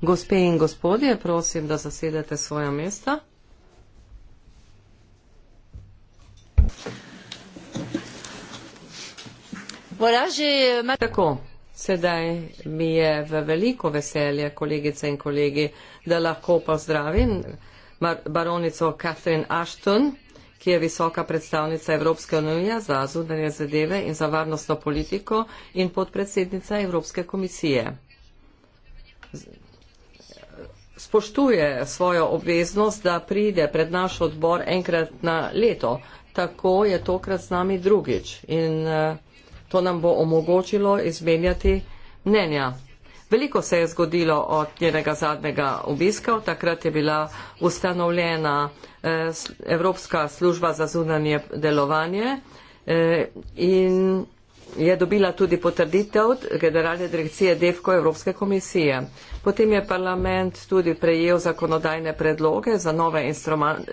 Gospe in gospodje, prosim, da zasedete svoja mesta. Euh, Tako, sedaj mi je v veliko veselje, kolegice in kolegi, da lahko pozdravim baronico Catherine Ashton, ki je visoka predstavnica Evropske unije za zunanje zadeve in za varnostno politiko in podpredsednica Evropske komisije spoštuje svojo obveznost, da pride pred naš odbor enkrat na leto. Tako je tokrat z nami drugič in eh, to nam bo omogočilo izmenjati mnenja. Veliko se je zgodilo od njenega zadnjega obiska. Takrat je bila ustanovljena eh, Evropska služba za zunanje delovanje eh, in je dobila tudi potrditev od generalne direkcije DEFKO Evropske komisije. Potem je parlament tudi prejel zakonodajne predloge za nove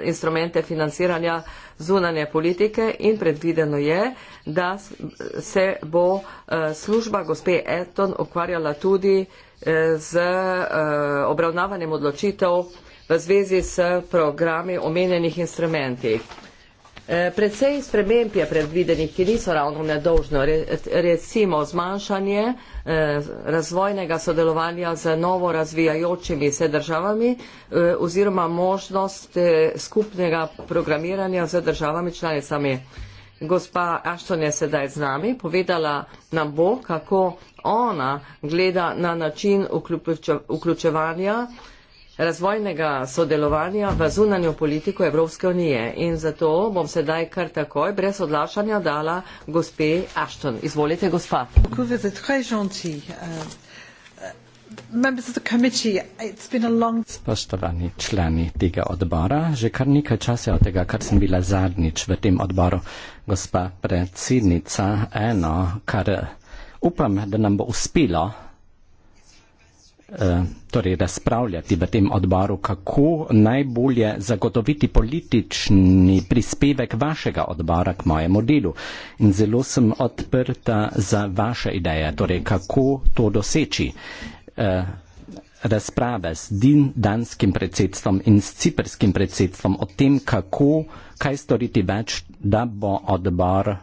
instrumente financiranja zunanje politike in predvideno je, da se bo eh, služba gospe Eton ukvarjala tudi eh, z eh, obravnavanjem odločitev v zvezi s programi omenjenih instrumentih. Eh, Predvsej sprememb je predvidenih, ki niso ravno nedolžne, recimo zmanjšanje eh, razvojnega sodelovanja z novo razvijajočimi se državami eh, oziroma možnost skupnega programiranja z državami članicami. Gospa Ashton je sedaj z nami, povedala nam bo, kako ona gleda na način vključevanja razvojnega sodelovanja v zunanjo politiko Evropske unije. In zato bom sedaj kar takoj, brez odlašanja, dala gospe Ashton. Izvolite, gospa. Uh, uh, Spoštovani člani tega odbora, že kar nekaj časa od tega, kar sem bila zadnjič v tem odboru, gospa predsednica, eno, kar uh, upam, da nam bo uspelo Eh, torej razpravljati v tem odboru, kako najbolje zagotoviti politični prispevek vašega odbora k mojemu delu. In zelo sem odprta za vaše ideje, torej kako to doseči. Eh, razprave s danskim predsedstvom in s ciperskim predsedstvom o tem, kako, kaj storiti več, da bo odbor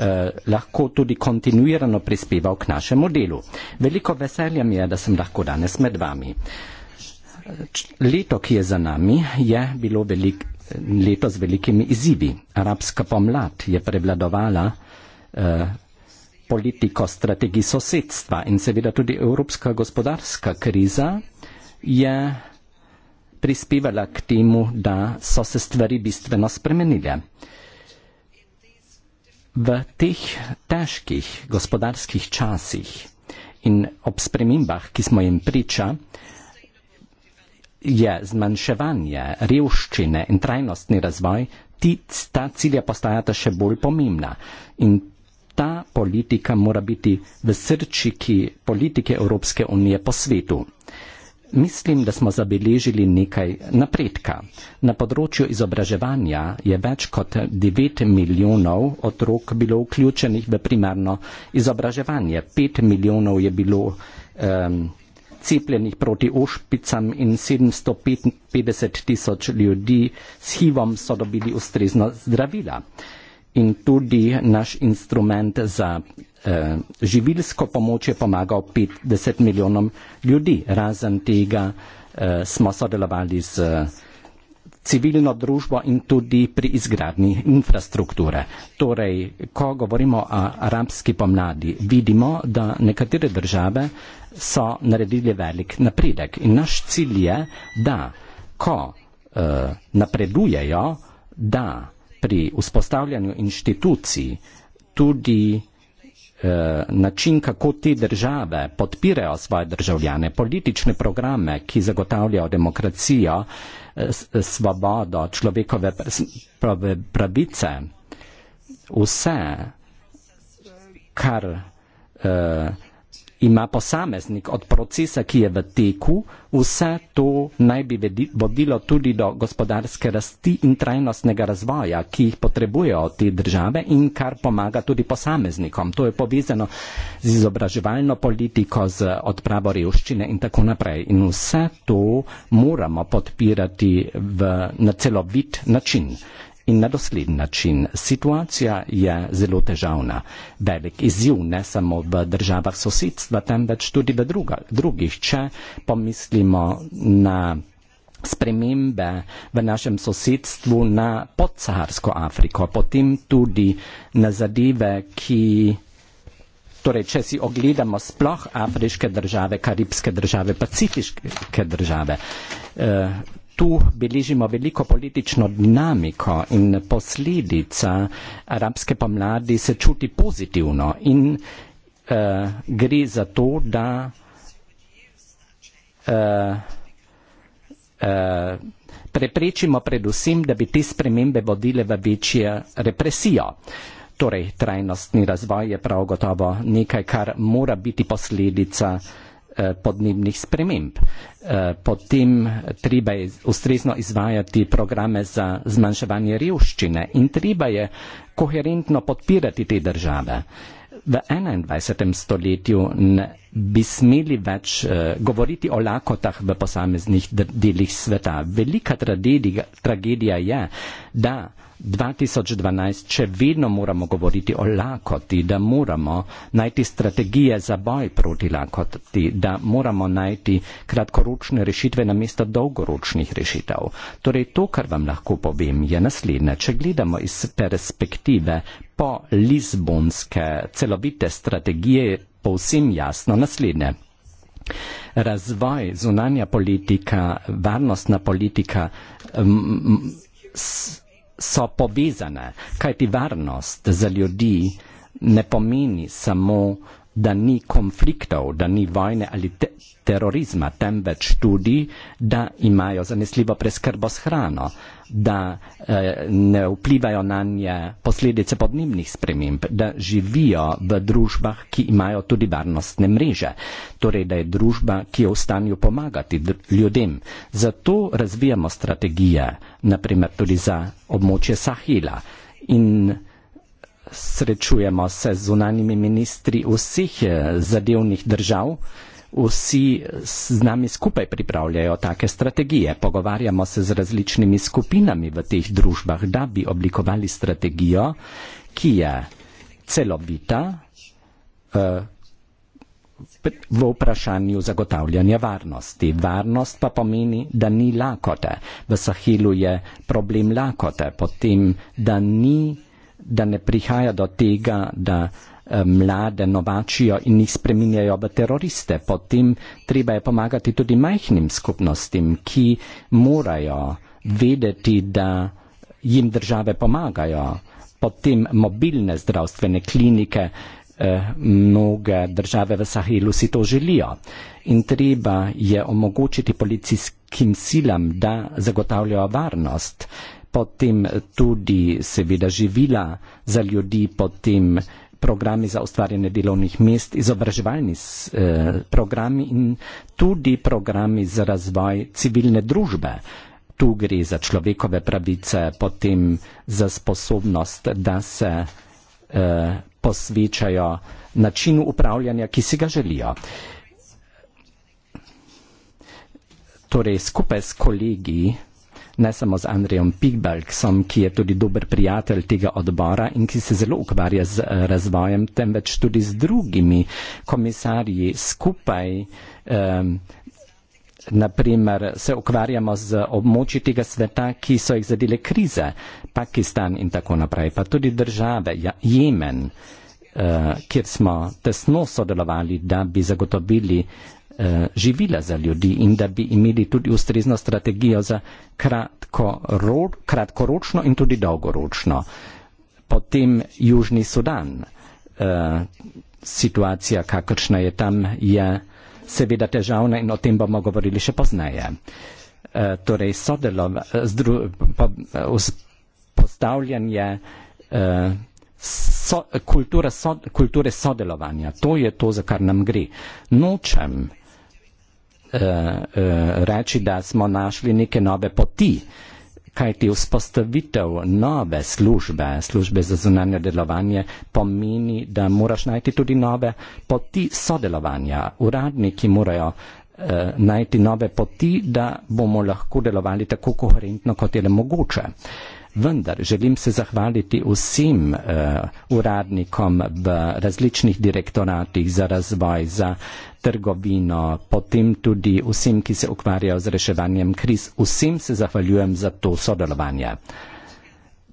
Eh, lahko tudi kontinuirano prispeval k našemu delu. Veliko veselja mi je, da sem lahko danes med vami. Leto, ki je za nami, je bilo velik, leto z velikimi izzivi. Arabska pomlad je prevladovala eh, politiko strategij sosedstva in seveda tudi evropska gospodarska kriza je prispevala k temu, da so se stvari bistveno spremenile. Eh, v teh težkih gospodarskih časih in ob spremembah, ki smo jim priča, je zmanjševanje revščine in trajnostni razvoj, ti, ta cilja postajata še bolj pomembna. In ta politika mora biti v srčiki politike Evropske unije po svetu. Mislim, da smo zabeležili nekaj napredka. Na področju izobraževanja je več kot 9 milijonov otrok bilo vključenih v primarno izobraževanje. 5 milijonov je bilo um, cepljenih proti ošpicam in 755 tisoč ljudi s HIV-om so dobili ustrezno zdravila. In tudi naš instrument za Eh, živilsko pomoč je pomagal 50 milijonom ljudi. Razen tega eh, smo sodelovali z eh, civilno družbo in tudi pri izgradnji infrastrukture. Torej, ko govorimo o arabski pomladi, vidimo, da nekatere države so naredili velik napredek in naš cilj je, da ko eh, napredujejo, da pri vzpostavljanju inštitucij tudi eh, Eh, način, kako te države podpirajo svoje državljane, politične programe, ki zagotavljajo demokracijo, eh, eh, svobodo, človekove pravice, vse, kar ima posameznik od procesa, ki je v teku, vse to naj bi vodilo tudi do gospodarske rasti in trajnostnega razvoja, ki jih potrebujejo te države in kar pomaga tudi posameznikom. To je povezano z izobraževalno politiko, z odpravo revščine in tako naprej. In vse to moramo podpirati v, na celovit način in na dosleden način. Situacija je zelo težavna. Velik izziv ne samo v državah sosedstva, temveč tudi v druga, drugih, če pomislimo na spremembe v našem sosedstvu na podsaharsko Afriko, potem tudi na zadeve, ki Torej, če si ogledamo sploh afriške države, karibske države, pacifiške države, eh, tu beležimo veliko politično dinamiko in posledica arabske pomladi se čuti pozitivno in uh, gre za to, da uh, uh, preprečimo predvsem, da bi te spremembe vodile v večjo represijo. Torej, trajnostni razvoj je prav gotovo nekaj, kar mora biti posledica uh, Eh, podnebnih sprememb. Eh, potem treba je ustrezno izvajati programe za zmanjševanje revščine in treba je koherentno podpirati te države. V 21. stoletju ne bi smeli več eh, govoriti o lakotah v posameznih delih sveta. Velika tragedija je, da 2012, če vedno moramo govoriti o lakoti, da moramo najti strategije za boj proti lakoti, da moramo najti kratkoročne rešitve na mesto dolgoročnih rešitev. Torej, to, kar vam lahko povem, je naslednje. Če gledamo iz perspektive po Lizbonske celovite strategije, povsem jasno naslednje. Razvoj, zunanja politika, varnostna politika. M, m, s, so povezane, kajti varnost za ljudi ne pomeni samo da ni konfliktov, da ni vojne ali te terorizma, temveč tudi, da imajo zanesljivo preskrbo s hrano, da eh, ne vplivajo na nje posledice podnebnih sprememb, da živijo v družbah, ki imajo tudi varnostne mreže, torej da je družba, ki je v stanju pomagati ljudem. Zato razvijamo strategije, naprimer tudi za območje Sahila. In srečujemo se z zunanjimi ministri vseh eh, zadevnih držav, vsi z nami skupaj pripravljajo take strategije, pogovarjamo se z različnimi skupinami v teh družbah, da bi oblikovali strategijo, ki je celovita eh, v vprašanju zagotavljanja varnosti. Varnost pa pomeni, da ni lakote. V Sahilu je problem lakote, potem, da ni da ne prihaja do tega, da eh, mlade novačijo in jih spreminjajo v teroriste. Potem treba je pomagati tudi majhnim skupnostim, ki morajo vedeti, da jim države pomagajo. Potem mobilne zdravstvene klinike, eh, mnoge države v Sahelu si to želijo. In treba je omogočiti policijskim silam, da zagotavljajo varnost potem tudi seveda živila za ljudi, potem programi za ustvarjanje delovnih mest, izobraževalni eh, programi in tudi programi za razvoj civilne družbe. Tu gre za človekove pravice, potem za sposobnost, da se eh, posvečajo načinu upravljanja, ki si ga želijo. Torej, skupaj s kolegi, ne samo z Andrejem Pigbalksom, ki je tudi dober prijatelj tega odbora in ki se zelo ukvarja z eh, razvojem, temveč tudi z drugimi komisarji skupaj. Um, ehm, Naprimer, se ukvarjamo z območji tega sveta, ki so jih zadele krize, Pakistan in tako naprej, pa tudi države, ja, Jemen, uh, kjer smo tesno sodelovali, da bi zagotovili uh, Eh, živila za ljudi in da bi imeli tudi ustrezno strategijo za kratkoročno in tudi dolgoročno. Potem Južni Sudan, eh, situacija, kakršna je tam, je seveda težavna in o tem bomo govorili še poznaje. Eh, torej, postavljanje so, kultura, so, kulture sodelovanja, to je to, za kar nam gre. Nočem, Eh, eh, reči, da smo našli neke nove poti, kajti vzpostavitev nove službe, službe za zunanje delovanje, pomeni, da moraš najti tudi nove poti sodelovanja. Uradniki morajo uh, najti nove poti, da bomo lahko delovali tako koherentno, kot je le mogoče. Uh, Vendar želim se zahvaliti vsem uh, uradnikom v različnih direktoratih za razvoj, za trgovino, potem tudi vsem, ki se ukvarjajo z reševanjem kriz. Vsem se zahvaljujem za to sodelovanje.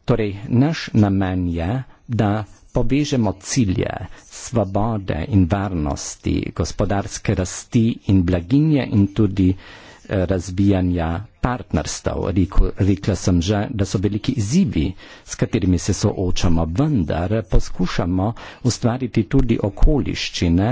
Torej, naš namen je, da povežemo cilje svobode in varnosti, gospodarske rasti in blaginje in tudi eh, razvijanja partnerstav. Rekl, rekla sem že, da so veliki izzivi, s katerimi se soočamo, vendar poskušamo ustvariti tudi okoliščine,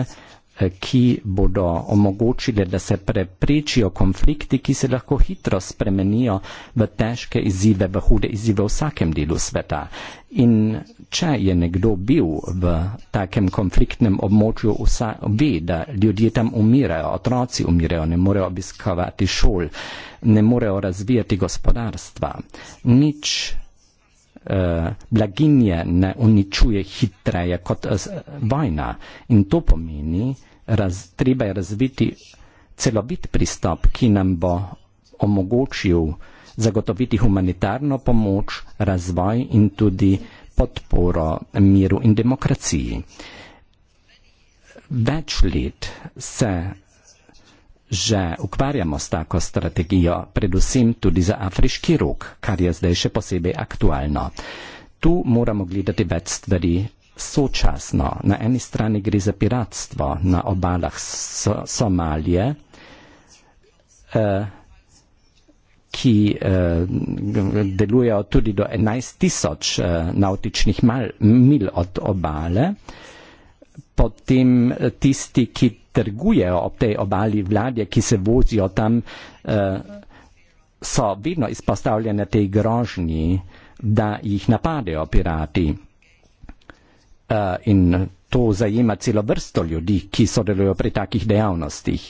Eh, ki bodo omogočile, da se preprečijo konflikti, ki se lahko hitro spremenijo v težke izzive, v hude izzive v vsakem delu sveta. In če je nekdo bil v takem konfliktnem območju, vsa, ve, da ljudje tam umirajo, otroci umirajo, ne morejo obiskovati šol, ne morejo razvijati gospodarstva. Nič Eh, blaginje ne uničuje hitreje kot eh, vojna. In to pomeni, raz, treba je razviti celovit pristop, ki nam bo omogočil zagotoviti humanitarno pomoč, razvoj in tudi podporo miru in demokraciji. Več let se že ukvarjamo s tako strategijo, predvsem tudi za afriški rok, kar je zdaj še posebej aktualno. Tu moramo gledati več stvari sočasno. Na eni strani gre za piratstvo na obalah so Somalije, eh, ki eh, delujejo tudi do 11 tisoč eh, nautičnih mal, mil od obale. Eh, potem eh, tisti, ki trgujejo ob tej obali vladje, ki se vozijo tam, eh, so vedno izpostavljene tej grožnji, da jih napadejo pirati. Eh, in to zajema celo vrsto ljudi, ki sodelujo pri takih dejavnostih.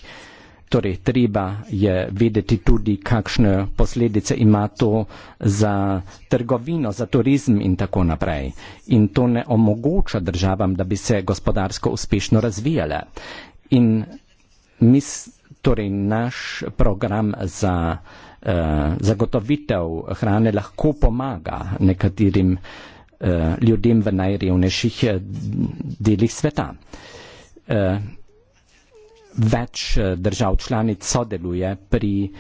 Torej, treba je vedeti tudi, kakšne posledice ima to za trgovino, za turizm in tako naprej. In to ne omogoča državam, da bi se gospodarsko uspešno razvijale. In mis, torej, naš program za eh, zagotovitev hrane lahko pomaga nekaterim eh, ljudem v najrevnejših eh, delih sveta. Eh, več eh, držav članic sodeluje pri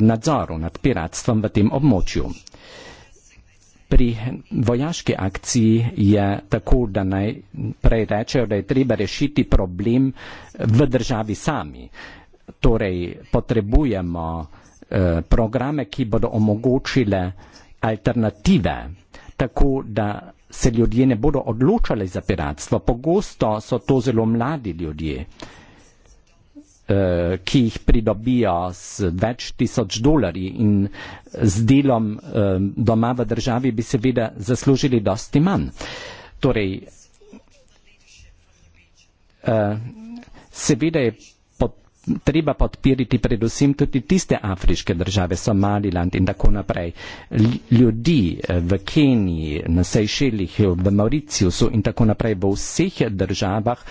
nadzoru nad piratstvom v tem območju. Pri vojaški akciji je tako, da najprej rečejo, da je treba rešiti problem v državi sami. Torej, potrebujemo eh, programe, ki bodo omogočile alternative, tako da se ljudje ne bodo odločali za piratstvo. Pogosto so to zelo mladi ljudje. Eh, Eh, ki jih pridobija z več tisoč dolarji in z delom eh, doma v državi bi seveda zaslužili dosti manj. Torej, eh, seveda je treba podpiriti predvsem tudi tiste afriške države, Somaliland in tako naprej. Ljudi v Keniji, na Sejšelih, v Mauriciusu in tako naprej, v vseh državah,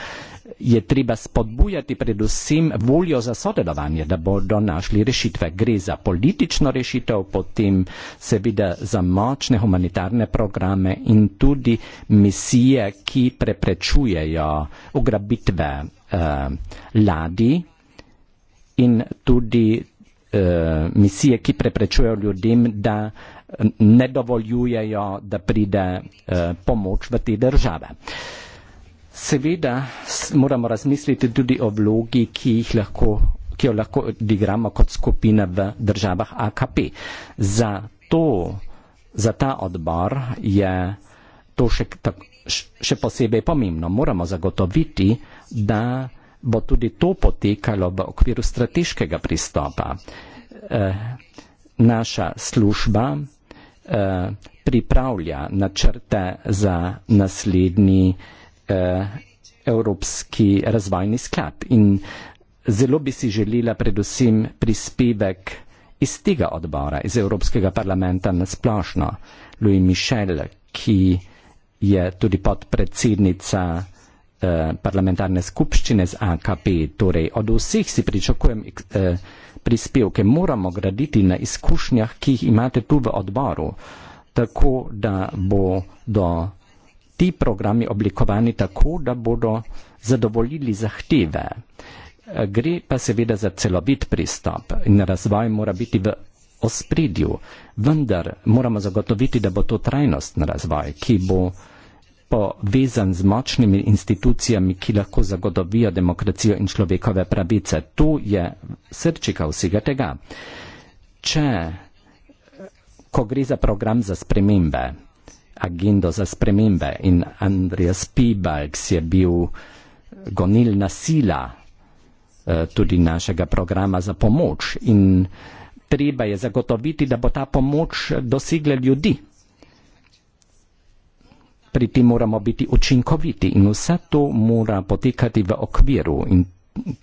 je treba spodbujati predvsem voljo za sodelovanje, da bodo našli rešitve. Gre za politično rešitev, potem seveda za močne humanitarne programe in tudi misije, ki preprečujejo ugrabitve eh, ladi in tudi eh, misije, ki preprečujejo ljudem, da eh, ne dovoljujejo, da pride eh, pomoč v te države. Eh, Seveda moramo razmisliti tudi o vlogi, ki, lahko, ki jo lahko odigramo kot skupina v državah AKP. Za, to, za ta odbor je to še, še posebej pomembno. Moramo zagotoviti, da bo tudi to potekalo v okviru strateškega pristopa. Eh, naša služba eh, pripravlja načrte za naslednji Eh, Evropski razvojni sklad in zelo bi si želela predvsem prispevek iz tega odbora, iz Evropskega parlamenta na splošno, Louis Michel, ki je tudi podpredsednica eh, parlamentarne skupščine z AKP. Torej, od vseh si pričakujem eh, prispevke, moramo graditi na izkušnjah, ki jih imate tu v odboru, tako da bo do ti programi oblikovani tako, da bodo zadovoljili zahteve. Gre pa seveda za celovit pristop in razvoj mora biti v ospredju, vendar moramo zagotoviti, da bo to trajnostni razvoj, ki bo povezan z močnimi institucijami, ki lahko zagotovijo demokracijo in človekove pravice. To je srčika vsega tega. Če, ko gre za program za spremembe, agendo za spremembe in Andreas Pibalks je bil gonilna sila eh, tudi našega programa za pomoč in treba je zagotoviti, da bo ta pomoč dosegla ljudi. Pri tem moramo biti učinkoviti in vse to mora potekati v okviru in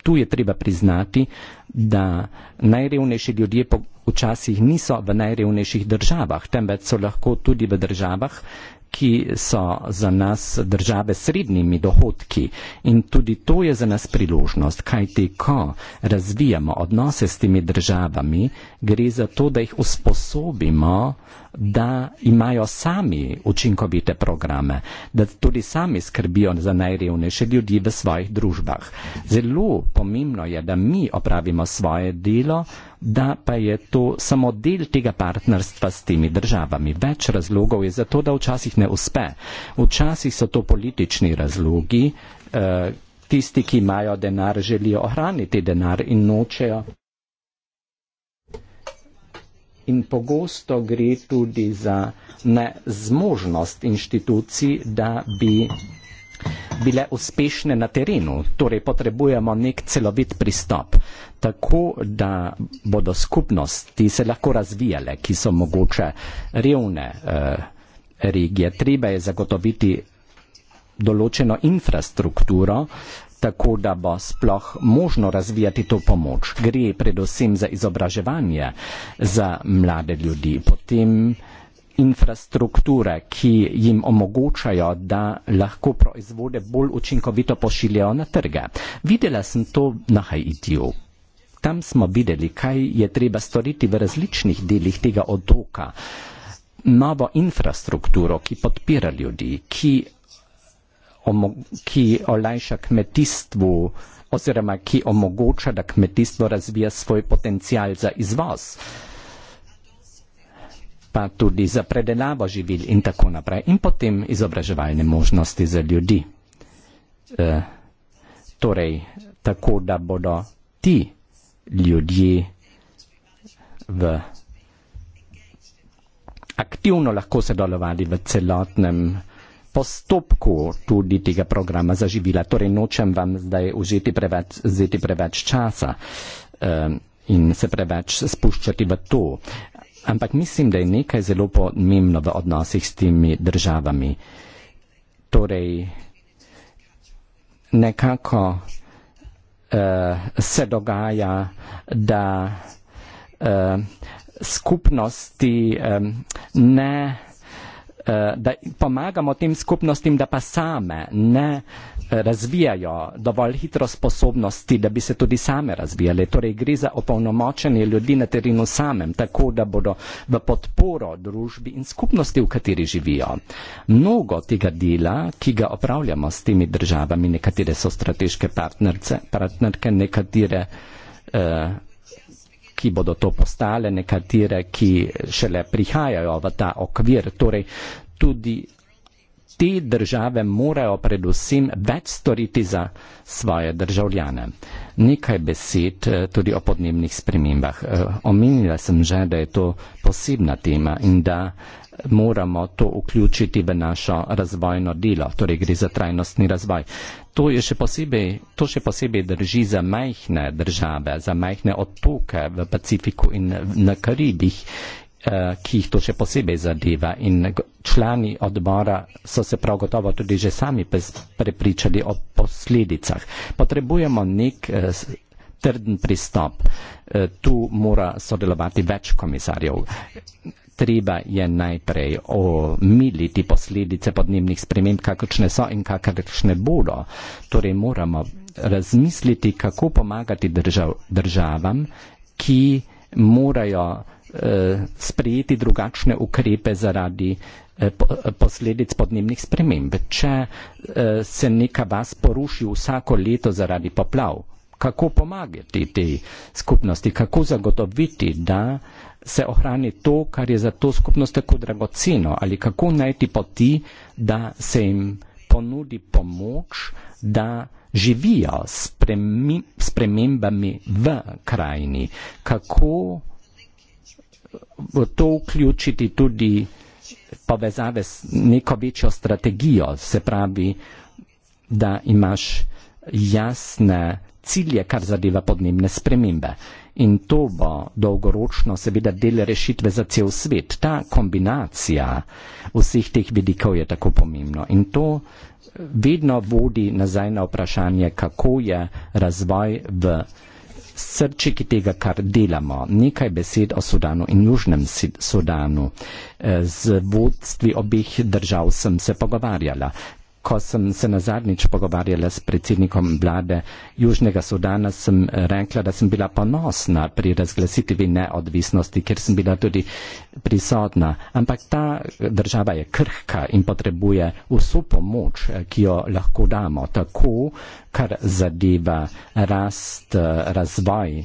tu je treba priznati, da najrevnejši ljudje včasih niso v najrevnejših državah, temveč so lahko tudi v državah, ki so za nas države srednjimi dohodki. In tudi to je za nas priložnost, kajti ko razvijamo odnose s temi državami, gre za to, da jih usposobimo da imajo sami učinkovite programe, da tudi sami skrbijo za najrevnejše ljudi v svojih družbah. Zelo pomembno je, da mi opravimo svoje delo, da pa je to samo del tega partnerstva s temi državami. Več razlogov je zato, da včasih ne uspe. Včasih so to politični razlogi. Eh, Tisti, ki imajo denar, želijo ohraniti denar in nočejo in pogosto gre tudi za nezmožnost inštitucij, da bi bile uspešne na terenu. Torej potrebujemo nek celovit pristop, tako da bodo skupnosti se lahko razvijale, ki so mogoče revne eh, regije. Treba je zagotoviti določeno infrastrukturo, eh, tako da bo sploh možno razvijati to pomoč. Gre predvsem za izobraževanje za mlade ljudi, potem infrastrukture, ki jim omogočajo, da lahko proizvode bolj učinkovito pošiljajo na trge. Videla sem to na Haitiju. Tam smo videli, kaj je treba storiti v različnih delih tega otoka. Novo infrastrukturo, ki podpira ljudi, ki ki olajša kmetijstvu oziroma ki omogoča, da kmetijstvo razvija svoj potencial za izvoz, pa tudi za predelavo živil in tako naprej. In potem izobraževalne možnosti za ljudi. E, torej, tako da bodo ti ljudje v aktivno lahko sodelovali v celotnem postopku tudi tega programa zaživila. Torej, nočem vam zdaj užiti preveč, vzeti preveč časa um, in se preveč spuščati v to. Ampak mislim, da je nekaj zelo pomembno v odnosih s temi državami. Torej, nekako uh, se dogaja, da uh, skupnosti um, ne. Eh, da pomagamo tem skupnostim, da pa same ne eh, razvijajo dovolj hitro sposobnosti, da bi se tudi same razvijale. Torej gre za opolnomočenje ljudi na terenu samem, tako da bodo v podporo družbi in skupnosti, v kateri živijo. Mnogo tega dela, ki ga opravljamo s temi državami, nekatere so strateške partnerce, partnerke, nekatere. Uh, ki bodo to postale, nekatere, ki šele prihajajo v ta okvir. Torej, tudi te države morajo predvsem več storiti za svoje državljane. Nekaj besed eh, tudi o podnebnih spremembah. Eh, omenila sem že, da je to posebna tema in da moramo to vključiti v našo razvojno delo, torej gre za trajnostni razvoj. To, je še posebej, to še posebej drži za majhne države, za majhne otoke v Pacifiku in na Karibih, eh, ki jih to še posebej zadeva. In člani odbora so se prav gotovo tudi že sami prepričali o posledicah. Potrebujemo nek eh, trden pristop. Eh, tu mora sodelovati več komisarjev treba je najprej omiliti posledice podnebnih sprememb, kakršne so in kakršne bodo. Torej moramo razmisliti, kako pomagati držav, državam, ki morajo eh, sprejeti drugačne ukrepe zaradi eh, posledic podnebnih sprememb. Če eh, se neka vas poruši vsako leto zaradi poplav, kako pomagati tej skupnosti, kako zagotoviti, da eh, se ohrani to, kar je za to skupnost tako dragoceno ali kako najti poti, da se jim ponudi pomoč, da živijo s spremembami v krajini, kako v to vključiti tudi povezave s neko večjo strategijo, se pravi, da imaš jasne cilje, kar zadeva podnebne spremembe in to bo dolgoročno seveda del rešitve za cel svet. Ta kombinacija vseh teh vidikov je tako pomembno in to eh, vedno vodi nazaj na vprašanje, kako je razvoj v srčiki tega, kar delamo. Nekaj besed o Sudanu in Južnem Sudanu. Eh, z vodstvi obeh držav sem se pogovarjala ko sem se na zadnjič pogovarjala s predsednikom vlade Južnega Sudana, sem eh, rekla, da sem bila ponosna pri razglasitvi neodvisnosti, ker sem bila tudi prisotna. Ampak ta eh, država je krhka in potrebuje vso pomoč, eh, ki jo lahko damo, tako, kar zadeva rast, razvoj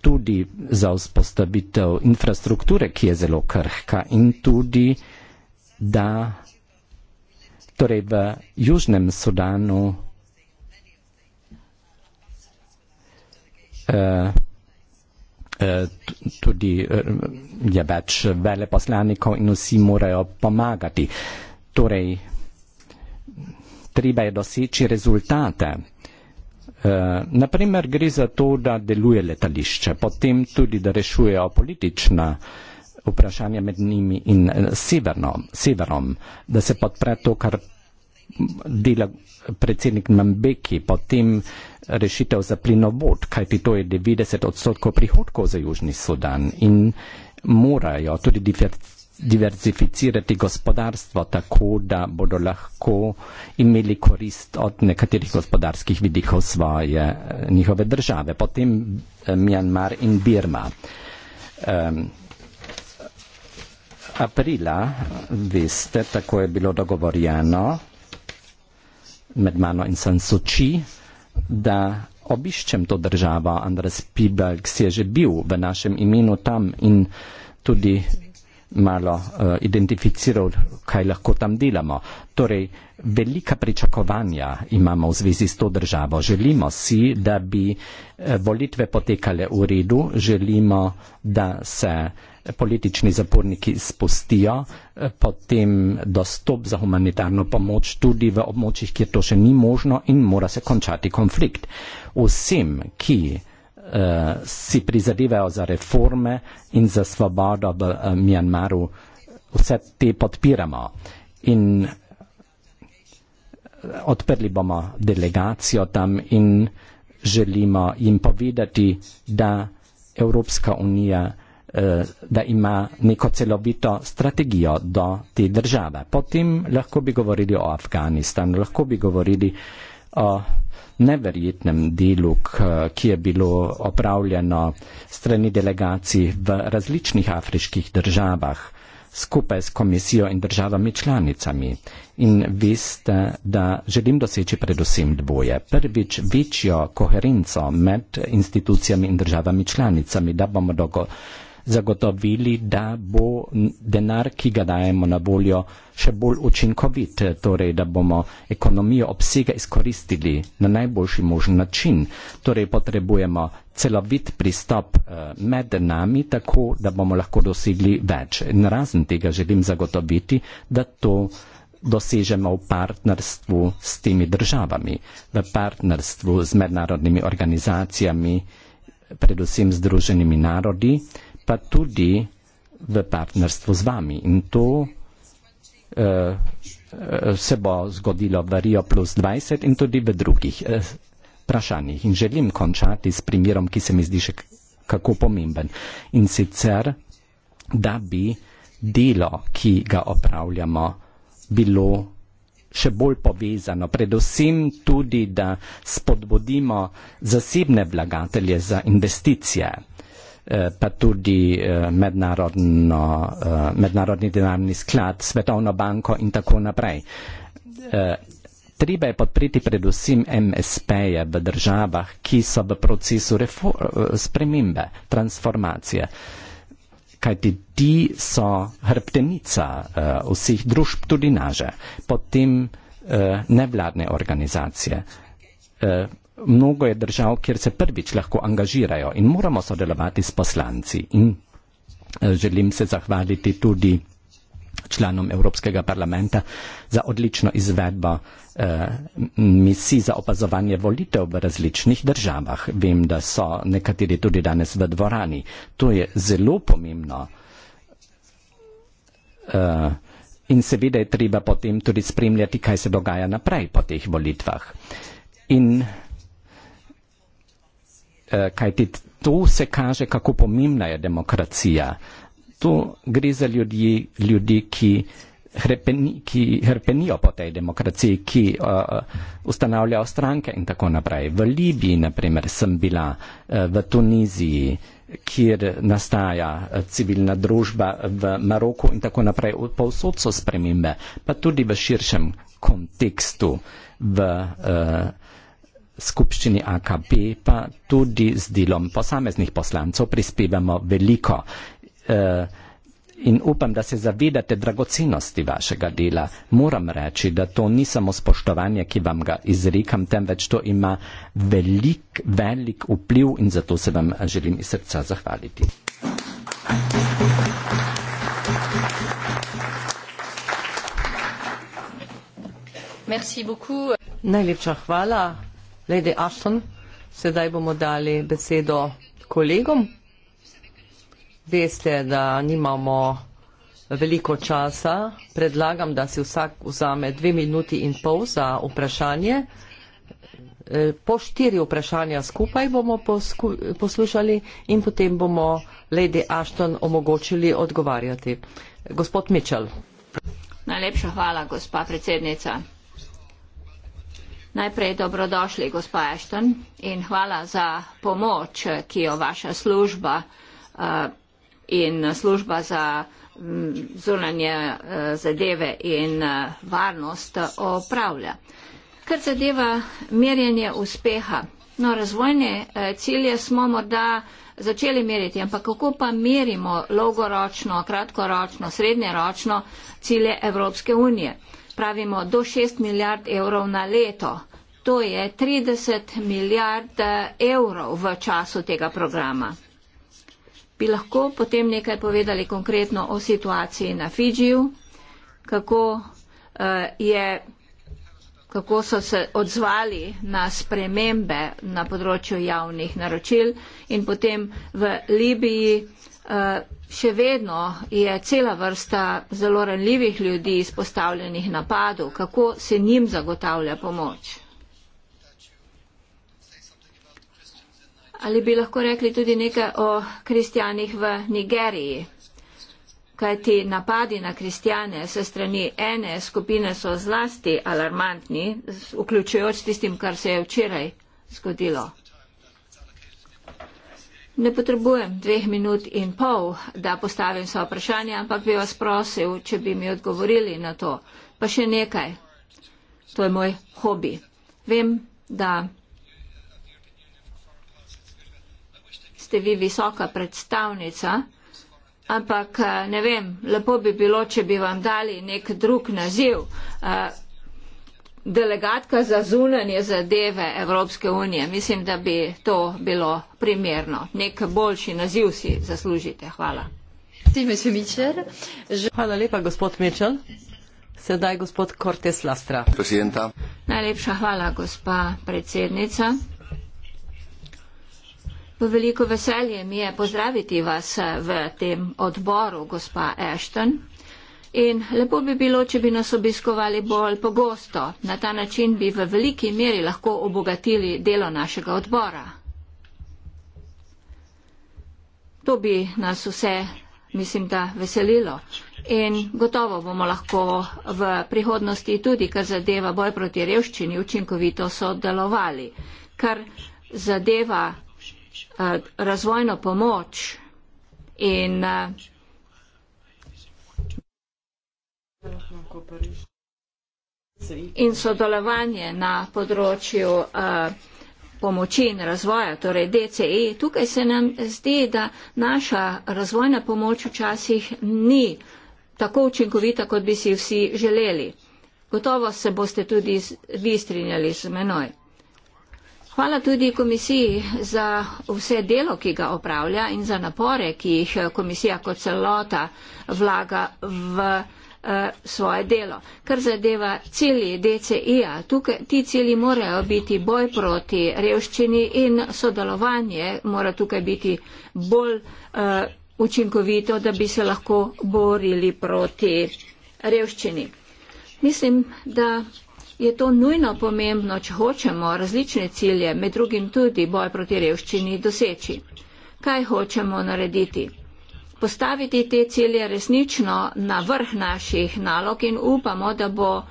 tudi za vzpostavitev infrastrukture, ki je zelo krhka in tudi, da torej v Južnem Sudanu uh, tudi eh, je več veleposlanikov in vsi morajo pomagati. Torej, treba je doseči rezultate. Naprimer gre za to, da deluje letališče, potem tudi, da rešujejo politična uh, vprašanje med njimi in eh, severnom, severom, da se podpre to, kar dela predsednik Mambeki, potem rešitev za plinovod, kajti to je 90 odstotkov prihodkov za Južni Sudan in morajo tudi diverzificirati gospodarstvo tako, da bodo lahko imeli korist od nekaterih gospodarskih vidikov svoje eh, njihove države. Potem eh, Mjanmar in Birma. Um, aprila, veste, tako je bilo dogovorjeno med mano in Sansuči, da obiščem to državo. Andres Pibalk si je že bil v našem imenu tam in tudi malo uh, identificiral, kaj lahko tam delamo. Torej, velika pričakovanja imamo v zvezi s to državo. Želimo si, da bi uh, volitve potekale v redu, želimo, da se uh, politični zaporniki spustijo, eh, potem dostop za humanitarno pomoč tudi v območjih, kjer to še ni možno in mora se končati konflikt. Vsem, ki uh, si prizadevajo za reforme in za svobodo v uh, Mjanmaru, vse te podpiramo. In odprli bomo delegacijo tam in želimo jim povedati, da Evropska unija Eh, da ima neko celovito strategijo do te države. Potem lahko bi govorili o Afganistanu, lahko bi govorili o neverjetnem delu, ki je bilo opravljeno strani delegacij v različnih afriških državah skupaj s komisijo in državami članicami. In veste, da želim doseči predvsem dvoje. Prvič, večjo koherenco med institucijami in državami članicami, da bomo dogovorili zagotovili, da bo denar, ki ga dajemo na voljo, še bolj učinkovit, torej da bomo ekonomijo obsega izkoristili na najboljši možen način. Torej potrebujemo celovit pristop eh, med nami, tako da bomo lahko dosegli več. In razen tega želim zagotoviti, da to dosežemo v partnerstvu s temi državami, v partnerstvu z mednarodnimi organizacijami, predvsem združenimi narodi pa tudi v partnerstvu z vami. In to uh, se bo zgodilo v Rio plus 20 in tudi v drugih eh, vprašanjih. Uh, in želim končati s primerom, ki se mi zdi še kako pomemben. In sicer, da bi delo, ki ga opravljamo, bilo še bolj povezano, predvsem tudi, da spodbudimo zasebne vlagatelje za investicije. Eh, pa tudi eh, mednarodno, eh, mednarodni denarni sklad, svetovno banko in tako naprej. Treba je podpriti predvsem MSP-je v državah, ki so v procesu spremembe, transformacije, kajti ti so hrbtenica vseh družb, tudi naše, potem nevladne organizacije mnogo je držav, kjer se prvič lahko angažirajo in moramo sodelovati s poslanci. In eh, želim se zahvaliti tudi članom Evropskega parlamenta za odlično izvedbo eh, misij za opazovanje volitev v različnih državah. Vem, da so nekateri tudi danes v dvorani. To je zelo pomembno. Eh, in seveda je treba potem tudi spremljati, kaj se dogaja naprej po teh volitvah. In Eh, kajti to se kaže, kako pomembna je demokracija. Tu gre za ljudi, ljudi ki, hrepeni, ki hrpenijo po tej demokraciji, ki uh, ustanavljajo stranke in tako naprej. V Libiji, naprimer, sem bila, uh, v Tuniziji, kjer nastaja civilna družba, v Maroku in tako naprej. Povsod so spremembe, pa tudi v širšem kontekstu, v uh, skupščini AKP pa tudi z delom posameznih poslancov prispevamo veliko. E, in upam, da se zavedate dragocenosti vašega dela. Moram reči, da to ni samo spoštovanje, ki vam ga izrekam, temveč to ima velik, velik vpliv in zato se vam želim iz srca zahvaliti. Najlepša hvala. Lady Ashton, sedaj bomo dali besedo kolegom. Veste, da nimamo veliko časa. Predlagam, da si vsak vzame dve minuti in pol za vprašanje. E, po štiri vprašanja skupaj bomo poslušali in potem bomo Lady Ashton omogočili odgovarjati. Gospod Mitchell. Najlepša hvala, gospa predsednica. Najprej dobrodošli, gospa Ashton, in hvala za pomoč, ki jo vaša služba uh, in služba za um, zunanje uh, zadeve in uh, varnost opravlja. Kar zadeva merjenje uspeha. No, razvojne cilje smo morda začeli meriti, ampak kako pa merimo dolgoročno, kratkoročno, srednjeročno cilje Evropske unije? Uh, pravimo do 6 milijard evrov na leto. To je 30 milijard eh, evrov v času tega programa. Bi lahko potem nekaj povedali konkretno o situaciji na Fidžiju, kako, eh, kako so se odzvali na spremembe na področju javnih naročil in potem v Libiji. Uh, Še vedno je cela vrsta zelo ranljivih ljudi izpostavljenih napadov. Kako se njim zagotavlja pomoč? Ali bi lahko rekli tudi nekaj o kristjanih v Nigeriji? Kajti napadi na kristjane se strani ene skupine so zlasti alarmantni, vključujoč tistim, kar se je včeraj zgodilo. Ne potrebujem dveh minut in pol, da postavim svoje vprašanje, ampak bi vas prosil, če bi mi odgovorili na to. Pa še nekaj. To je moj hobi. Vem, da ste vi visoka predstavnica, ampak eh, ne vem, lepo bi bilo, če bi vam dali nek drug naziv. Uh, delegatka za zunanje zadeve Evropske unije. Mislim, da bi to bilo primerno. Nek boljši naziv si zaslužite. Hvala. Hvala lepa, gospod Mičel. Sedaj gospod Kortes Lastra. Presidenta. Najlepša hvala, gospa predsednica. V veliko veselje mi je pozdraviti vas v tem odboru, gospa Ashton. In lepo bi bilo, če bi nas obiskovali bolj pogosto. Na ta način bi v veliki meri lahko obogatili delo našega odbora. To bi nas vse, mislim, da veselilo. In gotovo bomo lahko v prihodnosti tudi, kar zadeva boj proti revščini, učinkovito sodelovali. Kar zadeva eh, razvojno pomoč in. Eh, in sodelovanje na področju uh, pomoči in razvoja, torej DCE. Tukaj se nam zdi, da naša razvojna pomoč včasih ni tako učinkovita, kot bi si vsi želeli. Gotovo se boste tudi vi strinjali z menoj. Hvala tudi komisiji za vse delo, ki ga opravlja in za napore, ki jih eh, komisija kot celota vlaga v. Eh, svoje delo. Kar zadeva cilji DCI-ja, ti cilji morajo biti boj proti revščini in sodelovanje mora tukaj biti bolj a, eh, učinkovito, da bi se lahko borili proti revščini. Mislim, da je to nujno pomembno, če hočemo različne cilje, med drugim tudi boj proti revščini, doseči. Kaj hočemo narediti? postaviti te cilje resnično na vrh naših nalog in upamo, da bo uh,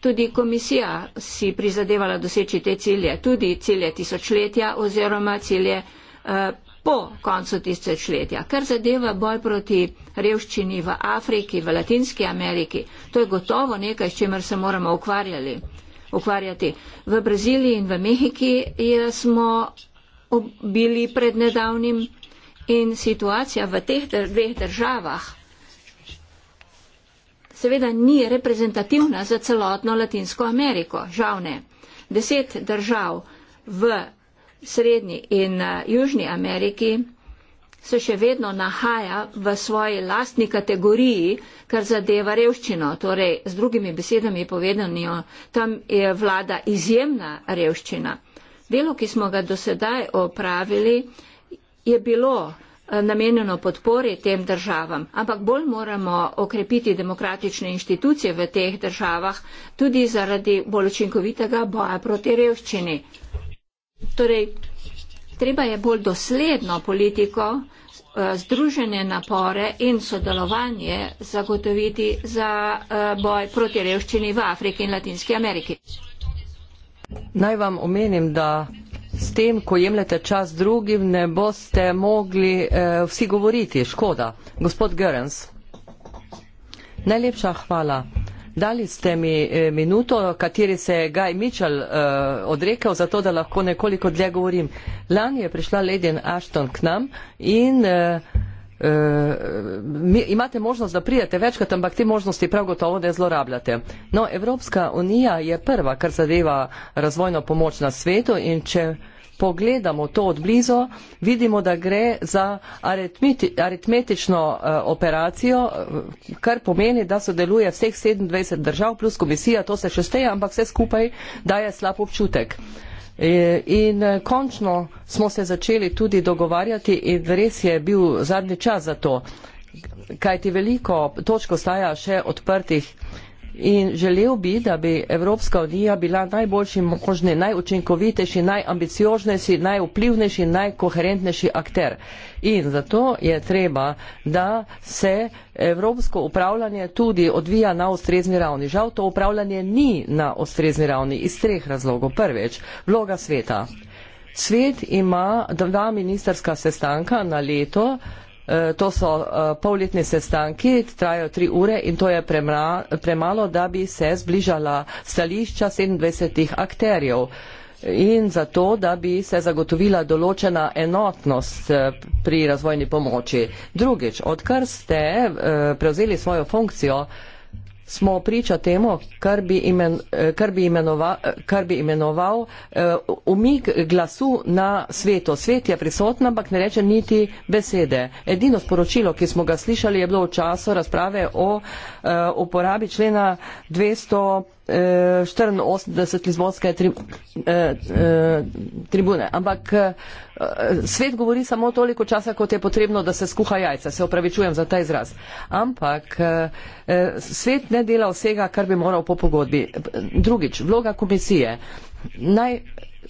tudi komisija si prizadevala doseči te cilje, tudi cilje tisočletja oziroma cilje uh, po koncu tisočletja. Kar zadeva boj proti revščini v Afriki, v Latinski Ameriki, to je gotovo nekaj, s čimer se moramo ukvarjali. Ukvarjati. V Braziliji in v Mehiki smo bili prednedavnim In situacija v teh dveh državah seveda ni reprezentativna za celotno Latinsko Ameriko. Žal ne. Deset držav v Srednji in eh, Južni Ameriki se še vedno nahaja v svoji lastni kategoriji, kar zadeva revščino. Torej, z drugimi besedami povedanjo, tam je vlada izjemna revščina. Delo, ki smo ga do sedaj opravili, je bilo eh, namenjeno podpori tem državam, ampak bolj moramo okrepiti demokratične inštitucije v teh državah, tudi zaradi bolj učinkovitega boja proti revščini. Torej, treba je bolj dosledno politiko, eh, združene napore in sodelovanje zagotoviti za eh, boj proti revščini v Afriki in Latinski Ameriki. Naj vam omenim, da s tem, ko jemljete čas drugim, ne boste mogli eh, vsi govoriti. Škoda. Gospod Görens, najlepša hvala. Dali ste mi eh, minuto, kateri se je Gaj Mičel eh, odrekel, zato da lahko nekoliko dlje govorim. Lani je prišla Lady Ashton k nam in. Eh, Eh, mi, imate možnost, da prijete večkrat, ampak te možnosti prav gotovo ne zlorabljate. No, Evropska unija je prva, kar zadeva razvojno pomoč na svetu in če pogledamo to od blizu, vidimo, da gre za aritmeti, aritmetično uh, operacijo, eh, kar pomeni, da sodeluje vseh 27 držav plus komisija, to se še šteje, ampak vse skupaj daje slab občutek. Uh, Eh, in eh, končno smo se začeli tudi dogovarjati in res je bil zadnji čas za to, kajti veliko točk ostaja še odprtih in želel bi, da bi Evropska unija bila najboljši možni, najučinkovitejši, najambicioznejši, najvplivnejši, najkoherentnejši akter. In zato je treba, da se evropsko upravljanje tudi odvija na ustrezni ravni. Žal to upravljanje ni na ustrezni ravni iz treh razlogov. Prvič, vloga sveta. Svet ima dva ministerska sestanka na leto, E, to so e, polletni sestanki, trajajo tri ure in to je prema, premalo, da bi se zbližala stališča 27 akterjev in zato, da bi se zagotovila določena enotnost e, pri razvojni pomoči. Drugič, odkar ste prevzeli svojo funkcijo, smo priča temu, kar bi, imen, kar bi imenoval, kar bi imenoval uh, umik glasu na sveto. Svet je prisotna, ampak ne reče niti besede. Edino sporočilo, ki smo ga slišali, je bilo v času razprave o uh, Eh, uporabi člena 284 Lizbonske tri, eh, eh, tribune. Ampak svet govori samo toliko časa, kot je potrebno, da se skuha jajca. Se opravičujem za ta izraz. Ampak svet ne dela vsega, kar bi moral po pogodbi. Drugič, vloga komisije. Naj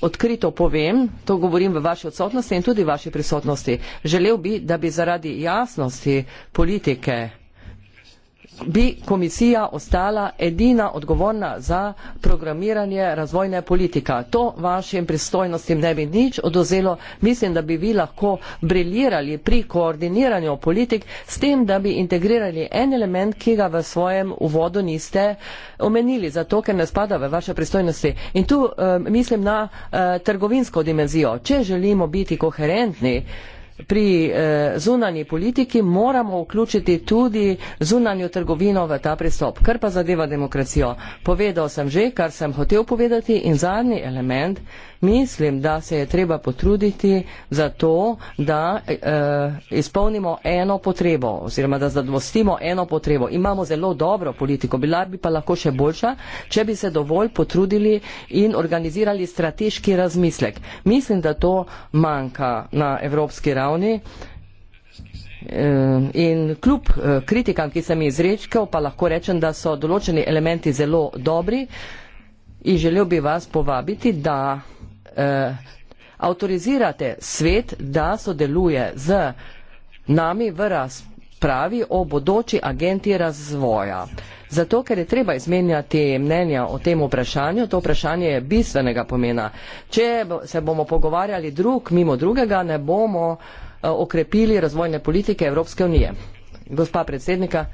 Odkrito povem, to govorim v vaši odsotnosti in tudi v vaši prisotnosti. Želel bi, da bi zaradi jasnosti politike bi komisija ostala edina odgovorna za programiranje razvojne politike. To vašim pristojnostim ne bi nič oduzelo. Mislim, da bi vi lahko briljirali pri koordiniranju politik s tem, da bi integrirali en element, ki ga v svojem uvodu niste omenili, zato ker ne spada v vaše pristojnosti. In tu uh, mislim na uh, trgovinsko dimenzijo. Če želimo biti koherentni, pri eh, zunanji politiki moramo vključiti tudi zunanjo trgovino v ta pristop. Kar pa zadeva demokracijo, povedal sem že, kar sem hotel povedati in zadnji element mislim, da se je treba potruditi za to, da eh, izpolnimo eno potrebo oziroma da zadovostimo eno potrebo. Imamo zelo dobro politiko, bila bi pa lahko še boljša, če bi se dovolj potrudili in organizirali strateški razmislek. Mislim, da to manjka na evropski ravni. Eh, in kljub eh, kritikam, ki sem jih izrečkal, pa lahko rečem, da so določeni elementi zelo dobri in želel bi vas povabiti, da Eh, avtorizirate svet, da sodeluje z nami v razpravi o bodoči agenti razvoja. Zato, ker je treba izmenjati mnenja o tem vprašanju, to vprašanje je bistvenega pomena. Če se bomo pogovarjali drug mimo drugega, ne bomo eh, okrepili razvojne politike Evropske unije. Gospa predsednika,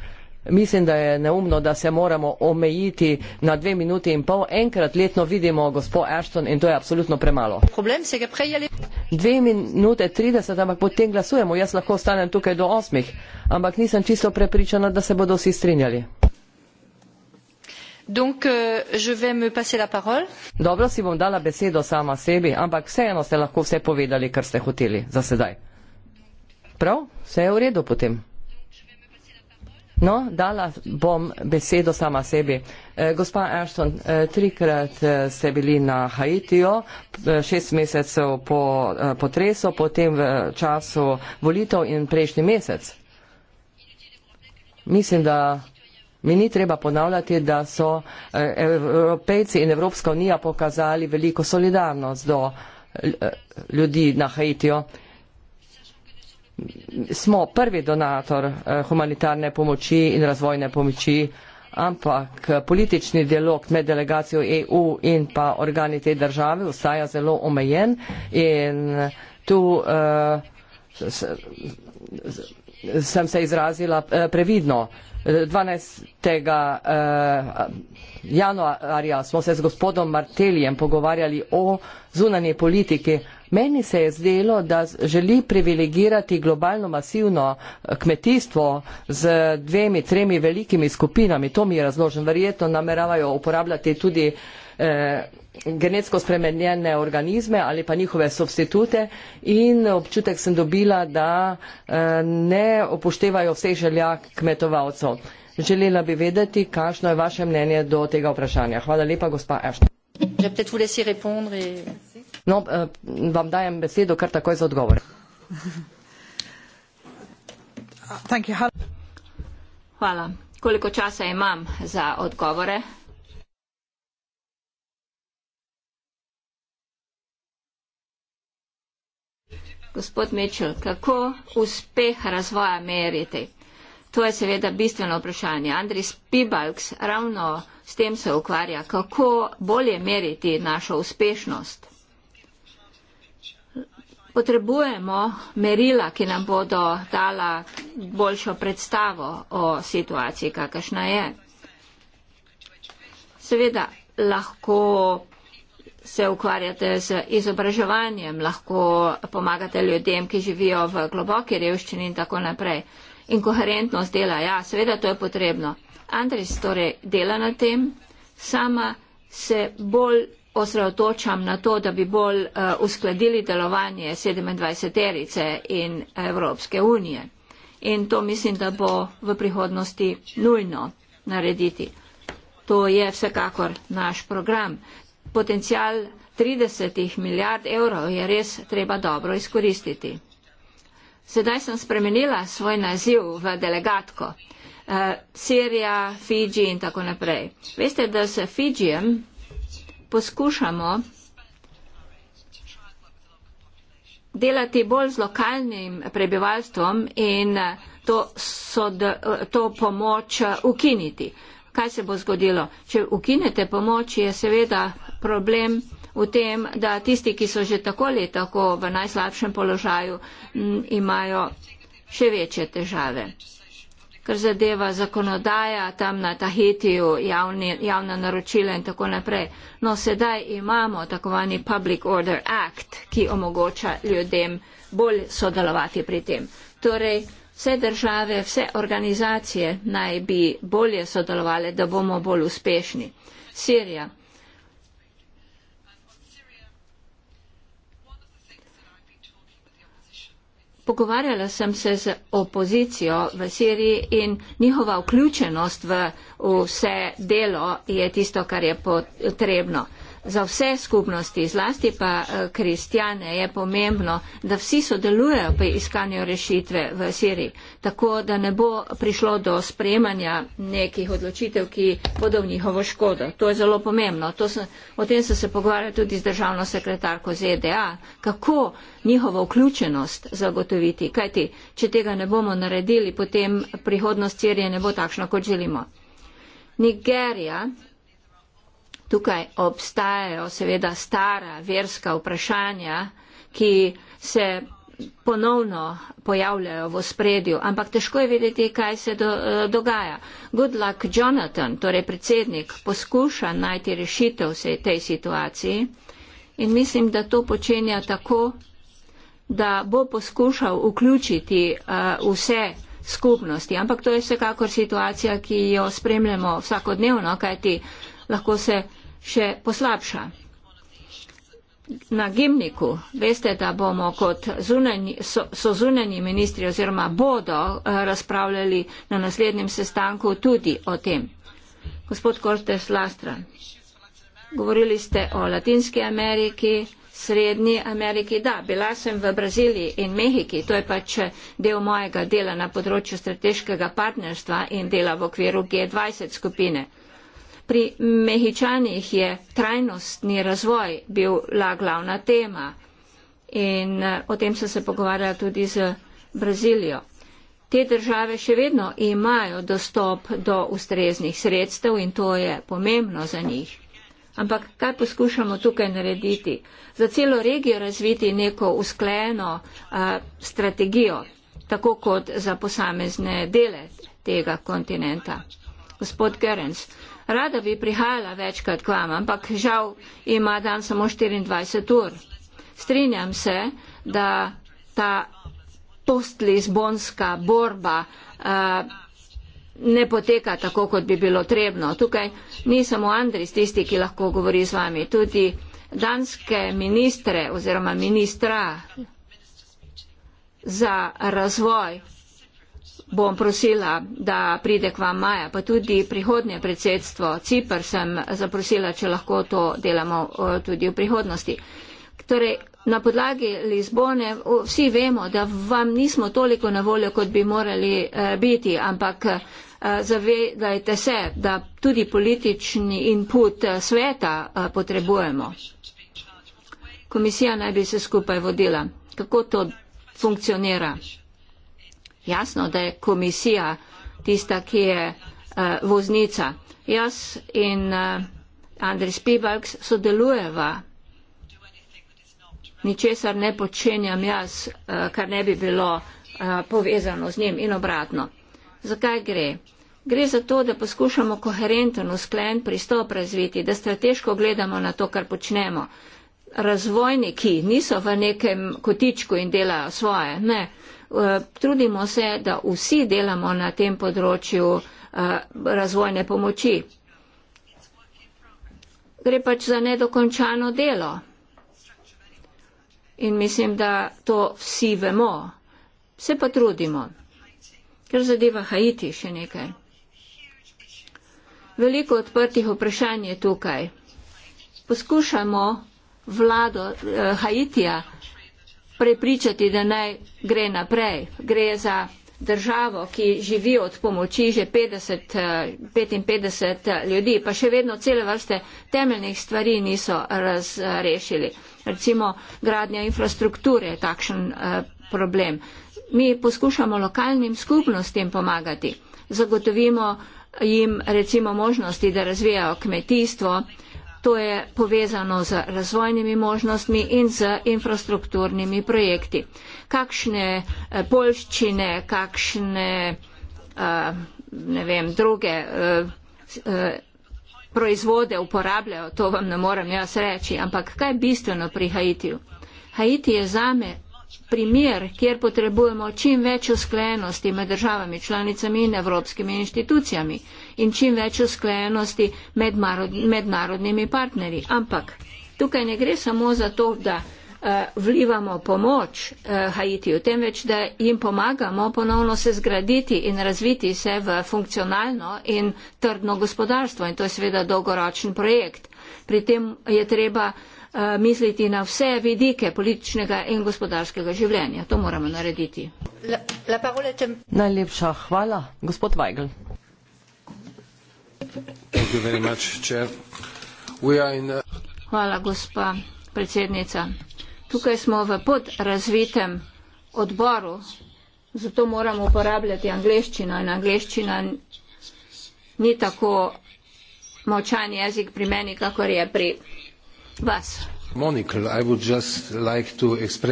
Mislim, da je neumno, da se moramo omejiti na dve minuti in pol. Enkrat letno vidimo gospod Ashton in to je absolutno premalo. Dve minute trideset, ampak potem glasujemo. Jaz lahko ostanem tukaj do osmih, ampak nisem čisto prepričana, da se bodo vsi strinjali. Donc, euh, Dobro si bom dala besedo sama sebi, ampak vseeno ste lahko vse povedali, kar ste hoteli za sedaj. Prav? Vse je v redu potem. No, dala bom besedo sama sebi. E, gospa Ashton, e, trikrat e, ste bili na Haitiju, šest mesecev po potresu, potem v času volitev in prejšnji mesec. Mislim, da mi ni treba ponavljati, da so evropejci in Evropska unija pokazali veliko solidarnost do ljudi na Haitiju smo prvi donator eh, humanitarne pomoči in razvojne pomoči, ampak politični dialog med delegacijo EU in pa organi te države ostaja zelo omejen in tu uh, sem se izrazila eh, previdno. 12. januarja smo se z gospodom Marteljem pogovarjali o zunanje politike, Meni se je zdelo, da želi privilegirati globalno masivno eh, kmetijstvo z dvemi, tremi velikimi skupinami. To mi je razložen. Verjetno nameravajo uporabljati tudi eh, genetsko spremenjene organizme ali pa njihove substitute in občutek sem dobila, da eh, ne upoštevajo vseh želja kmetovalcev. Želela bi vedeti, kakšno je vaše mnenje do tega vprašanja. Hvala lepa, gospa Ešta. Je peut-être vous laisser répondre et. No, eh, vam dajem besedo kar takoj za odgovor. Hvala. Koliko časa imam za odgovore? Gospod Mitchell, kako uspeh razvoja meriti? To je seveda bistveno vprašanje. Andrij Spibalks ravno s tem se ukvarja, kako bolje meriti našo uspešnost potrebujemo merila, ki nam bodo dala boljšo predstavo o situaciji, kakršna je. Seveda lahko se ukvarjate z izobraževanjem, lahko pomagate ljudem, ki živijo v globoki revščini in tako naprej. In koherentnost dela, ja, seveda to je potrebno. Andres torej dela na tem, sama se bolj osredotočam na to, da bi bolj eh, uskladili delovanje 27. erice in Evropske unije. In to mislim, da bo v prihodnosti nujno narediti. To je vsekakor naš program. Potencijal 30 milijard evrov je res treba dobro izkoristiti. Sedaj sem spremenila svoj naziv v delegatko. Uh, Sirija, Fiji in tako naprej. Veste, da se Fijijem poskušamo delati bolj z lokalnim prebivalstvom in eh, to, sod, eh, to pomoč eh, ukiniti. Kaj se bo zgodilo? Če ukinete pomoč, je seveda problem v tem, da tisti, ki so že tako ali tako v najslabšem položaju, mm, imajo še večje težave kar zadeva zakonodaja tam na Tahitiju, javni, javna naročila in tako naprej. No, sedaj imamo takovani Public Order Act, ki omogoča ljudem bolj sodelovati pri tem. Torej, vse države, vse organizacije naj bi bolje sodelovali, da bomo bolj uspešni. Sirija. Pogovarjala sem se z opozicijo v Siriji in njihova vključenost v vse delo je tisto, kar je potrebno za vse skupnosti, zlasti pa eh, kristjane, je pomembno, da vsi sodelujejo pri iskanju rešitve v Siriji, tako da ne bo prišlo do spremanja nekih odločitev, ki bodo v njihovo škodo. To je zelo pomembno. Sem, o tem sem se pogovarjal tudi z državno sekretarko ZDA, kako njihovo vključenost zagotoviti, kajti če tega ne bomo naredili, potem prihodnost Sirije ne bo takšna, kot želimo. Nigerija tukaj obstajajo seveda stara verska vprašanja, ki se ponovno pojavljajo v spredju, ampak težko je videti, kaj se do, eh, dogaja. Good luck Jonathan, torej predsednik, poskuša najti rešitev vsej tej situaciji in mislim, da to počenja tako, da bo poskušal vključiti uh, vse skupnosti, ampak to je vsekakor situacija, ki jo spremljamo vsakodnevno, kajti lahko se še poslabša. Na gimniku veste, da bomo kot zunanji, so, so zunanji ministri oziroma bodo eh, razpravljali na naslednjem sestanku tudi o tem. Gospod Kortes Lastran, govorili ste o Latinski Ameriki, Srednji Ameriki. Da, bila sem v Braziliji in Mehiki, to je pač del mojega dela na področju strateškega partnerstva in dela v okviru G20 skupine. Pri mehičanih je trajnostni razvoj bila glavna tema in eh, o tem sem se pogovarjala tudi z Brazilijo. Te države še vedno imajo dostop do ustreznih sredstev in to je pomembno za njih. Ampak kaj poskušamo tukaj narediti? Za celo regijo razviti neko usklejeno uh, eh, strategijo, tako kot za posamezne dele tega kontinenta. Gospod Gerens, Rada bi prihajala večkrat k vam, ampak žal ima dan samo 24 ur. Strinjam se, da ta postlizbonska borba a, eh, ne poteka tako, kot bi bilo trebno. Tukaj ni samo Andris tisti, ki lahko govori z vami, tudi danske ministre oziroma ministra za razvoj bom prosila, da pride k vam Maja, pa tudi prihodnje predsedstvo. Cipr sem zaprosila, če lahko to delamo eh, tudi v prihodnosti. Torej, na podlagi Lizbone vsi vemo, da vam nismo toliko na voljo, kot bi morali eh, biti, ampak eh, zavedajte se, da tudi politični input sveta potrebujemo. Komisija naj bi se skupaj vodila. Kako to funkcionira? jasno, da je komisija tista, ki je uh, voznica. Jaz in uh, Andrej Spivaks sodelujeva. Ničesar ne počenjam jaz, uh, kar ne bi bilo uh, povezano z njim in obratno. Zakaj gre? Gre za to, da poskušamo koherenten, usklen pristop razviti, da strateško gledamo na to, kar počnemo. Razvojniki niso v nekem kotičku in delajo svoje. Ne. Uh, Eh, trudimo se, da vsi delamo na tem področju eh, razvojne pomoči. Gre pač za nedokončano delo. In mislim, da to vsi vemo. Se pa trudimo. Ker zadeva Haiti še nekaj. Veliko odprtih vprašanj je tukaj. Poskušamo vlado eh, Haitija prepričati, da naj gre naprej. Gre za državo, ki živi od pomoči že 50, 55 eh, eh, ljudi, pa še vedno cele vrste temeljnih stvari niso razrešili. Recimo gradnja infrastrukture je takšen eh, problem. Mi poskušamo lokalnim skupnostim pomagati. Zagotovimo jim recimo možnosti, da razvijajo kmetijstvo, To je povezano z razvojnimi možnostmi in z infrastrukturnimi projekti. Kakšne eh, polščine, kakšne eh, ne vem, druge eh, proizvode uporabljajo, to vam ne morem jaz reči, ampak kaj je bistveno pri Haitiju? Haiti je zame primer, kjer potrebujemo čim več usklenosti med državami, članicami in evropskimi inštitucijami in čim več usklajenosti med mednarodnimi partnerji. Ampak tukaj ne gre samo za to, da eh, vlivamo pomoč eh, Haitiju, temveč da jim pomagamo ponovno se zgraditi in razviti se v funkcionalno in trdno gospodarstvo. In to je seveda dolgoročen projekt. Pri tem je treba eh, misliti na vse vidike političnega in gospodarskega življenja. To moramo narediti. Najlepša hvala, gospod Weigl. Hvala, gospa predsednica. Tukaj smo v podrazvitem odboru, zato moramo uporabljati angliščino in angliščina ni tako močan jezik pri meni, kakor je pri vas. Like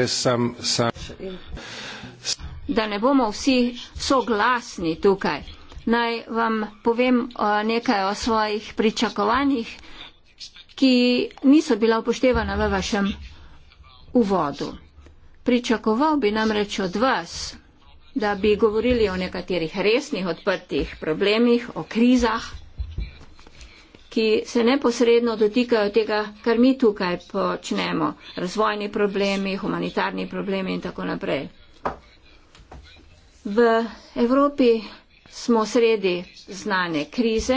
some, some... Da ne bomo vsi soglasni tukaj naj vam povem eh, nekaj o svojih pričakovanjih, ki niso bila upoštevana v vašem uvodu. Pričakoval bi namreč od vas, da bi govorili o nekaterih resnih odprtih problemih, o krizah, ki se neposredno dotikajo tega, kar mi tukaj počnemo, razvojni problemi, humanitarni problemi in tako naprej. V Evropi smo sredi znane krize,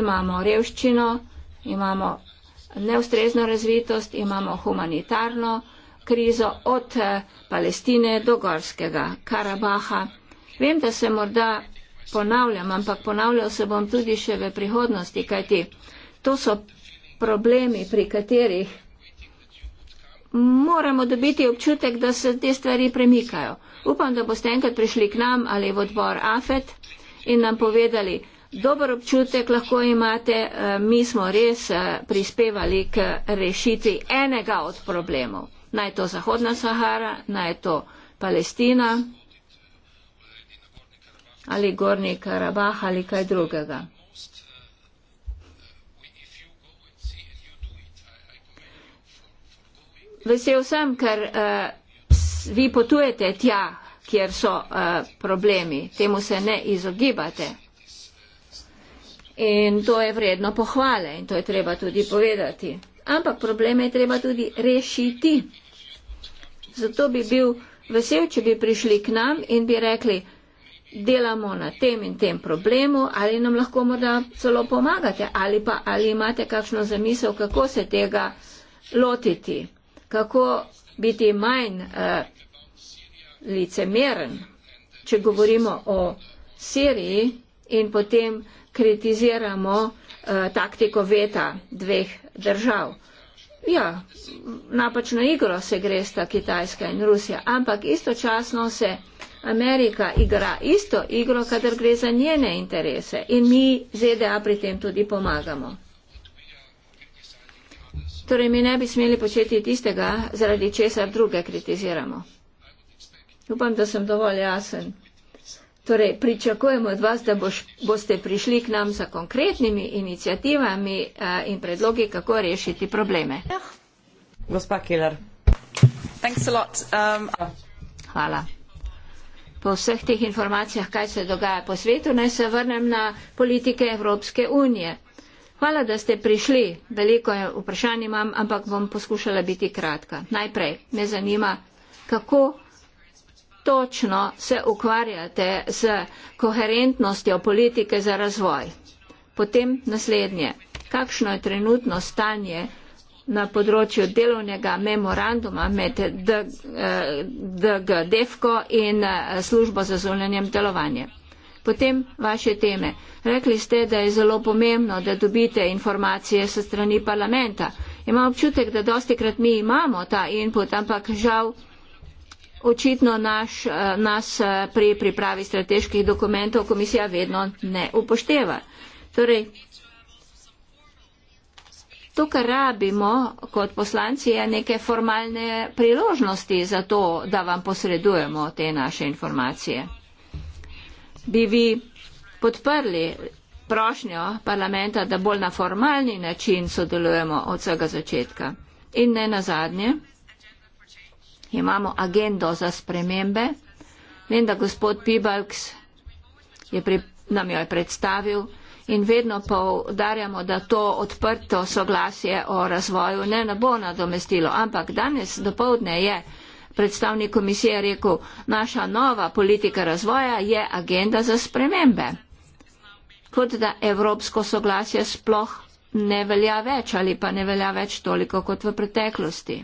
imamo revščino, imamo neustrezno razvitost, imamo humanitarno krizo od eh, Palestine do Gorskega Karabaha. Vem, da se morda ponavljam, ampak ponavljal se bom tudi še v prihodnosti, kajti to so problemi, pri katerih moramo dobiti občutek, da se te stvari premikajo. Upam, da boste enkrat prišli k nam ali v odbor AFET in nam povedali, dober občutek lahko imate, eh, mi smo res eh, prispevali k rešitvi enega od problemov. Naj je to Zahodna Sahara, naj je to Palestina ali Gorni Karabah ali kaj drugega. Vesel sem, ker uh, vi potujete tja, kjer so uh, problemi, temu se ne izogibate. In to je vredno pohvale in to je treba tudi povedati. Ampak probleme je treba tudi rešiti. Zato bi bil vesel, če bi prišli k nam in bi rekli, delamo na tem in tem problemu, ali nam lahko morda celo pomagate, ali pa ali imate kakšno zamisel, kako se tega lotiti, kako biti manj uh, licemeren, če govorimo o Siriji in potem kritiziramo uh, taktiko veta dveh držav. Ja, napačno igro se gresta Kitajska in Rusija, ampak istočasno se Amerika igra isto igro, kadar gre za njene interese in mi ZDA pri tem tudi pomagamo. Torej, mi ne bi smeli početi tistega, zaradi česar druge kritiziramo. Upam, da sem dovolj jasen. Torej, pričakujemo od vas, da boš, boste prišli k nam za konkretnimi inicijativami uh, in predlogi, kako rešiti probleme. Gospa Keller. Um, Hvala. Po vseh teh informacijah, kaj se dogaja po svetu, naj se vrnem na politike Evropske unije. Hvala, da ste prišli. Veliko vprašanj imam, ampak bom poskušala biti kratka. Najprej me zanima, kako točno se ukvarjate z koherentnostjo politike za razvoj. Potem naslednje, kakšno je trenutno stanje na področju delovnega memoranduma med DG eh, Defko in eh, službo za zunanjem delovanjem. Potem vaše teme. Rekli ste, da je zelo pomembno, da dobite informacije se strani parlamenta. Imam občutek, da dosti krat mi imamo ta input, ampak žal očitno naš, eh, nas eh, pri pripravi strateških dokumentov komisija vedno ne upošteva. Torej, to, kar rabimo kot poslanci, je neke formalne priložnosti za to, da vam posredujemo te naše informacije bi vi podprli prošnjo parlamenta, da bolj na formalni način sodelujemo od vsega začetka. In ne nazadnje, imamo agendo za spremembe. Vem, da gospod Pibalks je pri, nam jo je predstavil in vedno povdarjamo, da to odprto soglasje o razvoju ne, ne bo nadomestilo. Ampak danes dopovdne je predstavnik komisije rekel, naša nova politika razvoja je agenda za spremembe. Kot da evropsko soglasje sploh ne velja več ali pa ne velja več toliko kot v preteklosti.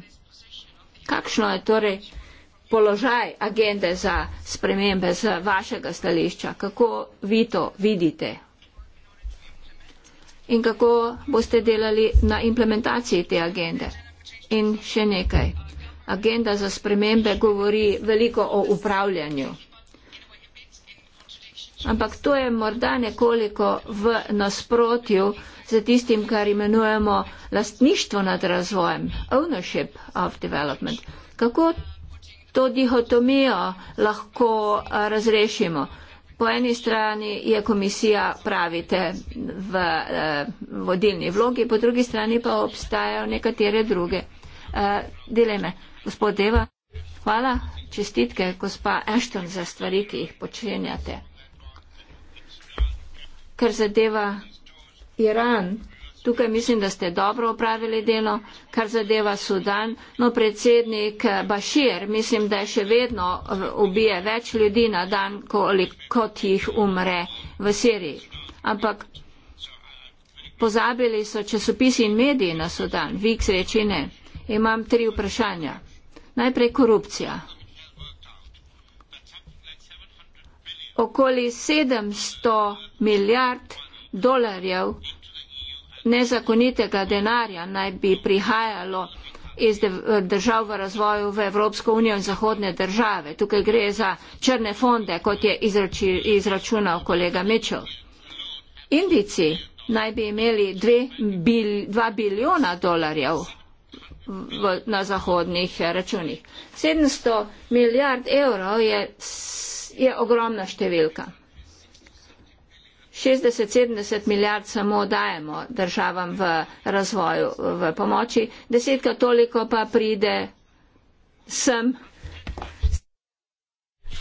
Kakšno je torej položaj agende za spremembe z vašega stališča? Kako vi to vidite? In kako boste delali na implementaciji te agende? In še nekaj agenda za spremembe govori veliko o upravljanju. Ampak to je morda nekoliko v nasprotju z tistim, kar imenujemo lastništvo nad razvojem, ownership of development. Kako to dihotomijo lahko razrešimo? Po eni strani je komisija, pravite, v vodilni vlogi, po drugi strani pa obstajajo nekatere druge dileme. Gospod Deva, hvala, čestitke, gospa Ashton, za stvari, ki jih počenjate. Kar zadeva Iran, tukaj mislim, da ste dobro upravili delo, kar zadeva Sudan, no predsednik Bashir, mislim, da še vedno eh, ubije več ljudi na dan, kot jih umre v Siriji. Ampak pozabili so časopisi in mediji na Sudan, vik srečine. Imam tri vprašanja. Najprej korupcija. Okoli 700 milijard dolarjev nezakonitega denarja naj bi prihajalo iz držav v razvoju v Evropsko unijo in zahodne države. Tukaj gre za črne fonde, kot je izračunal kolega Mitchell. Indici naj bi imeli 2 bil, biliona dolarjev v, na zahodnih eh, računih. 700 milijard evrov je, je ogromna številka. 60-70 milijard samo dajemo državam v razvoju, v pomoči, desetka toliko pa pride sem.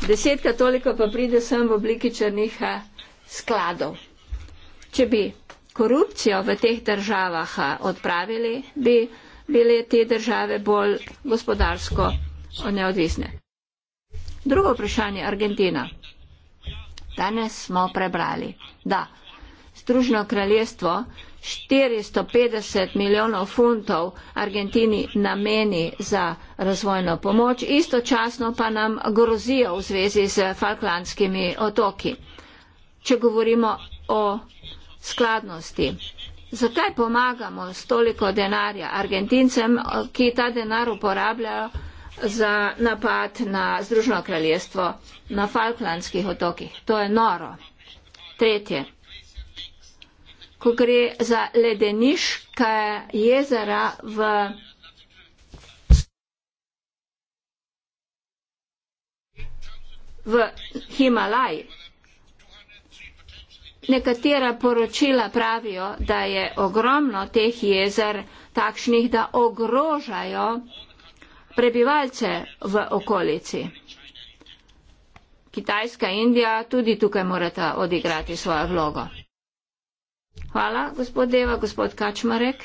Desetka toliko pa pride sem v obliki črnih eh, skladov. Če bi korupcijo v teh državah eh, odpravili, bi bile te države bolj gospodarsko neodvisne. Drugo vprašanje, Argentina. Danes smo prebrali, da Združeno kraljestvo 450 milijonov funtov Argentini nameni za razvojno pomoč, istočasno pa nam grozijo v zvezi z falklandskimi otoki. Če govorimo o skladnosti zakaj pomagamo s toliko denarja Argentincem, ki ta denar uporabljajo za napad na Združeno kraljestvo na Falklandskih otokih. To je noro. Tretje. Ko gre za ledeniška jezera v. V Himalaji. Nekatera poročila pravijo, da je ogromno teh jezer takšnih, da ogrožajo prebivalce v okolici. Kitajska, Indija, tudi tukaj morata odigrati svojo vlogo. Hvala, gospod Deva, gospod Kačmarek.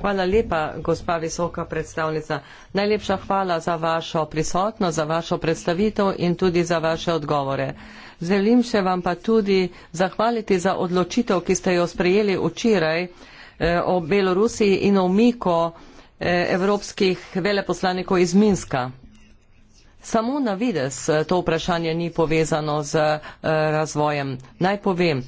Hvala lepa, gospa visoka predstavnica. Najlepša hvala za vašo prisotnost, za vašo predstavitev in tudi za vaše odgovore. Želim se vam pa tudi zahvaliti za odločitev, ki ste jo sprejeli včeraj eh, o Belorusiji in o miko eh, evropskih veleposlanikov iz Minska. Samo na vides eh, to vprašanje ni povezano z eh, razvojem. Naj povem.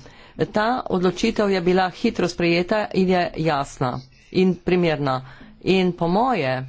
Ta odločitev je bila hitro sprejeta in je jasna in primerna. In po moje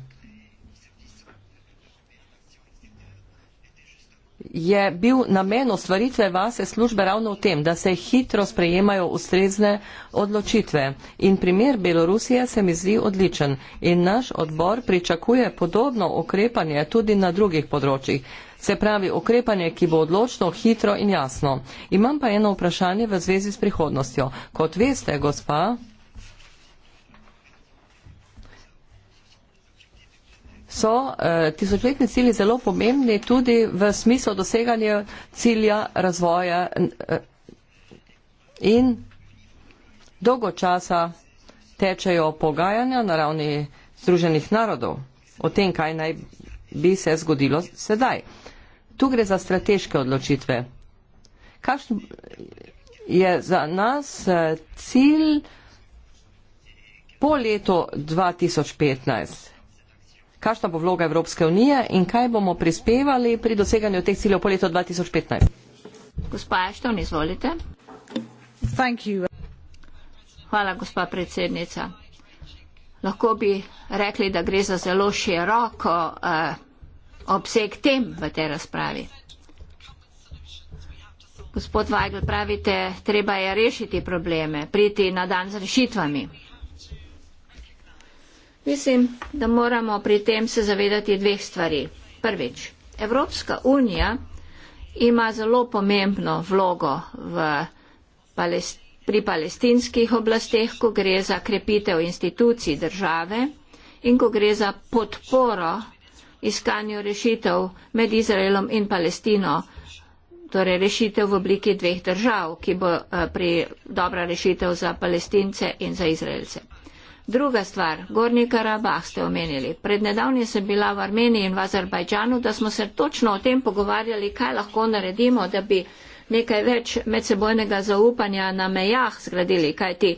je bil namen ustvaritve vase službe ravno v tem, da se hitro sprejemajo ustrezne odločitve. In primer Belorusije se mi zdi odličen. In naš odbor pričakuje podobno okrepanje tudi na drugih področjih. Se pravi, ukrepanje, ki bo odločno, hitro in jasno. Imam pa eno vprašanje v zvezi s prihodnostjo. Kot veste, gospa. So eh, tisočletni cilji zelo pomembni tudi v smislu doseganja cilja razvoja eh, in dolgo časa tečejo pogajanja na ravni Združenih narodov o tem, kaj naj bi se zgodilo sedaj tu gre za strateške odločitve. Kakšen je za nas eh, cilj po letu 2015? Kakšna bo vloga Evropske unije in kaj bomo prispevali pri doseganju teh ciljev po letu 2015? Gospa Ešton, izvolite. Thank you. Hvala, gospa predsednica. Lahko bi rekli, da gre za zelo široko uh, obseg tem v tej razpravi. Gospod Weigl, pravite, treba je rešiti probleme, priti na dan z rešitvami. Mislim, da moramo pri tem se zavedati dveh stvari. Prvič, Evropska unija ima zelo pomembno vlogo v Palestini pri palestinskih oblasteh, ko gre za krepitev institucij države in ko gre za podporo iskanju rešitev med Izraelom in Palestino, torej rešitev v obliki dveh držav, ki bo eh, pri dobra rešitev za palestince in za izraelce. Druga stvar, Gorni Karabah ste omenili. Pred nedavnje sem bila v Armeniji in v Azerbajdžanu, da smo se točno o tem pogovarjali, kaj lahko naredimo, da bi nekaj več medsebojnega zaupanja na mejah zgradili, kajti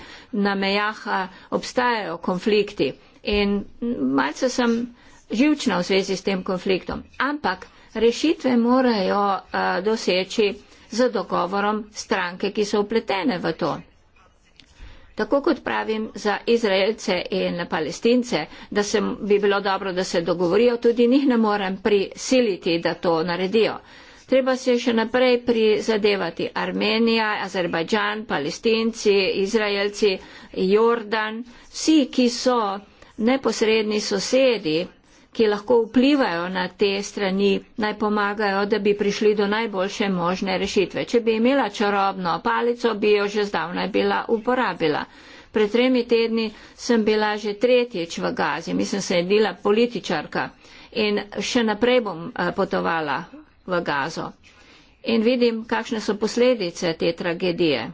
na mejah eh, obstajajo konflikti. In malce sem živčna v zvezi s tem konfliktom. Ampak rešitve morajo uh, doseči z dogovorom stranke, ki so upletene v to. Tako kot pravim za Izraelce in Palestince, da se, bi bilo dobro, da se dogovorijo, tudi njih ne morem prisiliti, da to naredijo. Treba se še naprej prizadevati Armenija, Azerbajdžan, Palestinci, Izraelci, Jordan, vsi, ki so neposredni sosedi ki lahko vplivajo na te strani, naj pomagajo, da bi prišli do najboljše možne rešitve. Če bi imela čarobno palico, bi jo že zdavnaj bila uporabila. Pred tremi tedni sem bila že tretjič v Gazi, mislim, se je dila političarka in še naprej bom eh, potovala v Gazo. In vidim, kakšne so posledice te tragedije.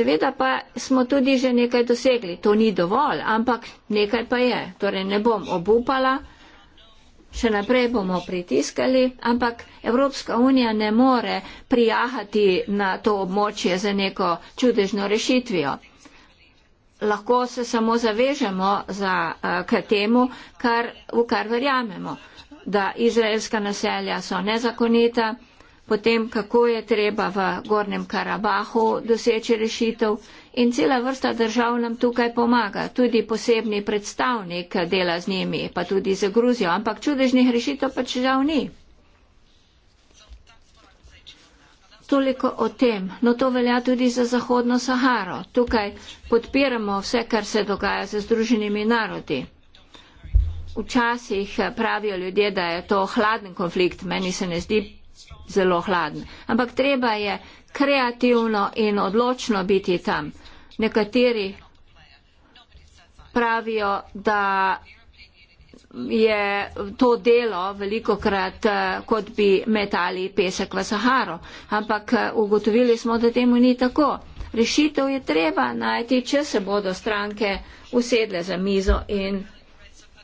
Seveda pa smo tudi že nekaj dosegli. To ni dovolj, ampak nekaj pa je. Torej ne bom obupala, še naprej bomo pritiskali, ampak Evropska unija ne more prijahati na to območje za neko čudežno rešitvijo. Lahko se samo zavežemo za, eh, k temu, kar, v kar verjamemo, da izraelska naselja so nezakonita potem kako je treba v Gornjem Karabahu doseči rešitev in cela vrsta držav nam tukaj pomaga. Tudi posebni predstavnik dela z njimi, pa tudi za Gruzijo, ampak čudežnih rešitev pač žal ni. Toliko o tem. No to velja tudi za Zahodno Saharo. Tukaj podpiramo vse, kar se dogaja z Združenimi narodi. Včasih pravijo ljudje, da je to hladen konflikt. Meni se ne zdi zelo hladen. Ampak treba je kreativno in odločno biti tam. Nekateri pravijo, da je to delo veliko krat, eh, kot bi metali pesek v Saharo. Ampak eh, ugotovili smo, da temu ni tako. Rešitev je treba najti, če se bodo stranke usedle za mizo in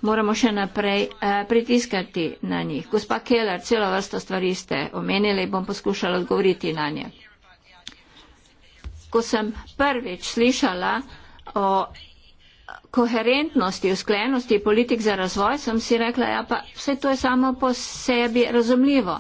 moramo še naprej eh, pritiskati na njih. Gospa Keller, celo vrsto stvari ste omenili, bom poskušala odgovoriti na nje. Ko sem prvič slišala o koherentnosti, usklenosti politik za razvoj, sem si rekla, ja pa vse to je samo po sebi razumljivo.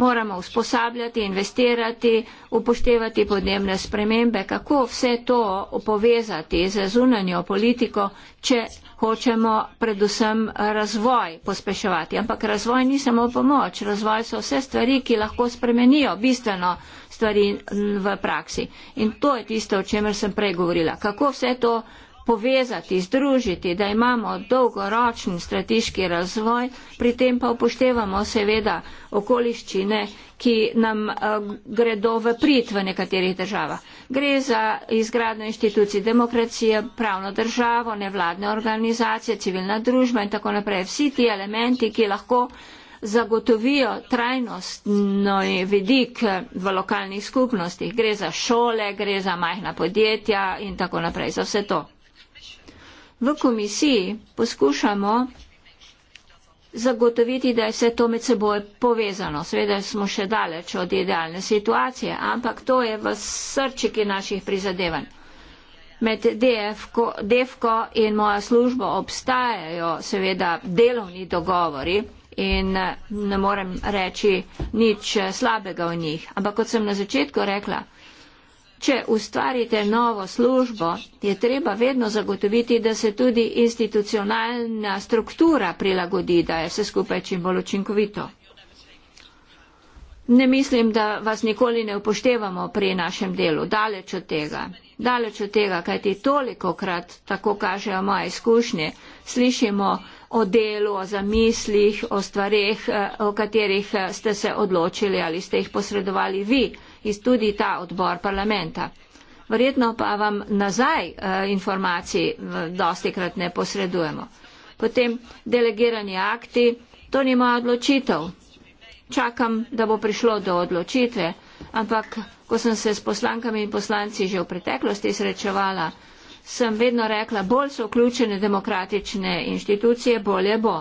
Moramo usposabljati, investirati, upoštevati podnebne spremembe, kako vse to povezati z zunanjo politiko, če hočemo predvsem razvoj pospeševati. Ampak razvoj ni samo pomoč, razvoj so vse stvari, ki lahko spremenijo bistveno stvari v praksi. In to je tisto, o čemer sem prej govorila. Kako vse to povezati, združiti, da imamo dolgoročni strateški razvoj, pri tem pa upoštevamo seveda okoliščine, ki nam eh, gredo v prid v nekaterih državah. Gre za izgradno inštitucij demokracije, pravno državo, nevladne organizacije, civilna družba in tako naprej. Vsi ti elementi, ki lahko zagotovijo trajnostno vidik eh, v lokalnih skupnostih. Gre za šole, gre za majhna podjetja in tako naprej, za vse to. V komisiji poskušamo zagotoviti, da je vse to med seboj povezano. Sveda smo še daleč od idealne situacije, ampak to je v srčiki naših prizadevanj. Med DF-ko, DFko in moja službo obstajajo seveda delovni dogovori in ne morem reči nič slabega o njih. Ampak kot sem na začetku rekla, Če ustvarite novo službo, je treba vedno zagotoviti, da se tudi institucionalna struktura prilagodi, da je vse skupaj čim bolj učinkovito. Ne mislim, da vas nikoli ne upoštevamo pri našem delu, daleč od tega. Daleč od tega, kajti toliko krat, tako kažejo moje izkušnje, slišimo o delu, o zamislih, o stvarih, eh, o katerih eh, ste se odločili ali ste jih posredovali vi iz tudi ta odbor parlamenta. Verjetno pa vam nazaj eh, informacij eh, dosti krat ne posredujemo. Potem delegirani akti, to ni moja odločitev. Čakam, da bo prišlo do odločitve, ampak ko sem se s poslankami in poslanci že v preteklosti srečevala, sem vedno rekla, bolj so vključene demokratične inštitucije, bolje bo.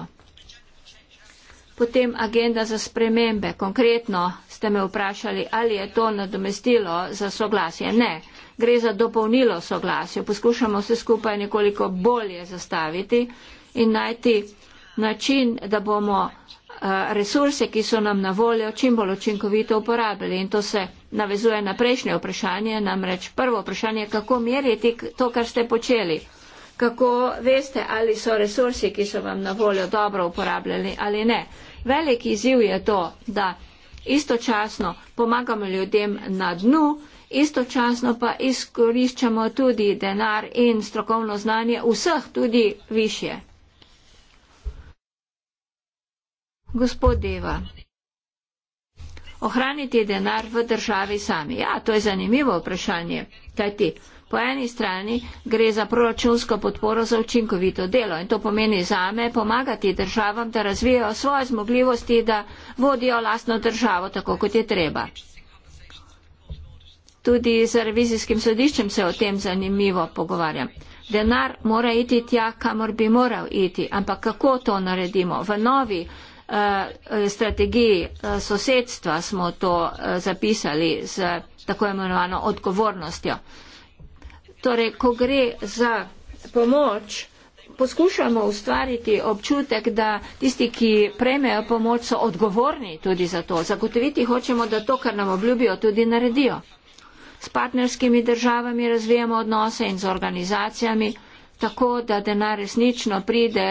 Potem agenda za spremembe, konkretno ste me vprašali, ali je to nadomestilo za soglasje. Ne, gre za dopolnilo soglasja. Poskušamo vse skupaj nekoliko bolje zastaviti in najti način, da bomo eh, resurse, ki so nam na voljo, čim bolj učinkovito uporabili. In to se navezuje na prejšnje vprašanje, namreč prvo vprašanje, kako meriti to, kar ste počeli. Kako veste, ali so resursi, ki so vam na voljo, dobro uporabljali ali ne. Veliki izziv je to, da istočasno pomagamo ljudem na dnu, istočasno pa izkoriščamo tudi denar in strokovno znanje vseh tudi više. Gospod Deva, ohraniti denar v državi sami. Ja, to je zanimivo vprašanje. Kaj ti? Po eni strani gre za proračunsko podporo za učinkovito delo in to pomeni zame pomagati državam, da razvijajo svoje zmogljivosti, da vodijo lastno državo tako, kot je treba. Tudi z revizijskim sodiščem se o tem zanimivo pogovarjam. Denar mora iti tja, kamor bi moral iti, ampak kako to naredimo? V novi uh, strategiji uh, sosedstva smo to uh, zapisali z tako imenovano odgovornostjo. Uh, Torej, ko gre za pomoč, poskušamo ustvariti občutek, da tisti, ki prejmejo pomoč, so odgovorni tudi za to. Zagotoviti hočemo, da to, kar nam obljubijo, tudi naredijo. S partnerskimi državami razvijamo odnose in z organizacijami, tako da denar resnično pride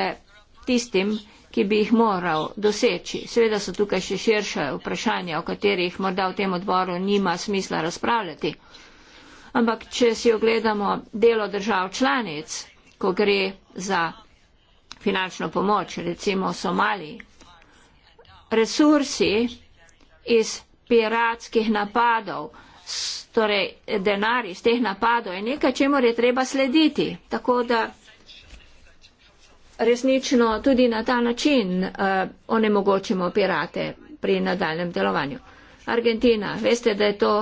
tistim, ki bi jih moral doseči. Seveda so tukaj še širše vprašanja, o katerih morda v tem odboru nima smisla razpravljati. Ampak, če si ogledamo delo držav članic, ko gre za finančno pomoč, recimo Somaliji, resursi iz piratskih napadov, torej denar iz teh napadov je nekaj, čemu je treba slediti. Tako da resnično tudi na ta način uh, onemogočimo pirate pri nadaljem delovanju. Argentina, veste, da je to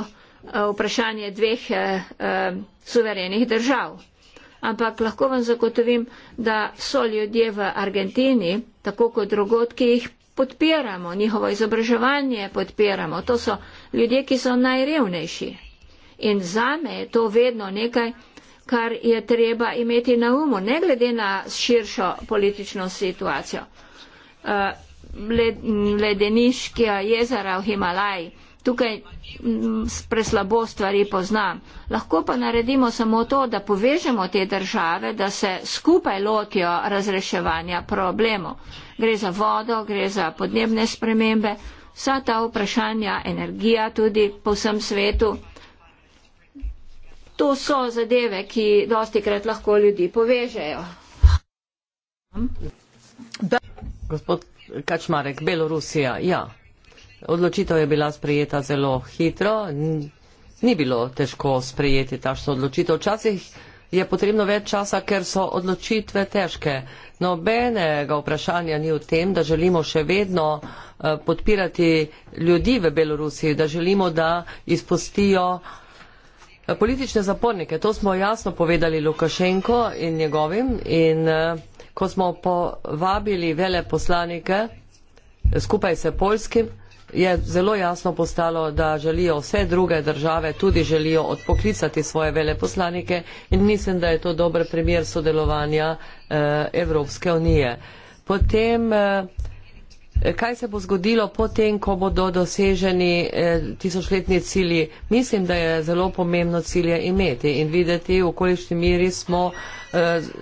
vprašanje dveh eh, eh, suverenih držav. Ampak lahko vam zagotovim, da so ljudje v Argentini, tako kot drugot, ki jih podpiramo, njihovo izobraževanje podpiramo. To so ljudje, ki so najrevnejši. In za me je to vedno nekaj, kar je treba imeti na umu, ne glede na širšo politično situacijo. Eh, Ledeniška jezera v Himalaji tukaj mm, preslabo stvari pozna. Lahko pa naredimo samo to, da povežemo te države, da se skupaj lotijo razreševanja problemov. Gre za vodo, gre za podnebne spremembe, vsa ta vprašanja, energija tudi po vsem svetu. To so zadeve, ki dosti krat lahko ljudi povežejo. Gospod Kačmarek, Belorusija, ja odločitev je bila sprejeta zelo hitro. Ni bilo težko sprejeti tašno odločitev. Včasih je potrebno več časa, ker so odločitve težke. Nobenega vprašanja ni v tem, da želimo še vedno eh, podpirati ljudi v Belorusiji, da želimo, da izpustijo eh, politične zapornike. To smo jasno povedali Lukašenko in njegovim. In eh, ko smo povabili vele poslanike skupaj s Poljskim, je zelo jasno postalo, da želijo vse druge države tudi želijo odpoklicati svoje veleposlanike in mislim, da je to dober primer sodelovanja eh, Evropske unije. Potem, eh, kaj se bo zgodilo potem, ko bodo doseženi eh, tisočletni cilji? Mislim, da je zelo pomembno cilje imeti in videti, v kolišni miri smo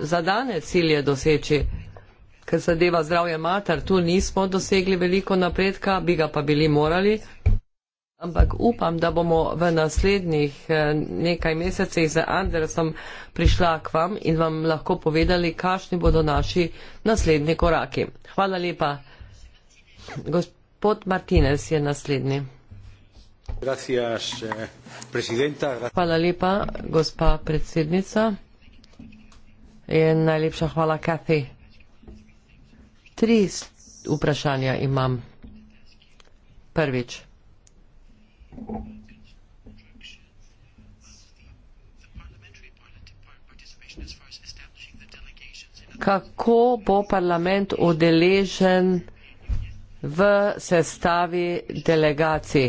za dane cilje doseči kar zadeva zdravje mater, tu nismo dosegli veliko napredka, bi ga pa bili morali. Ampak upam, da bomo v naslednjih eh, nekaj mesecih z Andersom prišla k vam in vam lahko povedali, kakšni bodo naši naslednji koraki. Hvala lepa. Gospod Martinez je naslednji. Gracias, eh, presidenta. Hvala lepa, gospa predsednica. In najlepša hvala, Kathy. Tri vprašanja imam. Prvič. Kako bo parlament udeležen v sestavi delegacij?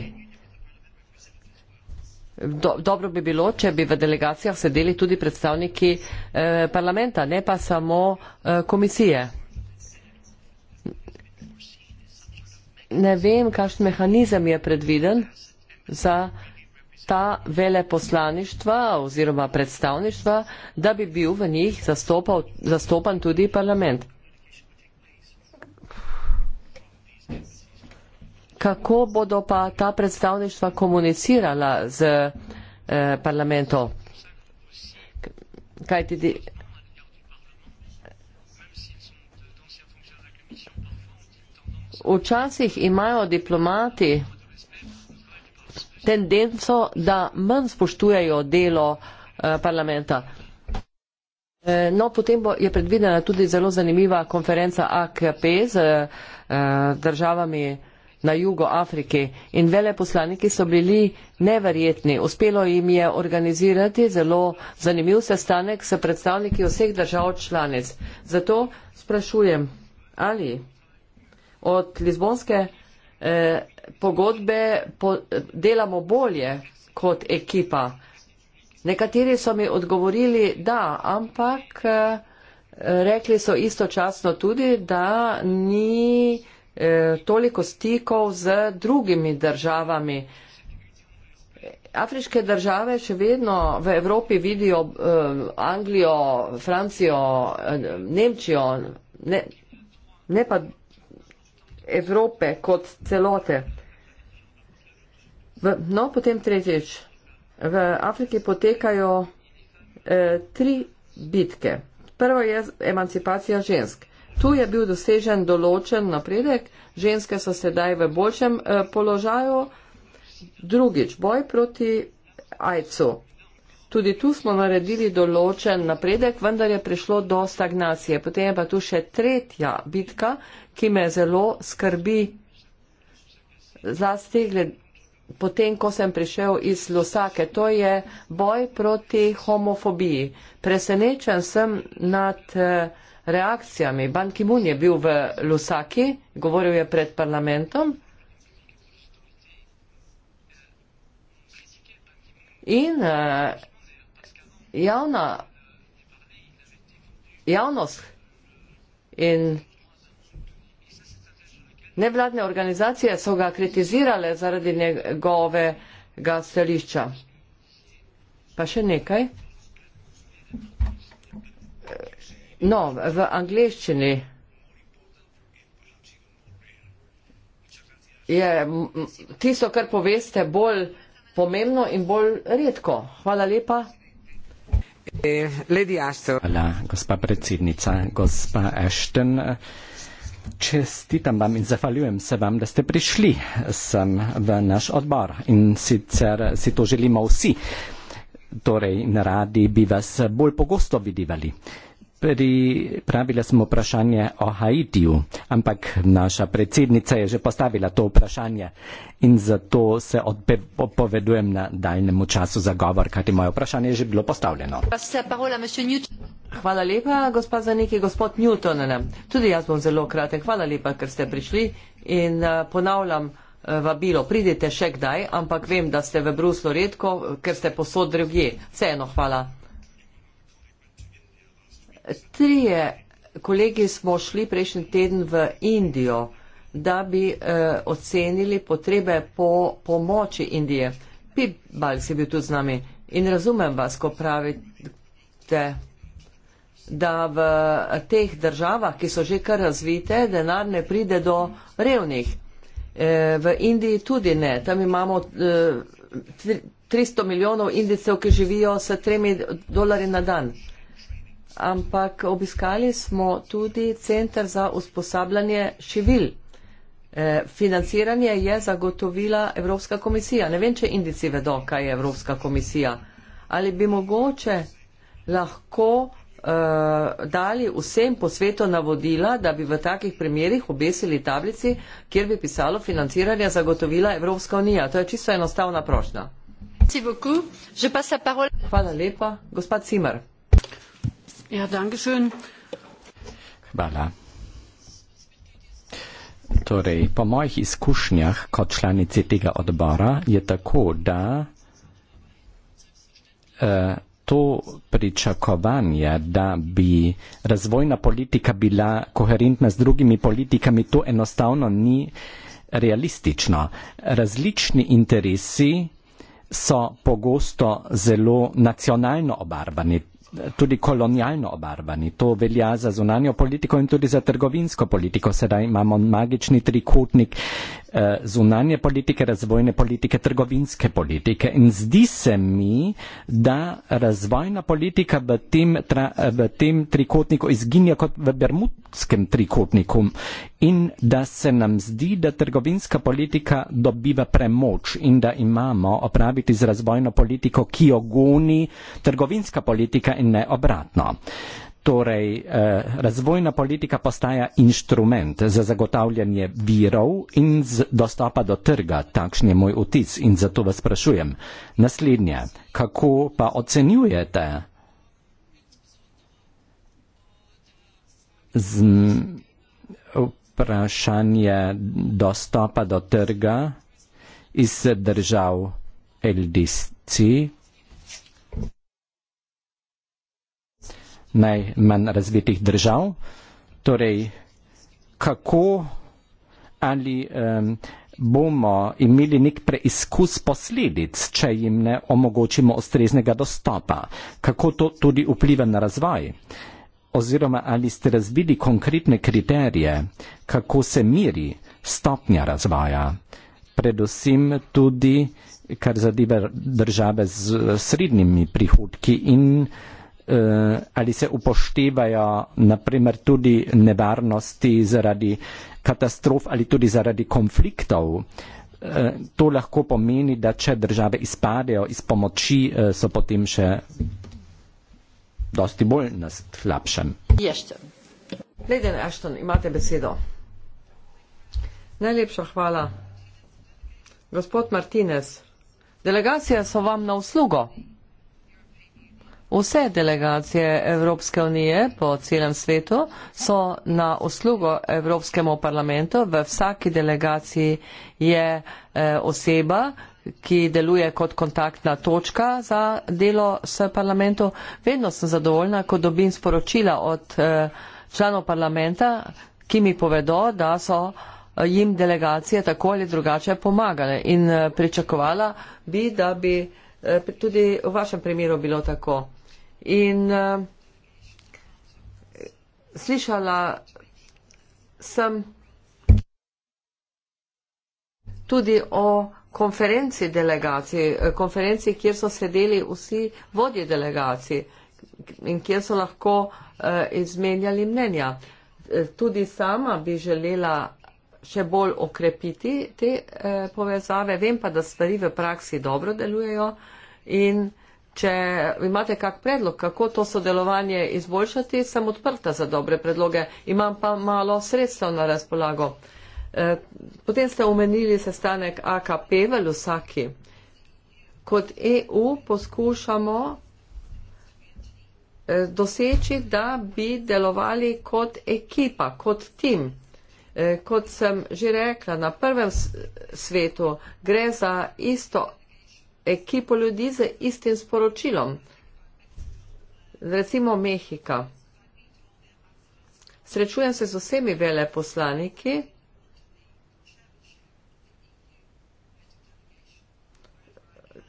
Dobro bi bilo, če bi v delegacijah sedeli tudi predstavniki eh, parlamenta, ne pa samo eh, komisije. ne vem, kakšen mehanizem je predviden za ta veleposlaništva oziroma predstavništva, da bi bil v njih zastopal, zastopan tudi parlament. Kako bodo pa ta predstavništva komunicirala z eh, parlamentom? Kaj ti včasih imajo diplomati tendenco, da manj spoštujejo delo eh, parlamenta. Eh, no, potem bo, je predvidena tudi zelo zanimiva konferenca AKP z eh, državami na jugo Afrike in veleposlaniki so bili neverjetni. Uspelo jim je organizirati zelo zanimiv sestanek s predstavniki vseh držav članic. Zato sprašujem, ali od Lizbonske eh, pogodbe po, delamo bolje kot ekipa. Nekateri so mi odgovorili, da, ampak eh, rekli so istočasno tudi, da ni eh, toliko stikov z drugimi državami. Afriške države še vedno v Evropi vidijo eh, Anglijo, Francijo, Nemčijo, ne, ne pa Evrope kot celote. V, no, potem tretjič. V Afriki potekajo eh, tri bitke. Prvo je emancipacija žensk. Tu je bil dosežen določen napredek, ženske so sedaj v boljšem eh, položaju. Drugič, boj proti AIDS-u. Tudi tu smo naredili določen napredek, vendar je prišlo do stagnacije. Potem je pa tu še tretja bitka, ki me zelo skrbi, zlasti potem, ko sem prišel iz Losake. To je boj proti homofobiji. Presenečen sem nad eh, reakcijami. Ban Ki-moon je bil v Losaki, govoril je pred parlamentom. In eh, javna, javnost in Nevladne organizacije so ga kritizirale zaradi njegovega stališča. Pa še nekaj. No, v angleščini je tisto, kar poveste, bolj pomembno in bolj redko. Hvala lepa. Eh, Hvala, gospa predsednica, gospa Ashton. Eh, Čestitam vam in zahvaljujem se vam, da ste prišli sem v naš odbor in sicer si to želimo vsi. Torej, na radi bi vas bolj pogosto vidivali. Pri, pravila sem vprašanje o Haitiju, ampak naša predsednica je že postavila to vprašanje in zato se odpovedujem na daljnemu času za govor, kajti moje vprašanje je že bilo postavljeno. Hvala lepa, gospod Zanik in gospod Newton. Tudi jaz bom zelo kratek. Hvala lepa, ker ste prišli in eh, ponavljam eh, vabilo. Pridite še kdaj, ampak vem, da ste v Bruslu redko, ker ste posod drugje. Vseeno hvala. Trije kolegi smo šli prejšnji teden v Indijo, da bi uh, ocenili potrebe po pomoči Indije. Pibal si bil tudi z nami in razumem vas, ko pravite, da v teh državah, ki so že kar razvite, denar ne pride do revnih. Eh, v Indiji tudi ne. Tam imamo 300 eh, milijonov Indicev, ki živijo s 3 dolari na dan ampak obiskali smo tudi centr za usposabljanje šivil. Eh, financiranje je zagotovila Evropska komisija. Ne vem, če indici vedo, kaj je Evropska komisija. Ali bi mogoče lahko uh, dali vsem po svetu navodila, da bi v takih primerjih obesili tablici, kjer bi pisalo financiranje zagotovila Evropska unija. To je čisto enostavna prošnja. Hvala lepa. Gospod Cimer. Ja, danke schön. Hvala. Torej, po mojih izkušnjah kot članici tega odbora je tako, da eh, to pričakovanje, da bi razvojna politika bila koherentna z drugimi politikami, to enostavno ni realistično. Različni interesi so pogosto zelo nacionalno obarvani tudi kolonialno obarvani. To velja za zunanjo politiko in tudi za trgovinsko politiko. Sedaj imamo magični trikotnik Eh, zunanje politike, razvojne politike, trgovinske politike. In zdi se mi, da razvojna politika v tem, tra, eh, v tem trikotniku izginja kot v bermudskem trikotniku in da se nam zdi, da trgovinska politika dobiva premoč in da imamo opraviti z razvojno politiko, ki jo goni trgovinska politika in ne obratno. Uh, Torej, eh, razvojna politika postaja inštrument za zagotavljanje virov in dostopa do trga, takšen je moj otis in zato vas sprašujem. Naslednje, kako pa ocenjujete vprašanje dostopa do trga iz držav LDC? najmanj razvitih držav. Torej, kako ali um, bomo imeli nek preizkus posledic, če jim ne omogočimo ustreznega dostopa, kako to tudi vpliva na razvoj oziroma ali ste razvili konkretne kriterije, kako se miri stopnja razvoja, predvsem tudi, kar zadeva države z srednjimi prihodki in uh, Eh, ali se upoštevajo naprimer tudi nevarnosti zaradi katastrof ali tudi zaradi konfliktov. Eh, to lahko pomeni, da če države izpadejo iz pomoči, eh, so potem še dosti bolj na slabšem. Ješče. Leden Ashton, imate besedo. Najlepša hvala. Gospod Martinez, delegacija so vam na uslugo. Vse delegacije Evropske unije po celem svetu so na uslugo Evropskemu parlamentu. V vsaki delegaciji je eh, oseba, ki deluje kot kontaktna točka za delo s parlamentu. Vedno sem zadovoljna, ko dobim sporočila od eh, članov parlamenta, ki mi povedo, da so eh, jim delegacije tako ali drugače pomagale in pričakovala bi, da bi tudi v vašem primeru bilo tako. In uh, slišala sem tudi o konferenci delegacij, eh, konferenci, kjer so sedeli vsi vodje delegacij in kjer so lahko uh, izmenjali mnenja. Tudi sama bi želela še bolj okrepiti te uh, povezave, vem pa, da stvari v praksi dobro delujejo in Če imate kak predlog, kako to sodelovanje izboljšati, sem odprta za dobre predloge, imam pa malo sredstev na razpolago. E, potem ste omenili sestanek AKP v Lusaki. Kot EU poskušamo e, doseči, da bi delovali kot ekipa, kot tim. E, kot sem že rekla, na prvem svetu gre za isto ekipo ljudi z istim sporočilom. Recimo Mehika. Srečujem se z vsemi veleposlaniki.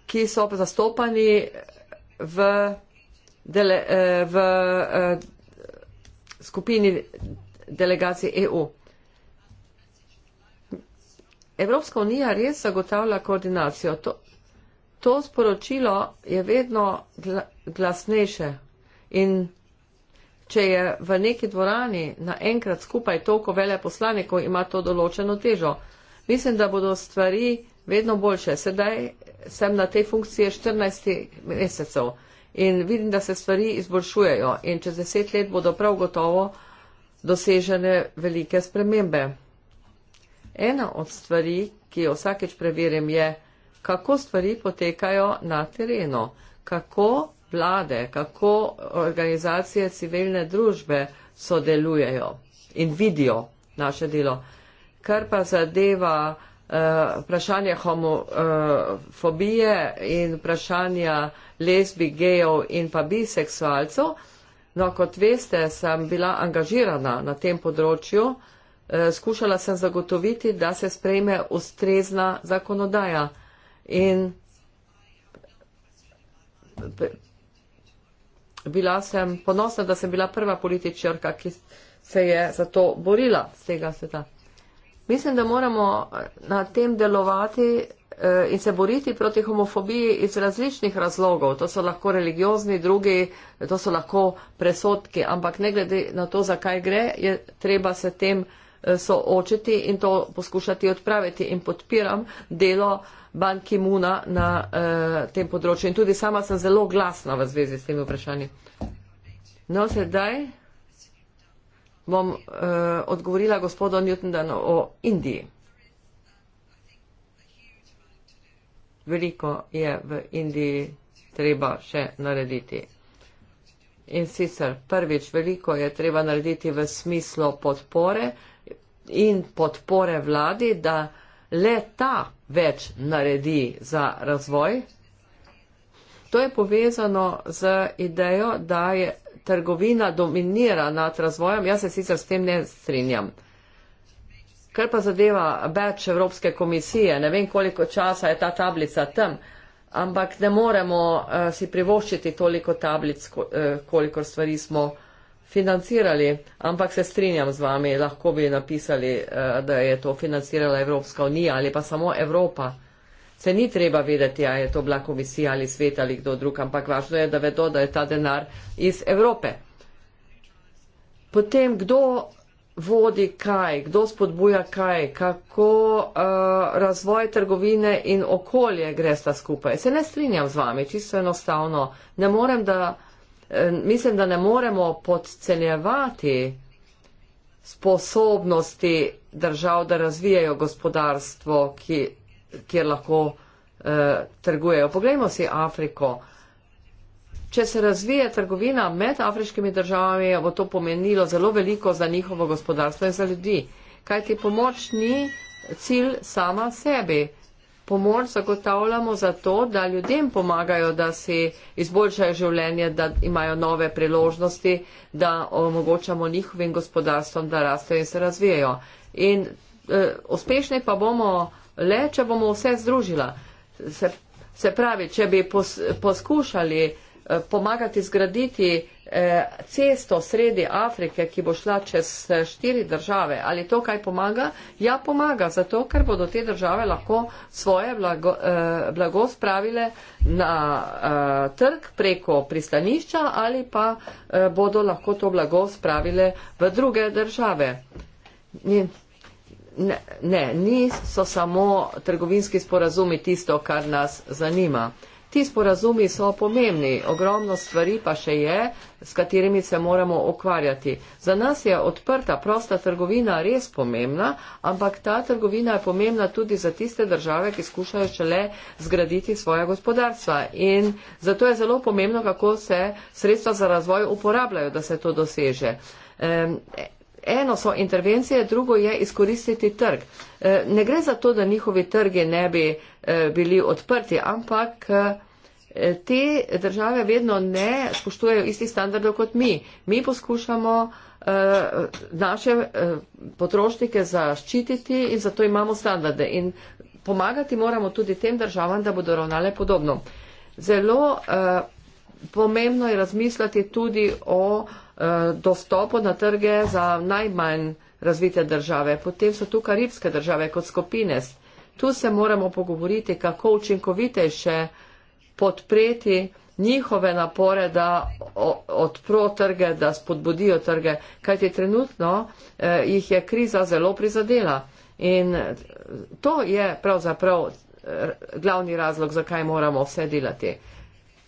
ki so zastopani v, dele, eh, v eh, skupini delegacij EU. Evropska unija res zagotavlja koordinacijo. To, to sporočilo je vedno glasnejše. In če je v neki dvorani naenkrat skupaj toliko veleposlanikov, ima to določeno težo. Mislim, da bodo stvari vedno boljše. Sedaj sem na tej funkciji 14 mesecev in vidim, da se stvari izboljšujejo in čez deset let bodo prav gotovo dosežene velike spremembe. Ena od stvari, ki jo vsakeč preverim, je, da kako stvari potekajo na terenu, kako vlade, kako organizacije civilne družbe sodelujejo in vidijo naše delo. Kar pa zadeva uh, vprašanje homofobije eh, uh, in vprašanja lesbi, gejev in pa biseksualcev, no kot veste, sem bila angažirana na tem področju, uh, skušala sem zagotoviti, da se sprejme ustrezna zakonodaja. In bila sem ponosna, da sem bila prva političarka, ki se je za to borila z tega sveta. Mislim, da moramo eh, na tem delovati eh, in se boriti proti homofobiji iz različnih razlogov. To so lahko religiozni, drugi, to so lahko presodki, ampak ne glede na to, zakaj gre, je treba se tem eh, soočiti in to poskušati odpraviti. In podpiram delo uh, Ban Ki-muna na uh, tem področju. In tudi sama sem zelo glasna v zvezi s tem vprašanjem. No, sedaj bom uh, odgovorila gospodu Newtondanu o Indiji. Veliko je v Indiji treba še narediti. In sicer prvič, veliko je treba narediti v smislu podpore in podpore vladi, da uh, le ta več naredi za razvoj. To je povezano z idejo, da je trgovina dominira nad razvojem. Jaz se sicer s tem ne strinjam. Kar pa zadeva več Evropske komisije, ne vem koliko časa je ta tablica tam, ampak ne moremo uh, si privoščiti toliko tablic, ko, uh, eh, koliko stvari smo financirali, ampak se strinjam z vami, lahko bi napisali, eh, da je to financirala Evropska unija ali pa samo Evropa. Se ni treba vedeti, a je to bila komisija ali svet ali kdo drug, ampak važno je, da vedo, da je ta denar iz Evrope. Potem, kdo vodi kaj, kdo spodbuja kaj, kako uh, razvoj trgovine in okolje gre sta skupaj. Se ne strinjam z vami, čisto enostavno. Ne morem, da Eh, mislim, da ne moremo podcenjevati sposobnosti držav, da razvijajo gospodarstvo, ki, kjer lahko eh, trgujejo. Poglejmo si Afriko. Če se razvije trgovina med afriškimi državami, bo to pomenilo zelo veliko za njihovo gospodarstvo in za ljudi. Kajti pomoč ni cilj sama sebi pomoč zagotavljamo zato, da ljudem pomagajo, da si izboljšajo življenje, da imajo nove priložnosti, da omogočamo njihovim gospodarstvom, da rastejo in se razvijajo. In uh, uspešni pa bomo le, če bomo vse združila. Se, se pravi, če bi pos, poskušali uh, pomagati zgraditi Eh, cesto sredi Afrike, ki bo šla čez eh, štiri države, ali to kaj pomaga? Ja, pomaga, zato ker bodo te države lahko svoje blago, eh, blago spravile na trg preko pristanišča ali pa bodo lahko to blago spravile v druge države. Ne, ne niso samo trgovinski sporazumi tisto, kar nas zanima. Ti sporazumi so pomembni, ogromno stvari pa še je, s katerimi se moramo okvarjati. Za nas je odprta, prosta trgovina res pomembna, ampak ta trgovina je pomembna tudi za tiste države, ki skušajo šele zgraditi svoje gospodarstva. In zato je zelo pomembno, kako se sredstva za razvoj uporabljajo, da se to doseže. Ehm, eno so intervencije, drugo je izkoristiti trg. E, ne gre za to, da njihovi trgi ne bi e, bili odprti, ampak e, te države vedno ne spoštujejo istih standardov kot mi. Mi poskušamo naše potrošnike zaščititi in zato imamo standarde. In pomagati moramo tudi tem državam, da bodo ravnale podobno. Zelo pomembno je razmisliti tudi o Eh, dostopu na trge za najmanj razvite države. Potem so tu karibske države kot skupine. Tu se moramo pogovoriti, kako učinkovitejše podpreti njihove napore, da odpro trge, da spodbudijo trge, kajti trenutno eh, jih je kriza zelo prizadela. In to je pravzaprav eh, glavni razlog, zakaj moramo vse delati. Eh,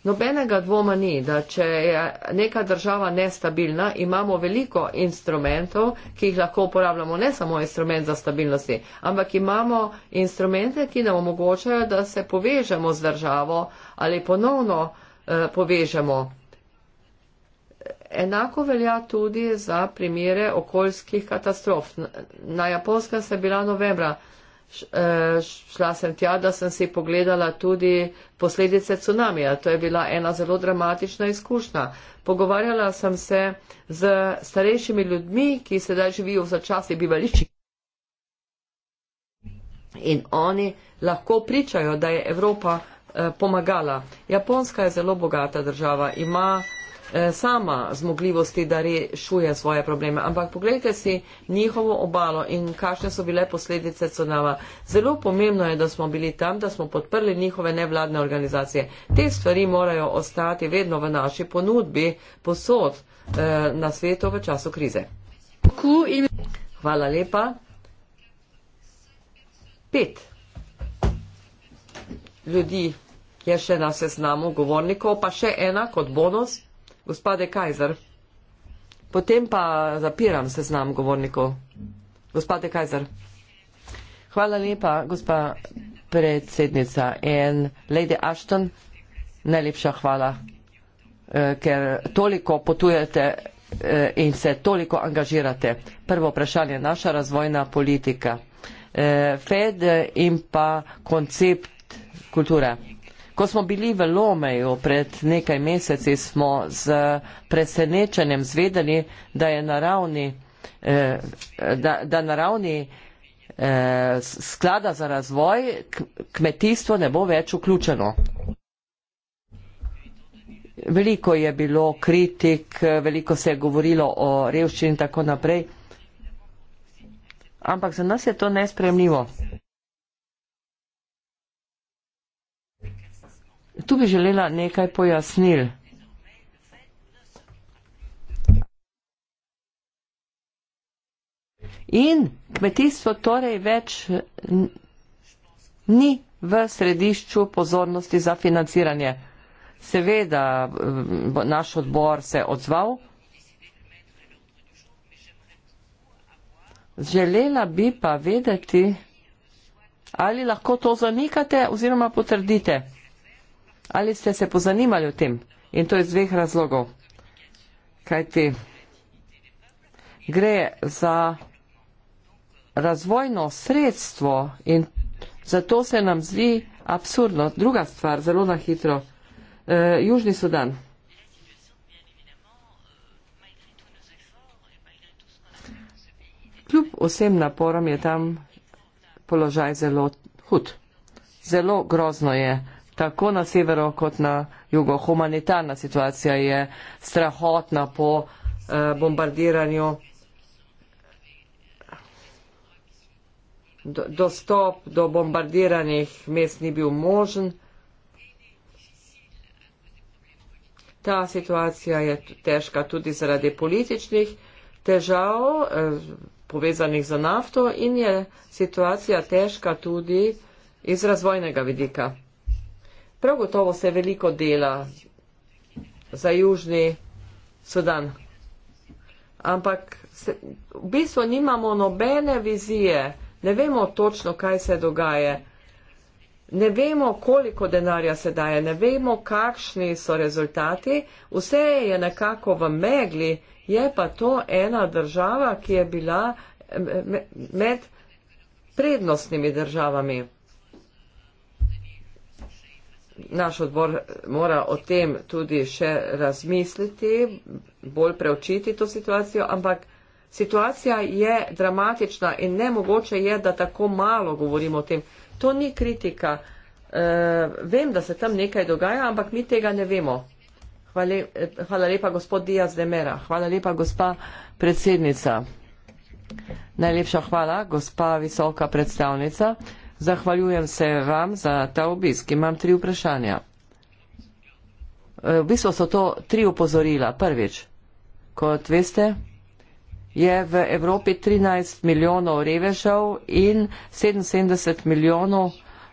Nobenega dvoma ni, da če je neka država nestabilna, imamo veliko instrumentov, ki jih lahko uporabljamo, ne samo instrument za stabilnosti, ampak imamo instrumente, ki nam omogočajo, da se povežemo z državo ali ponovno eh, povežemo. Enako velja tudi za primere okoljskih katastrof. Na Japonskem se je bila novembra Eh, šla sem tja, da sem si pogledala tudi posledice cunamija. To je bila ena zelo dramatična izkušnja. Pogovarjala sem se z starejšimi ljudmi, ki sedaj živijo v začasnih bivališčih. In oni lahko pričajo, da je Evropa eh, pomagala. Japonska je zelo bogata država, ima Eh, sama zmogljivosti, da rešuje svoje probleme. Ampak pogledajte si njihovo obalo in kakšne so bile posledice tsunama. Zelo pomembno je, da smo bili tam, da smo podprli njihove nevladne organizacije. Te stvari morajo ostati vedno v naši ponudbi posod eh, na svetu v času krize. Hvala lepa. Pet ljudi je še na seznamu govornikov, pa še ena kot bonus. Gospode Kajzer, potem pa zapiram seznam govornikov. Gospode Kajzer. Hvala lepa, gospa predsednica. In Lady Ashton, najlepša hvala, eh, ker toliko potujete eh, in se toliko angažirate. Prvo vprašanje, naša razvojna politika, eh, Fed in pa koncept kulture. Ko smo bili v Lomeju pred nekaj meseci, smo z presenečenjem zvedeli, da je naravni, eh, da, da naravni eh, sklada za razvoj kmetijstvo ne bo več vključeno. Veliko je bilo kritik, veliko se je govorilo o revščini in tako naprej. Ampak za nas je to nespremljivo. Tu bi želela nekaj pojasnil. In kmetijstvo torej več ni v središču pozornosti za financiranje. Seveda, naš odbor se je odzval. Želela bi pa vedeti, ali lahko to zanikate oziroma potrdite ali ste se pozanimali o tem. In to iz dveh razlogov. Kaj ti gre za razvojno sredstvo in zato se nam zdi absurdno. Druga stvar, zelo na hitro. E, Južni Sudan. Kljub vsem naporom je tam položaj zelo hud. Zelo grozno je tako na severu kot na jugu. Humanitarna situacija je strahotna po eh, bombardiranju. Do, dostop do bombardiranih mest ni bil možen. Ta situacija je težka tudi zaradi političnih težav eh, povezanih za nafto in je situacija težka tudi iz razvojnega vidika. Prav gotovo se veliko dela za južni Sudan. Ampak se, v bistvu nimamo nobene vizije, ne vemo točno, kaj se dogaja, ne vemo, koliko denarja se daje, ne vemo, kakšni so rezultati. Vse je nekako v megli, je pa to ena država, ki je bila eh, med prednostnimi državami naš odbor mora o tem tudi še razmisliti, bolj preučiti to situacijo, ampak situacija je dramatična in nemogoče je, da tako malo govorimo o tem. To ni kritika. E, vem, da se tam nekaj dogaja, ampak mi tega ne vemo. Hvala, eh, hvala lepa, gospod Diaz de Mera. Hvala lepa, gospa predsednica. Najlepša hvala, gospa visoka predstavnica. Zahvaljujem se vam za ta obisk. Imam tri vprašanja. E, v bistvu so to tri upozorila. Prvič, kot veste, je v Evropi 13 milijonov revežev in 77 milijonov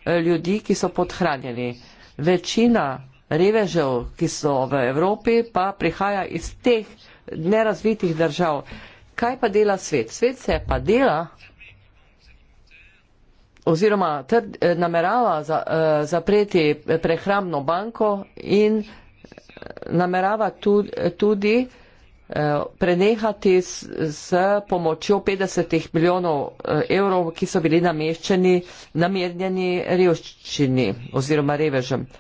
e, ljudi, ki so podhranjeni. Večina revežev, ki so v Evropi, pa prihaja iz teh nerazvitih držav. Kaj pa dela svet? Svet se pa dela oziroma trd, eh, namerava za, uh, zapreti prehrambno banko in eh, namerava tudi, tudi prenehati s, s pomočjo 50 milijonov evrov, ki so bili nameščeni, namirnjeni revščini oziroma revežem. Uh,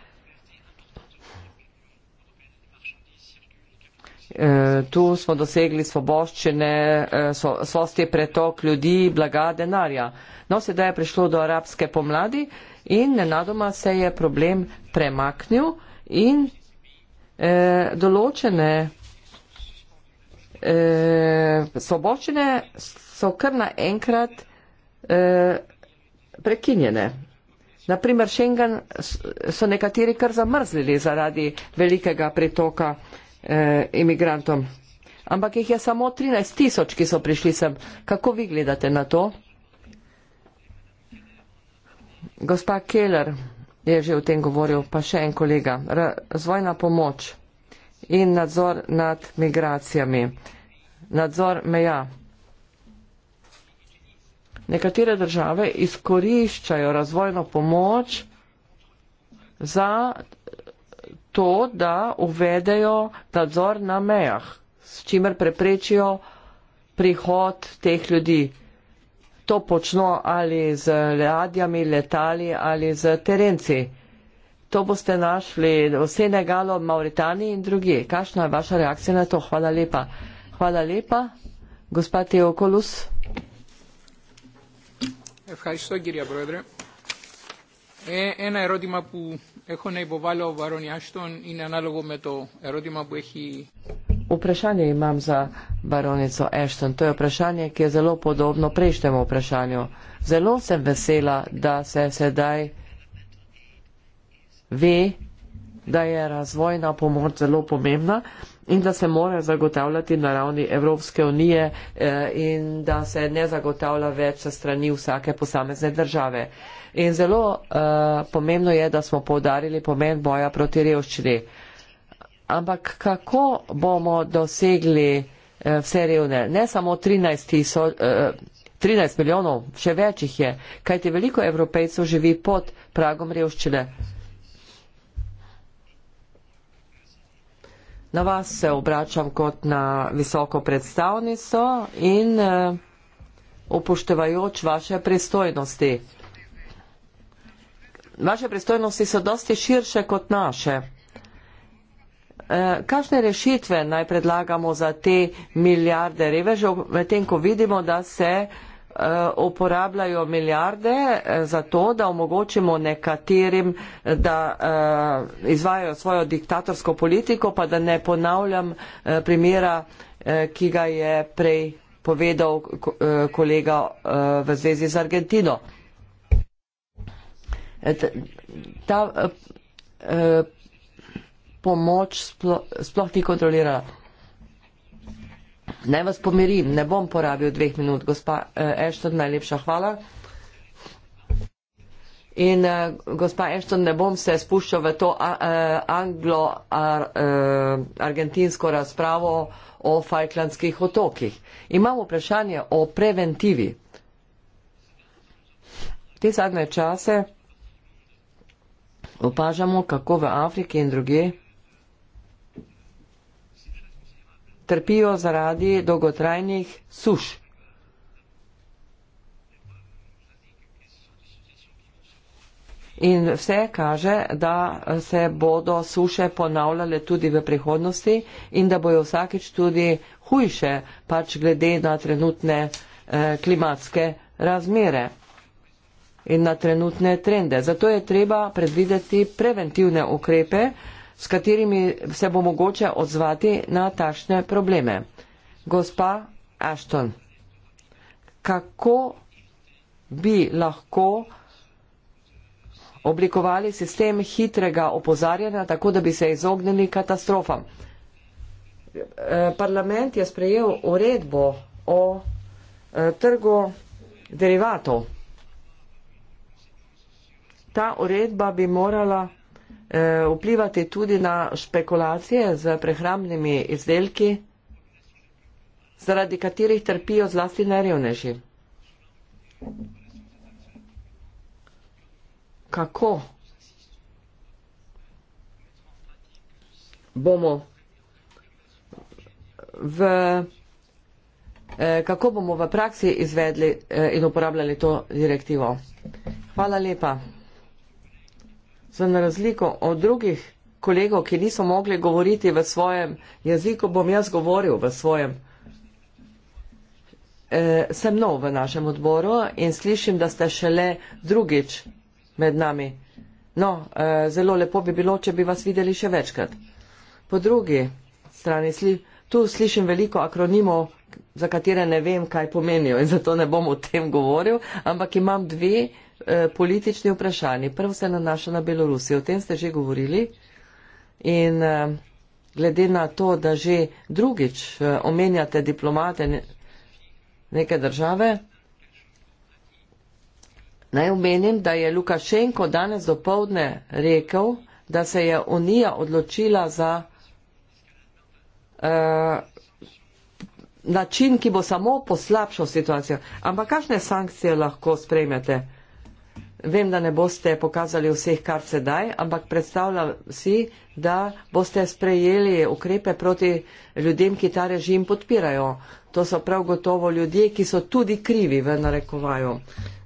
Eh, tu smo dosegli svoboščine, eh, svosti pretok ljudi, blaga, denarja. No, sedaj je prišlo do arabske pomladi in nenadoma se je problem premaknil in eh, določene eh, svoboščine so kar naenkrat eh, prekinjene. Naprimer, Schengen so nekateri kar zamrzlili zaradi velikega pretoka eh, imigrantom. Ampak jih je samo 13 tisoč, ki so prišli sem. Kako vi gledate na to? Gospa Keller je že o tem govoril, pa še en kolega. Razvojna pomoč in nadzor nad migracijami. Nadzor meja. Nekatere države izkoriščajo razvojno pomoč za to, da uvedejo nadzor na mejah, s čimer preprečijo prihod teh ljudi. To počno ali z ladjami, letali ali z terenci. To boste našli v Senegalu, Mauritaniji in drugi. Kakšna je vaša reakcija na to? Hvala lepa. Hvala lepa, gospod Teokolus. Ευχαριστώ κυρία Πρόεδρε. Ε, ένα ερώτημα που Έχω να υποβάλω ο Βαρόν Ιάστον, είναι ανάλογο με το ερώτημα που έχει... Vprašanje imam za baronico Ashton. To je vprašanje, ki je zelo podobno prejšnjemu vprašanju. Zelo sem vesela, da se sedaj ve, da je razvojna pomoč zelo pomembna in da se mora zagotavljati na ravni Evropske unije eh, in da se ne zagotavlja več strani vsake posamezne države. In zelo uh, pomembno je, da smo povdarili pomen boja proti revščini. Ampak kako bomo dosegli uh, vse revne? Ne samo 13, so, uh, 13 milijonov, še več jih je, kajti veliko evropejcev živi pod pragom revščine. na vas se obračam kot na visoko predstavnico in eh, upoštevajoč vaše pristojnosti. Vaše pristojnosti so dosti širše kot naše. Eh, kakšne rešitve naj predlagamo za te milijarde revežev, medtem ko vidimo, da se Eh, uporabljajo milijarde eh, za to, da omogočimo nekaterim, da eh, izvajo svojo diktatorsko politiko, pa da ne ponavljam primera, ki ga je prej povedal kolega v zvezi z Argentino. Ta pomoč sploh ni kontrolirala. Naj vas pomirim, ne bom porabil dveh minut, gospa uh, eh, Ešton, najlepša hvala. In uh, gospa Ešton, ne bom se spuščal v to uh, eh, anglo-argentinsko -ar, uh, razpravo o Falklandskih otokih. Imamo vprašanje o preventivi. Te zadnje čase opažamo, kako v Afriki in druge trpijo zaradi dolgotrajnih suš. In vse kaže, da se bodo suše ponavljale tudi v prihodnosti in da bojo vsakeč tudi hujše, pač glede na trenutne eh, klimatske razmere in na trenutne trende. Zato je treba predvideti preventivne ukrepe s katerimi se bo mogoče odzvati na tašne probleme. Gospa Ashton, kako bi lahko oblikovali sistem hitrega opozarjanja, tako da bi se izognili katastrofam? E, parlament je sprejel uredbo o e, trgu derivatov. Ta uredba bi morala Eh, vplivati tudi na špekulacije z prehrambnimi izdelki, zaradi katerih trpijo zlasti nerevneži. Kako bomo v, eh, kako bomo v praksi izvedli eh, in uporabljali to direktivo? Hvala lepa za na razliko od drugih kolegov, ki niso mogli govoriti v svojem jeziku, bom jaz govoril v svojem. E, sem nov v našem odboru in slišim, da ste šele drugič med nami. No, e, zelo lepo bi bilo, če bi vas videli še večkrat. Po drugi strani sli, tu slišim veliko akronimov, za katere ne vem, kaj pomenijo in zato ne bom o tem govoril, ampak imam dve. Eh, politični vprašanji. Prvo se nanaša na Belorusijo, o tem ste že govorili. In eh, glede na to, da že drugič eh, omenjate diplomate neke države, naj omenim, da je Lukašenko danes dopovdne rekel, da se je Unija odločila za uh, način, ki bo samo poslabšal situacijo. Ampak kakšne sankcije lahko sprejmete? Vem, da ne boste pokazali vseh, kar sedaj, ampak predstavljam si, da boste sprejeli ukrepe proti ljudem, ki ta režim podpirajo. To so prav gotovo ljudje, ki so tudi krivi v narekovaju.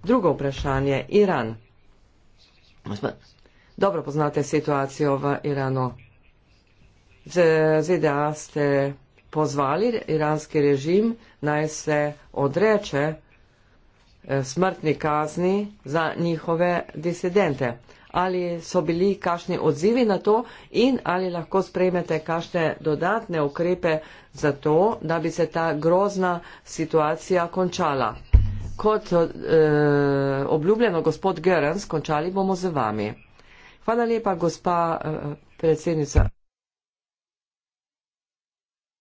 Drugo vprašanje, Iran. Dobro poznate situacijo v Iranu. Z ZDA ste pozvali iranski režim, naj se odreče Eh, smrtni kazni za njihove disidente. Ali so bili kakšni odzivi na to in ali lahko sprejmete kakšne dodatne ukrepe za to, da bi se ta grozna situacija končala. Kot eh, obljubljeno, gospod Gerens, končali bomo z vami. Hvala lepa, gospa eh, predsednica.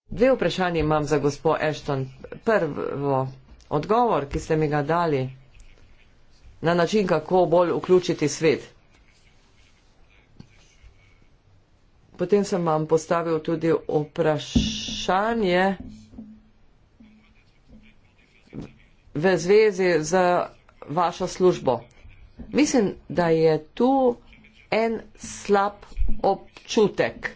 Dve vprašanje imam za gospod Ešton. Prvo, odgovor, ki ste mi ga dali, na način, kako bolj vključiti svet. Potem sem vam postavil tudi vprašanje v zvezi z vašo službo. Mislim, da je tu en slab občutek.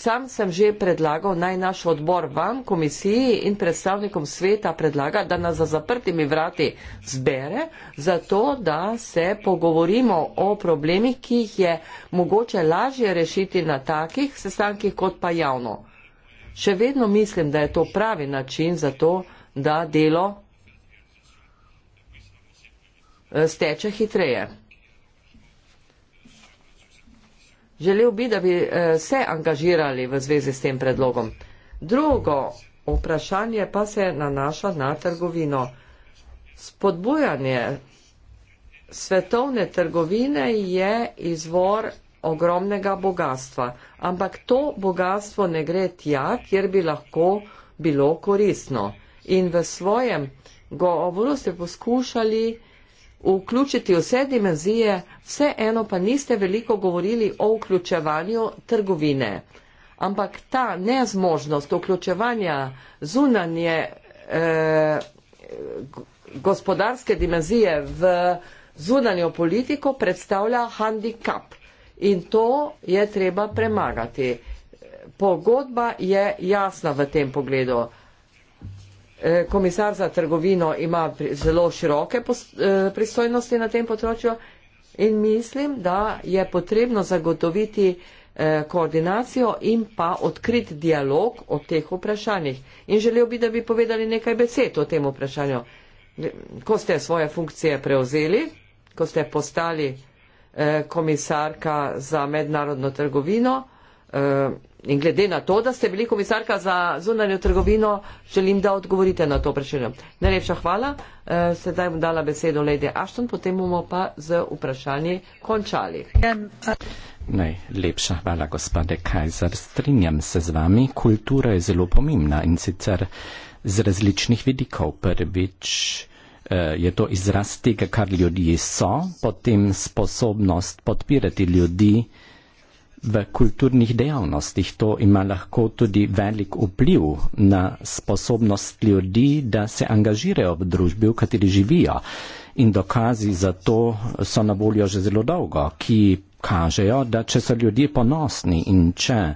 Sam sem že predlagal, naj naš odbor vam, komisiji in predstavnikom sveta predlaga, da nas za zaprtimi vrati zbere, zato da se pogovorimo o problemih, ki jih je mogoče lažje rešiti na takih sestankih kot pa javno. Še vedno mislim, da je to pravi način za to, da delo eh, steče hitreje. želel bi, da bi eh, se angažirali v zvezi s tem predlogom. Drugo vprašanje pa se nanaša na trgovino. Spodbujanje svetovne trgovine je izvor ogromnega bogatstva, ampak to bogatstvo ne gre tja, kjer bi lahko bilo koristno. In v svojem govoru ste poskušali uh, vključiti vse dimenzije, vseeno pa niste veliko govorili o vključevanju trgovine. Ampak ta nezmožnost vključevanja zunanje eh, gospodarske dimenzije v zunanjo politiko predstavlja handikap in to je treba premagati. Pogodba je jasna v tem pogledu. Eh, komisar za trgovino ima zelo široke eh, pristojnosti na tem področju in mislim, da je potrebno zagotoviti eh, koordinacijo in pa odkrit dialog o teh vprašanjih. In želel bi, da bi povedali nekaj besed o tem vprašanju. Ko ste svoje funkcije prevzeli, ko ste postali komisarka za mednarodno trgovino, Eh, in glede na to, da ste bili komisarka za zunanjo trgovino, želim, da odgovorite na to vprašanje. Najlepša hvala. Eh, sedaj bom dala besedo Lady Ashton, potem bomo pa z vprašanji končali. Najlepša hvala, gospode Kajzer. Strinjam se z vami. Kultura je zelo pomembna in sicer z različnih vidikov. Prvič eh, je to izraz tega, kar ljudje so, potem sposobnost podpirati ljudi v kulturnih dejavnostih. To ima lahko tudi velik vpliv na sposobnost ljudi, da se angažirajo v družbi, v kateri živijo. In dokazi za to so na voljo že zelo dolgo, ki kažejo, da če so ljudje ponosni in če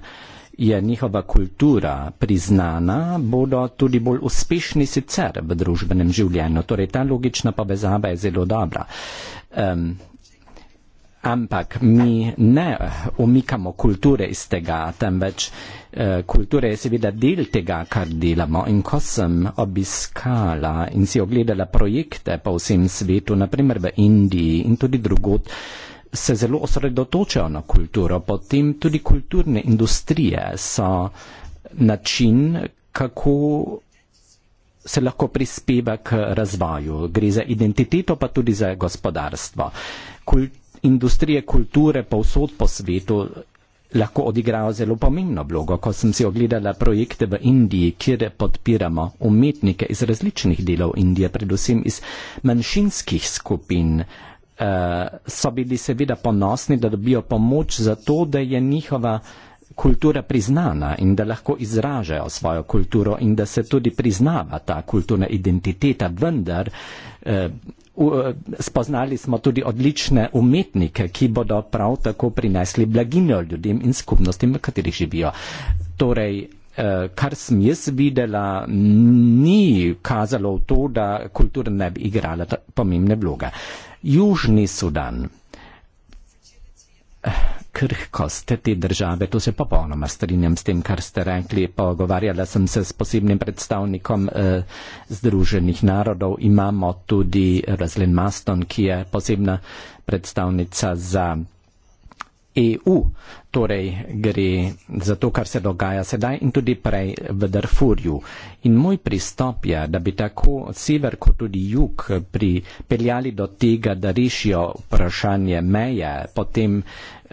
je njihova kultura priznana, bodo tudi bolj uspešni sicer v družbenem življenju. Torej, ta logična povezava je zelo dobra. Um, ampak mi ne eh, umikamo kulture iz tega, temveč eh, kultura je seveda del tega, kar delamo. In ko sem obiskala in si ogledala projekte po vsem svetu, naprimer v Indiji in tudi drugod, se zelo osredotočajo na kulturo, potem tudi kulturne industrije so način, kako se lahko prispeva k razvoju. Gre za identiteto, pa tudi za gospodarstvo. Kult industrije kulture povsod po svetu lahko odigrajo zelo pomembno vlogo. Ko sem si ogledala projekte v Indiji, kjer podpiramo umetnike iz različnih delov Indije, predvsem iz manjšinskih skupin, eh, so bili seveda ponosni, da dobijo pomoč za to, da je njihova kultura priznana in da lahko izražajo svojo kulturo in da se tudi priznava ta kulturna identiteta, vendar eh, v, eh, spoznali smo tudi odlične umetnike, ki bodo prav tako prinesli blaginjo ljudem in skupnostim, v katerih živijo. Torej, eh, kar sem jaz videla, ni kazalo v to, da kultura ne bi igrala pomembne vloge. Južni Sudan. Eh, krhkost te države. To se popolnoma strinjam s tem, kar ste rekli. Pogovarjala sem se s posebnim predstavnikom eh, Združenih narodov. Imamo tudi Razlen Maston, ki je posebna predstavnica za. EU, torej gre za to, kar se dogaja sedaj in tudi prej v Darfurju. In moj pristop je, da bi tako sever kot tudi jug pripeljali do tega, da rešijo vprašanje meje, potem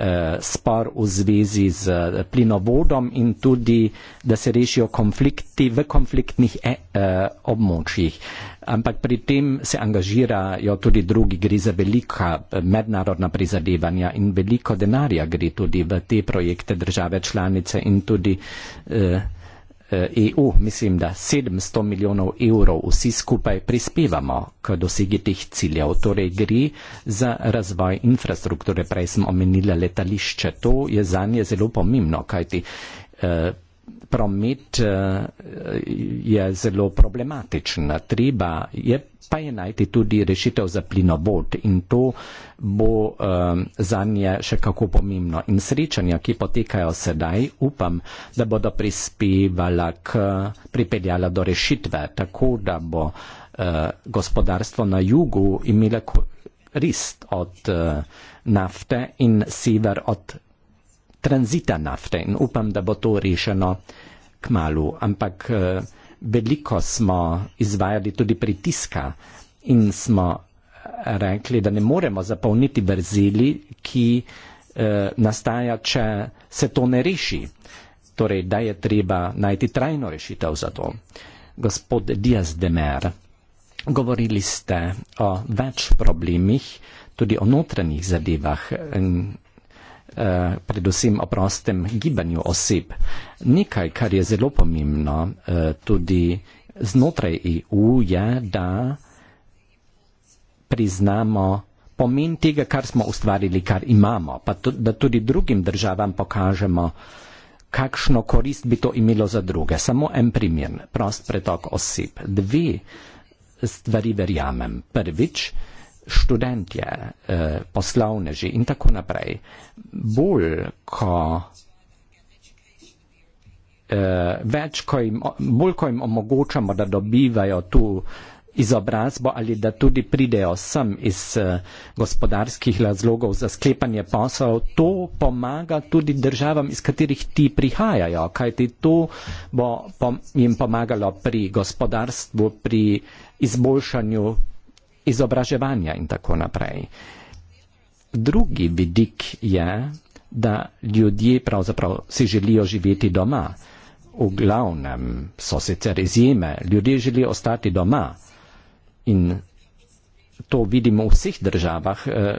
Eh, spor v zvezi z plinovodom in tudi, da se rešijo konflikti v konfliktnih e, eh, območjih. Ampak pri tem se angažirajo tudi drugi, gre za velika eh, mednarodna prizadevanja in veliko denarja gre tudi v te projekte države članice in tudi eh, EU, eh, e mislim, da 700 milijonov evrov vsi skupaj prispevamo k dosegi teh ciljev. Torej gre za razvoj infrastrukture. Prej sem omenila letališče. To je za nje zelo pomembno, kajti eh, promet eh, je zelo problematičen. Treba je pa je najti tudi rešitev za plinovod in to bo eh, za nje še kako pomembno. In srečanja, ki potekajo sedaj, upam, da bodo prispevala k pripeljala do rešitve, tako da bo eh, gospodarstvo na jugu imelo rist od nafte in sever od tranzita nafte in upam, da bo to rešeno k malu. Ampak eh, veliko smo izvajali tudi pritiska in smo eh, rekli, da ne moremo zapolniti brzili, ki eh, nastaja, če se to ne reši. Torej, da je treba najti trajno rešitev za to. Gospod Diaz de Mer, govorili ste o več problemih, tudi o notranjih zadevah eh, predvsem o prostem gibanju oseb. Nekaj, kar je zelo pomembno eh, tudi znotraj EU, je, da priznamo pomen tega, kar smo ustvarili, kar imamo, pa da tudi drugim državam pokažemo, kakšno korist bi to imelo za druge. Samo en primer, prost pretok oseb. Dve stvari verjamem. Prvič, študentje, eh, poslovneži in tako naprej. Bolj, ko eh, več, ko jim, bolj, ko jim omogočamo, da dobivajo tu izobrazbo ali da tudi pridejo sem iz eh, gospodarskih razlogov za sklepanje poslov, to pomaga tudi državam, iz katerih ti prihajajo, kajti to bo jim pomagalo pri gospodarstvu, pri izboljšanju izobraževanja in tako naprej. Drugi vidik je, da ljudje pravzaprav si želijo živeti doma. V glavnem so sicer izjeme, ljudje želijo ostati doma in to vidimo v vseh državah, eh,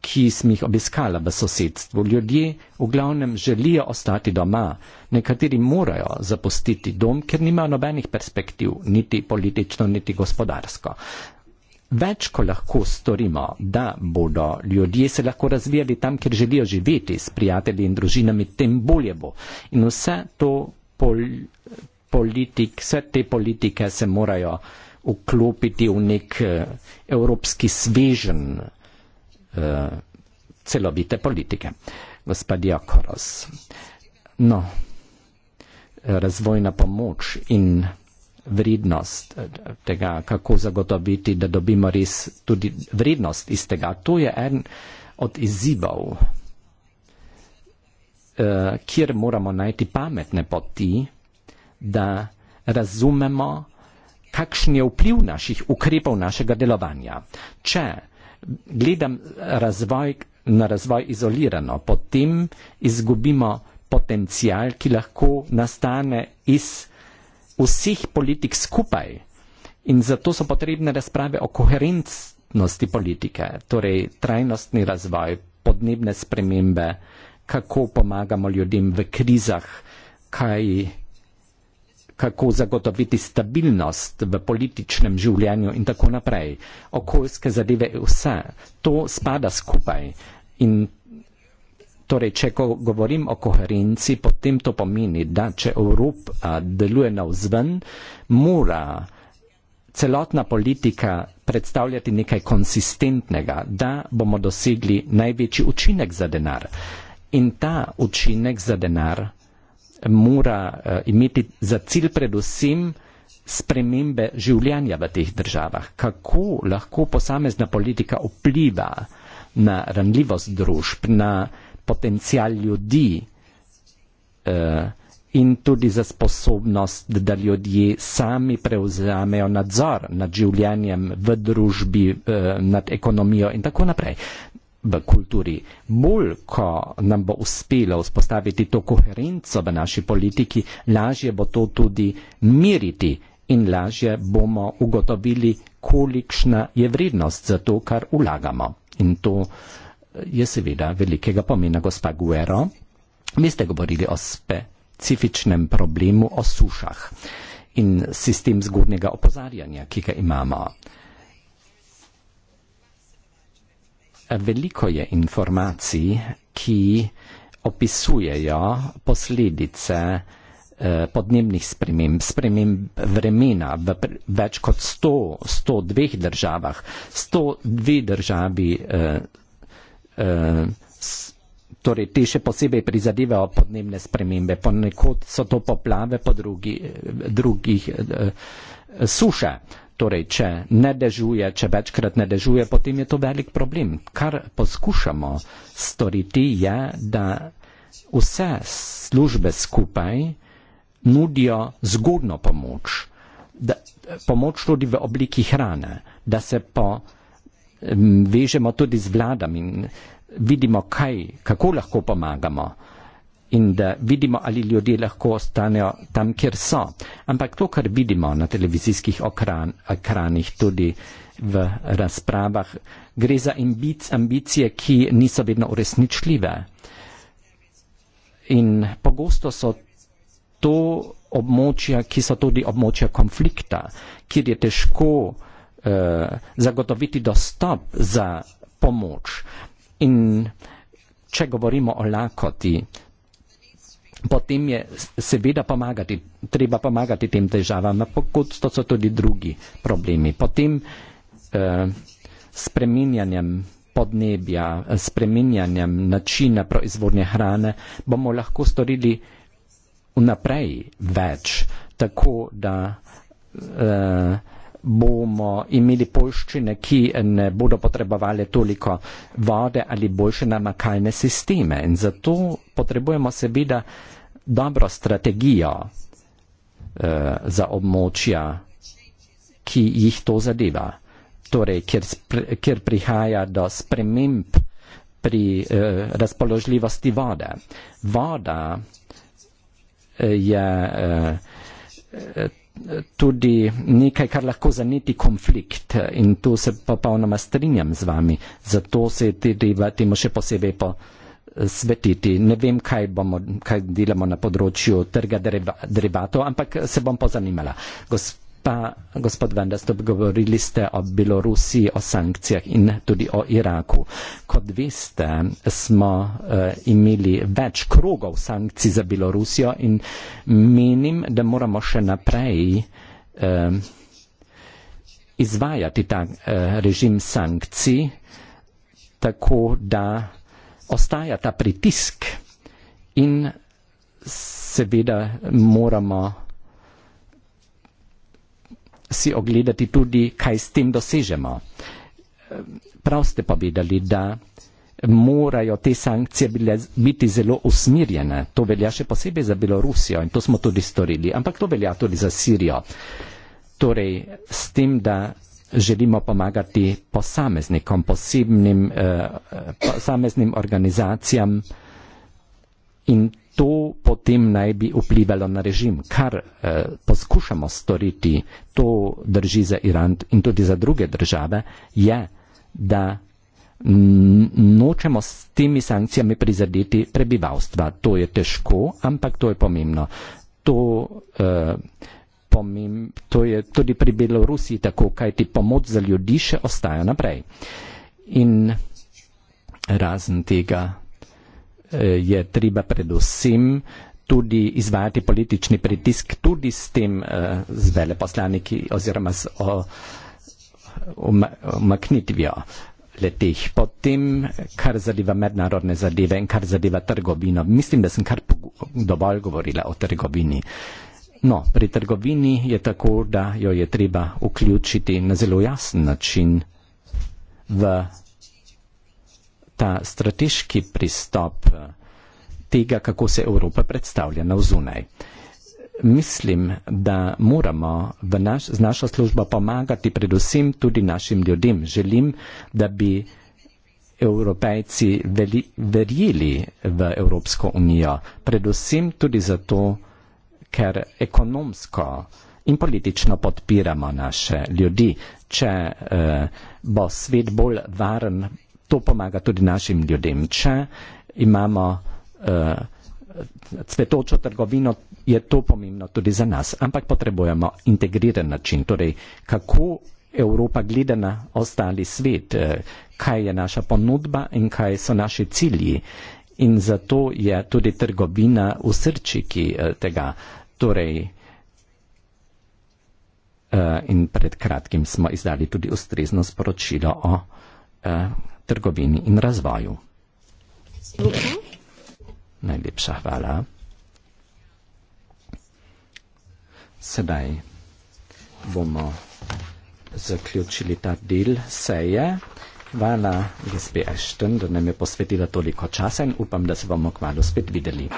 ki smo jih obiskala v sosedstvu. Ljudje v glavnem želijo ostati doma, nekateri morajo zapustiti dom, ker nimajo nobenih perspektiv, niti politično, niti gospodarsko. Več, ko lahko storimo, da bodo ljudje se lahko razvijali tam, kjer želijo živeti s prijatelji in družinami, tem bolje bo. In vse, pol, politik, vse te politike se morajo vklopiti v nek eh, evropski svežen uh, celovite politike. Gospodja Koros. No, razvojna pomoč in vrednost eh, tega, kako zagotoviti, da dobimo res tudi vrednost iz tega. To je en od izzivov, eh, kjer moramo najti pametne poti, da razumemo, kakšen je vpliv naših ukrepov našega delovanja. Če gledam razvoj, na razvoj izolirano, potem izgubimo potencial, ki lahko nastane iz vseh politik skupaj in zato so potrebne razprave o koherentnosti politike, torej trajnostni razvoj, podnebne spremembe, kako pomagamo ljudem v krizah, kaj, kako zagotoviti stabilnost v političnem življenju in tako naprej. Okoljske zadeve vse, to spada skupaj in Torej, če ko govorim o koherenci, potem to pomeni, da če Evrop deluje navzven, mora celotna politika predstavljati nekaj konsistentnega, da bomo dosegli največji učinek za denar. In ta učinek za denar mora uh, imeti za cilj predvsem spremembe življanja v teh državah. Kako lahko posamezna politika vpliva na ranljivost družb, na uh, potencial ljudi uh, in tudi za sposobnost, da ljudje sami prevzamejo nadzor nad življenjem v družbi, uh, nad ekonomijo in tako naprej v kulturi. Bolj, ko nam bo uspelo vzpostaviti to koherenco v naši politiki, lažje bo to tudi miriti in lažje bomo ugotovili, kolikšna je vrednost za to, kar vlagamo. In to uh, je seveda velikega pomena gospa Guero. Mi ste govorili o specifičnem problemu o sušah in sistem zgodnega opozarjanja, ki ga imamo. Veliko je informacij, ki opisujejo posledice eh, podnebnih sprememb, sprememb vremena v pre, več kot 100, 102 državah. 102 državi eh, Eh, torej te še posebej prizadevajo podnebne spremembe. Ponekod so to poplave, po drugi, eh, drugih eh, suše. Torej, če ne dežuje, če večkrat ne dežuje, potem je to velik problem. Kar poskušamo storiti je, da vse službe skupaj nudijo zgodno pomoč, da, pomoč tudi v obliki hrane, da se po vežemo tudi z vladami in vidimo, kaj, kako lahko pomagamo in da vidimo, ali ljudje lahko ostanejo tam, kjer so. Ampak to, kar vidimo na televizijskih okran, ekranih, tudi v razpravah, gre za imbic, ambicije, ki niso vedno uresničljive. In pogosto so to območja, ki so tudi območja konflikta, kjer je težko Eh, zagotoviti dostop za pomoč. In če govorimo o lakoti, potem je seveda pomagati, treba pomagati tem težavam, ampak to so tudi drugi problemi. Potem eh, spreminjanjem podnebja, spreminjanjem načina proizvodnje hrane bomo lahko storili vnaprej več, tako da eh, bomo imeli polščine, ki ne bodo potrebovali toliko vode ali boljše namakalne sisteme. In zato potrebujemo seveda dobro strategijo eh, za območja, ki jih to zadeva. Torej, kjer, kjer prihaja do sprememb pri eh, razpoložljivosti vode. Voda eh, je eh, tudi nekaj, kar lahko zaneti konflikt in tu se popolnoma strinjam z vami. Zato se je treba temu še posebej posvetiti. Ne vem, kaj, bomo, kaj delamo na področju trga derivatov, ampak se bom pozanimala. Gospod pa gospod Vendas, govorili ste o Belorusiji, o sankcijah in tudi o Iraku. Kot veste, smo uh, imeli več krogov sankcij za Belorusijo in menim, da moramo še naprej uh, izvajati ta uh, režim sankcij, tako da ostaja ta pritisk in seveda moramo si ogledati tudi, kaj s tem dosežemo. Prav ste povedali, da morajo te sankcije bile, biti zelo usmirjene. To velja še posebej za Belorusijo in to smo tudi storili, ampak to velja tudi za Sirijo. Torej, s tem, da želimo pomagati posameznikom, posebnim eh, eh posameznim organizacijam in to potem naj bi vplivalo na režim, kar eh, poskušamo storiti, to drži za Iran in tudi za druge države, je, da nočemo s temi sankcijami prizadeti prebivalstva. To je težko, ampak to je pomembno. To, eh, pomem, to je tudi pri Belorusiji tako, kajti pomoč za ljudi še ostaja naprej. In razen tega. Eh, je treba predvsem tudi izvajati politični pritisk tudi s tem eh, z veleposlaniki oziroma s omaknitvijo letih. Potem, kar zadeva mednarodne zadeve in kar zadeva trgovino. Mislim, da sem kar dovolj govorila o trgovini. No, pri trgovini je tako, da jo je treba vključiti na zelo jasen način v ta strateški pristop eh, tega, kako se Evropa predstavlja na vzunaj. Mislim, da moramo naš, z našo službo pomagati predvsem tudi našim ljudem. Želim, da bi evropejci veli, verjeli v Evropsko unijo, predvsem tudi zato, ker ekonomsko in politično podpiramo naše ljudi. Če eh, bo svet bolj varen, to pomaga tudi našim ljudem. Če imamo uh, cvetočo trgovino, je to pomembno tudi za nas, ampak potrebujemo integriran način, torej kako Evropa gleda na ostali svet, eh, kaj je naša ponudba in kaj so naši cilji. In zato je tudi trgovina v srčiki eh, tega. Torej, in pred kratkim smo izdali tudi ustrezno sporočilo o trgovini in razvoju. Najlepša hvala. Sedaj bomo zaključili ta del seje. Hvala gospe Ešten, da nam je posvetila toliko časa in upam, da se bomo kmalo spet videli.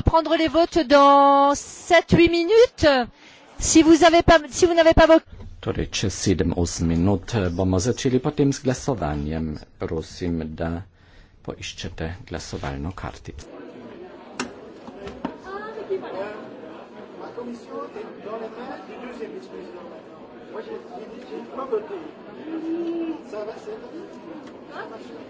reprendre les votes dans 7-8 minutes. Si vous avez pas, si vous n'avez pas vos Torej, čez sedem, osem minut bomo začeli potem z glasovanjem. Prosim, da poiščete glasovalno kartico. Mm.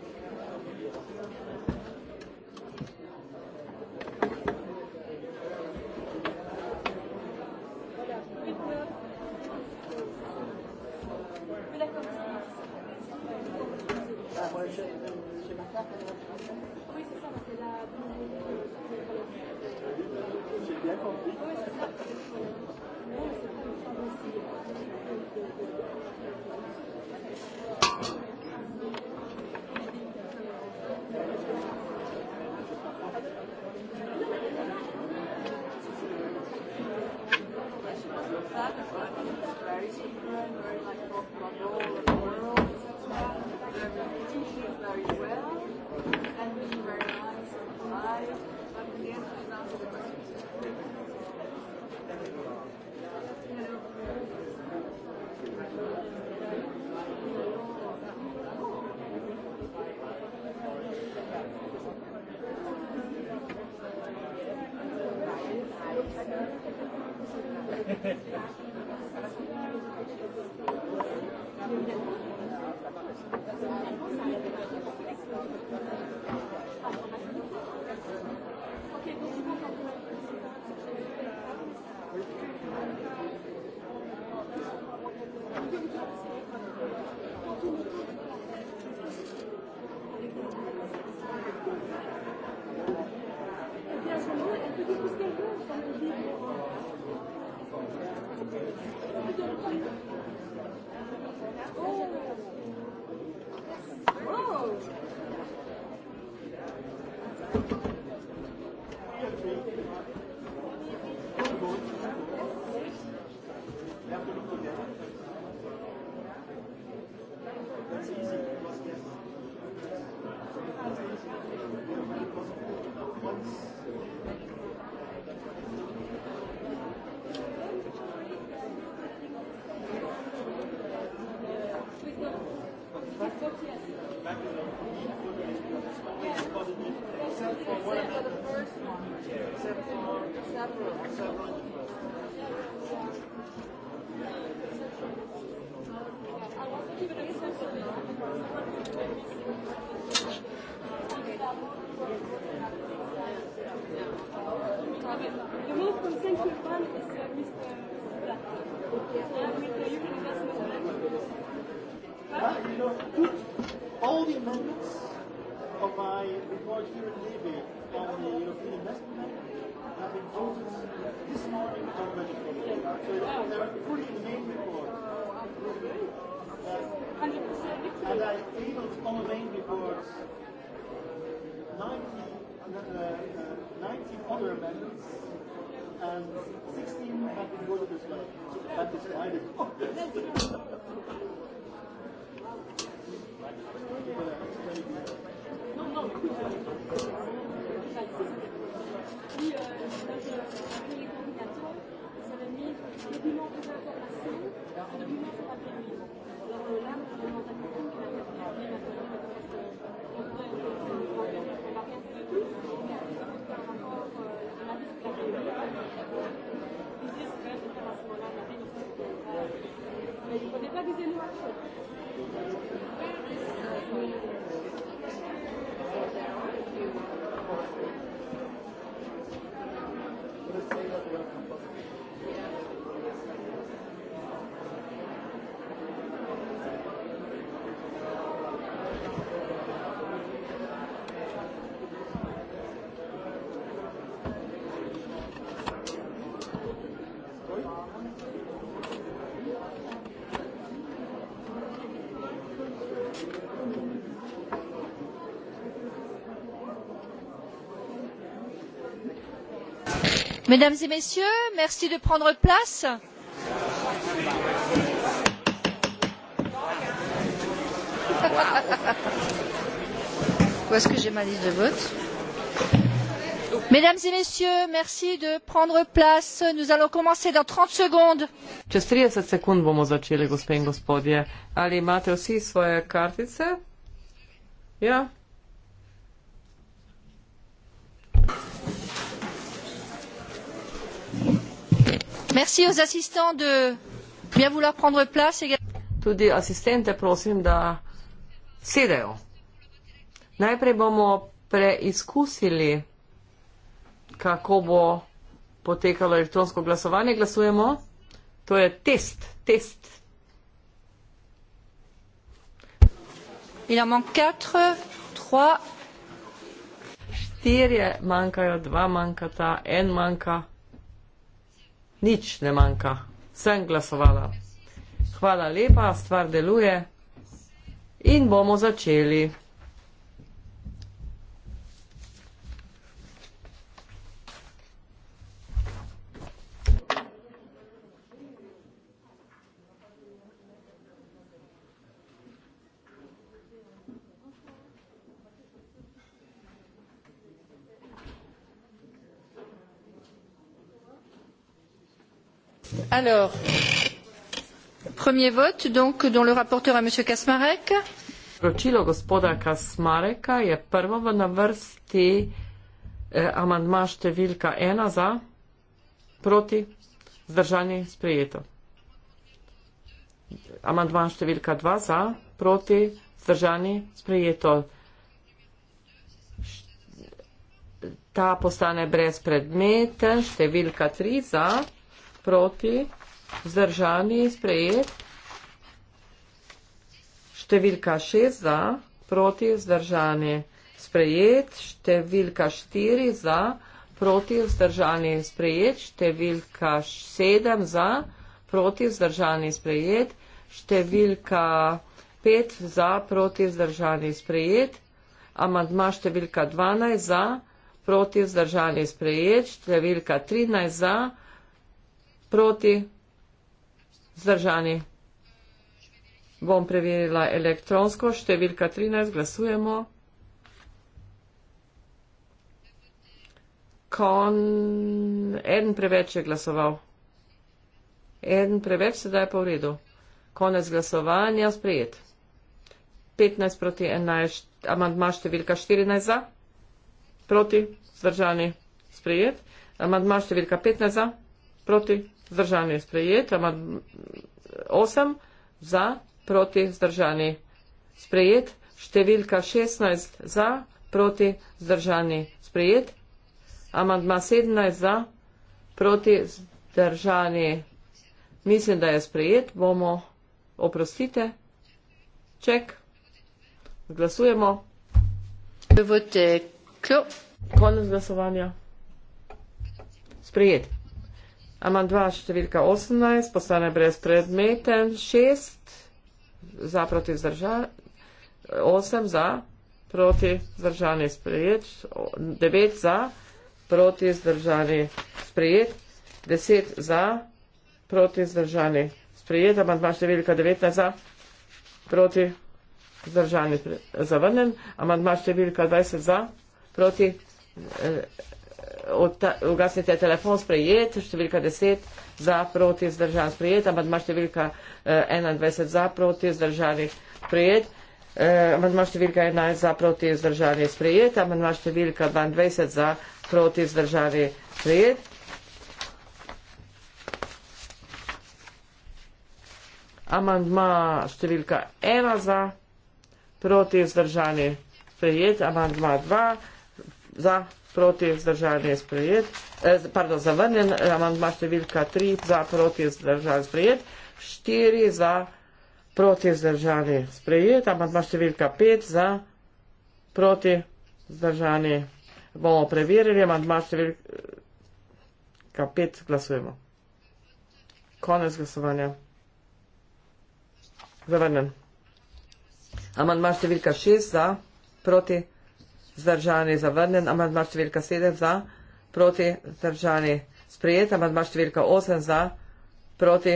voters this morning are ready for the So it's on their fully main report. Uh, and I tabled on the main report 90, uh, uh, 19 other amendments and 16 have been voted as well. That is why they No, no, no. Alors là, on a mesdames et messieurs merci de prendre place où est ce que j'ai ma liste de vote mesdames et messieurs merci de prendre place nous allons commencer dans trente secondes Čez 30 sekund bomo začeli, gospe in gospodje. Ali imate vsi svoje kartice? Ja, merci aux assistants de bien vouloir prendre place tudi asistente prosim da sedejo najprej bomo preizkusili kako bo potekalo elektronsko glasovanje glasujemo to je test test Il en manque 4, 3. 4 manquent, 2 manquent, 1 manquent nič ne manjka. Sem glasovala. Hvala lepa, stvar deluje. In bomo začeli. alors premier vote donc dont le rapporteur est monsieur Kasmarek. Poročilo gospoda Kasmareka je prvo v navrsti eh, amandma številka ena za proti zdržanje sprejeto. Amandma številka dva za proti zdržanje sprejeto. Ta postane brezpredmeten številka tri za proti, zdržani, sprejet. Številka 6 za, proti, zdržani, sprejet. Številka 4 za, proti, zdržani, sprejet. Številka 7 za, proti, zdržani, sprejet. Številka 5 za, proti, zdržani, sprejet. Amandma številka 12 za, proti, zdržani, sprejet. Številka 13 za, proti, zdržani, sprejet proti, zdržani. Bom preverila elektronsko, številka 13, glasujemo. Kon... En preveč je glasoval. En preveč sedaj pa v redu. Konec glasovanja, sprejet. 15 proti 11, amandma številka 14 za, proti, zdržani, sprejet. Amandma številka 15 za, proti, Zdržani je sprejet, osem za, proti zdržani sprejet, številka šestnajst za, proti zdržani sprejet, amandma sedemnajst za, proti zdržani mislim, da je sprejet, bomo oprostite, ček, glasujemo. Konec glasovanja. Sprejet. Amandma številka 18 postane brez predmeten, 6 za proti zdržan, 8 za proti zdržani sprejet, 9 za proti zdržani sprejet, 10 za proti zdržani sprejet, amandma številka 19 za proti zdržani zavrnen, amandma številka 20 za proti. Eh, ugasnite telefon, sprejet, številka 10 za proti zdržan, sprejet, ampak ima številka 21 za proti zdržani, sprejet. Amandma številka 11 eh, za proti zdržanje eh, sprejet, amandma številka 22 za proti zdržanje sprejet. Amandma številka 1 za proti zdržanje sprejet, amandma 2 za proti vzdržanju je sprejet, eh, pardon, zavrnjen, amandma številka 3 za proti vzdržanju sprejet, 4 za proti vzdržanju sprejet, amandma številka 5 za proti vzdržanju bomo preverili, amandma številka 5 glasujemo. Konec glasovanja. Zavrnjen. Amandma številka 6 za proti vzdržanju sprejet. Zdržan je zavrnen, amandma številka 7 za, proti zdržan je sprejet, amandma številka 8 za, proti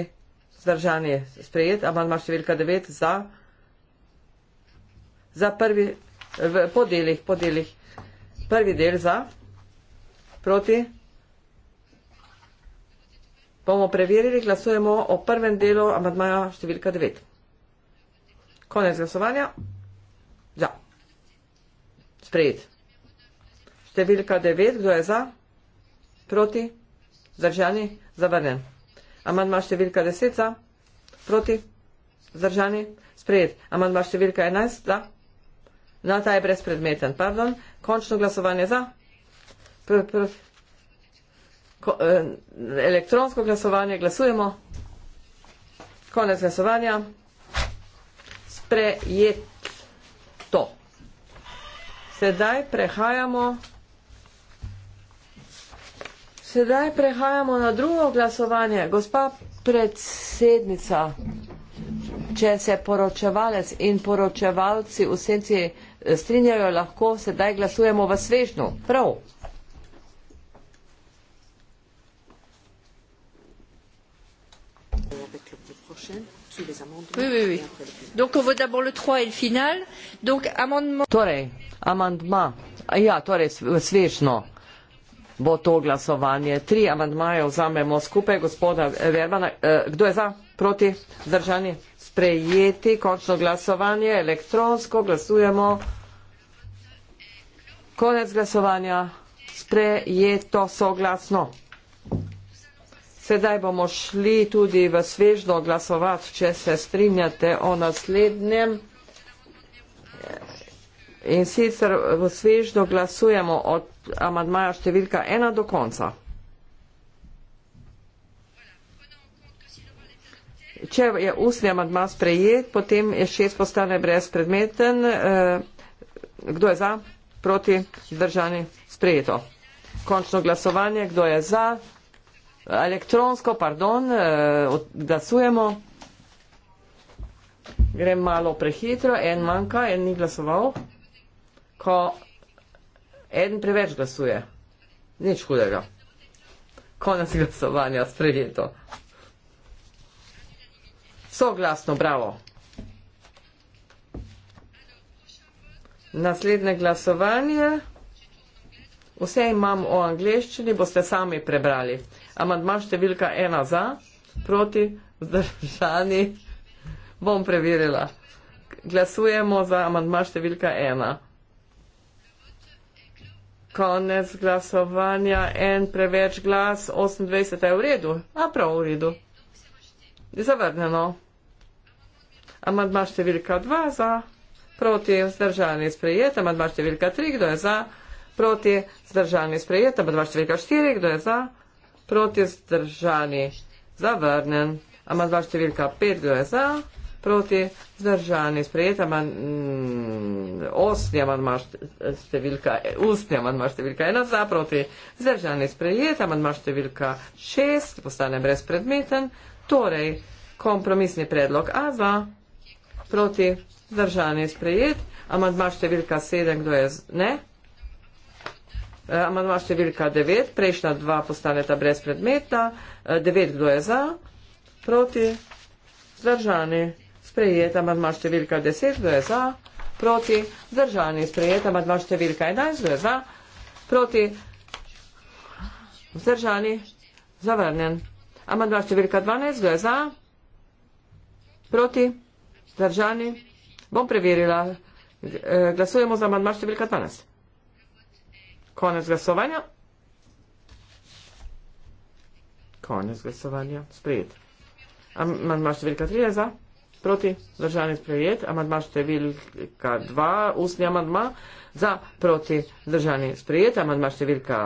zdržan je sprejet, amandma številka 9 za. Za prvi, v podelih, podelih, prvi del za, proti. Bomo preverili, glasujemo o prvem delu amandmaja številka 9. Konec glasovanja. Za. Ja. Sprejet. Številka 9, kdo je za? Proti? Zdržani? Zavrnen. Amandma številka 10 za? Proti? Zdržani? Sprejet. Amandma številka 11 za? No, ta je brezpredmeten. Pardon. Končno glasovanje za? Pr, pr, ko, eh, elektronsko glasovanje. Glasujemo. Konec glasovanja. Sprejet. Sedaj prehajamo, sedaj prehajamo na drugo glasovanje. Gospa predsednica, če se poročevalec in poročevalci v senci eh, strinjajo, lahko sedaj glasujemo v svežnu. Prav. Oui, oui, oui. Donc on vote d'abord le 3 et le final. Donc amendement. Torej, amendement. Ja, torej, svežno bo to glasovanje. Tri amendmaje vzamemo skupaj, gospoda Verbana. Eh, kdo je za? Proti? Zdržanje? Sprejeti končno glasovanje. Elektronsko glasujemo. Konec glasovanja. Sprejeto soglasno. Sedaj bomo šli tudi v svežno glasovati, če se strinjate o naslednjem. In sicer v svežno glasujemo od amadmaja številka ena do konca. Če je usni amadma sprejet, potem je šest postane brezpredmeten. Eh, kdo je za? Proti? Držani? Sprejeto. Končno glasovanje. Kdo je za? elektronsko, pardon, eh, glasujemo. Grem malo prehitro, en manjka, en ni glasoval. Ko en preveč glasuje, nič hudega. Konec glasovanja, sprejeto. Soglasno, bravo. Naslednje glasovanje. Vse imam o angliščini, boste sami prebrali. Amandma številka ena za, proti, vzdržani. Bom preverila. Glasujemo za amandma številka ena. Konec glasovanja, en preveč glas, 28 je v redu. A prav v redu. Zavrnjeno. Amandma številka 2 za, proti zdržani sprejet, amandma številka 3, kdo je za, proti zdržani sprejet, amandma številka 4, kdo je za. Proti zdržani. Zavrnen. Amandma številka 5 glasa. Proti zdržani. Sprejet amand... Mm, Osni amandma številka... Ustni amandma številka 1 za. Proti zdržani. Sprejet amandma številka 6. Postane brezpredmeten. Torej, kompromisni predlog A2. Proti zdržani. Sprejet. Amandma številka 7 glasa. Ne. Eh, amandma številka 9, prejšnja dva postaneta brezpredmetna, 9 eh, kdo je za, proti, zdržani, sprejet, amandma številka 10, kdo je za, proti, zdržani, sprejet, amandma številka 11, kdo je za, proti, zdržani, zavrnjen, amandma številka 12, kdo je za, proti, zdržani, bom preverila, eh, glasujemo za amandma številka 12. Konec glasovanja. Konec glasovanja. Sprejet. Amandma številka 3 je za. Proti. Zdržan je sprejet. Amandma številka 2. Ustni amandma. Za. Proti. Zdržan je sprejet. Amandma številka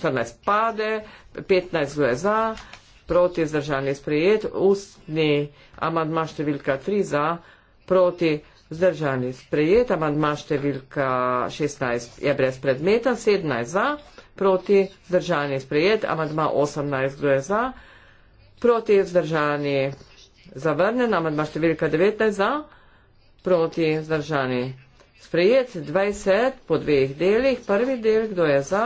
14 eh, pade. 15 je za. Proti. Zdržan je sprejet. Ustni amandma številka 3 za. Proti. Vzdržani sprejet, amandma številka 16 je brez predmeta, 17 za, proti vzdržani sprejet, amandma 18 kdo je za, proti vzdržani zavrnen, amandma številka 19 za, proti vzdržani sprejet, 20 po dveh delih, prvi del kdo je za.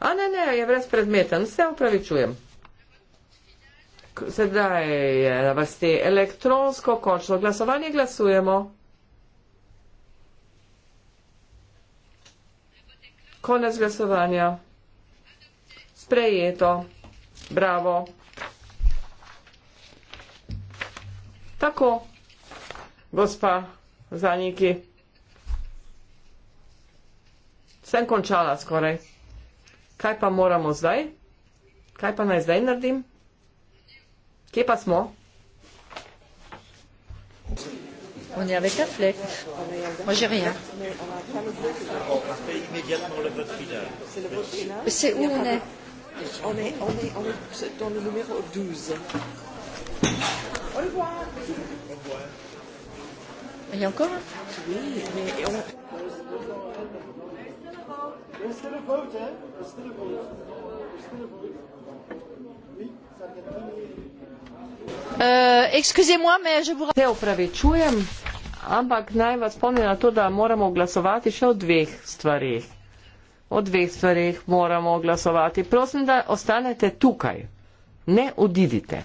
A ne, ne, je brez predmeta, vse upravičujem. Sedaj je na vrsti elektronsko končno glasovanje. Glasujemo. Konec glasovanja. Sprejeto. Bravo. Tako, gospa Zaniki. Sem končala skoraj. Kaj pa moramo zdaj? Kaj pa naj zdaj naredim? Kje pa smo? On je avec un flec. Moi, j'ai rien. C'est où on est On est, on est, on est dans le numéro 12. Au revoir. Il y a encore Oui, mais on a... Oui, ça Eh, excusez-moi, mais je vous rappelle. Se opravičujem, ampak naj vas spomnim na to, da moramo glasovati še o dveh stvarih. O dveh stvarih moramo glasovati. Prosim, da ostanete tukaj. Ne odidite.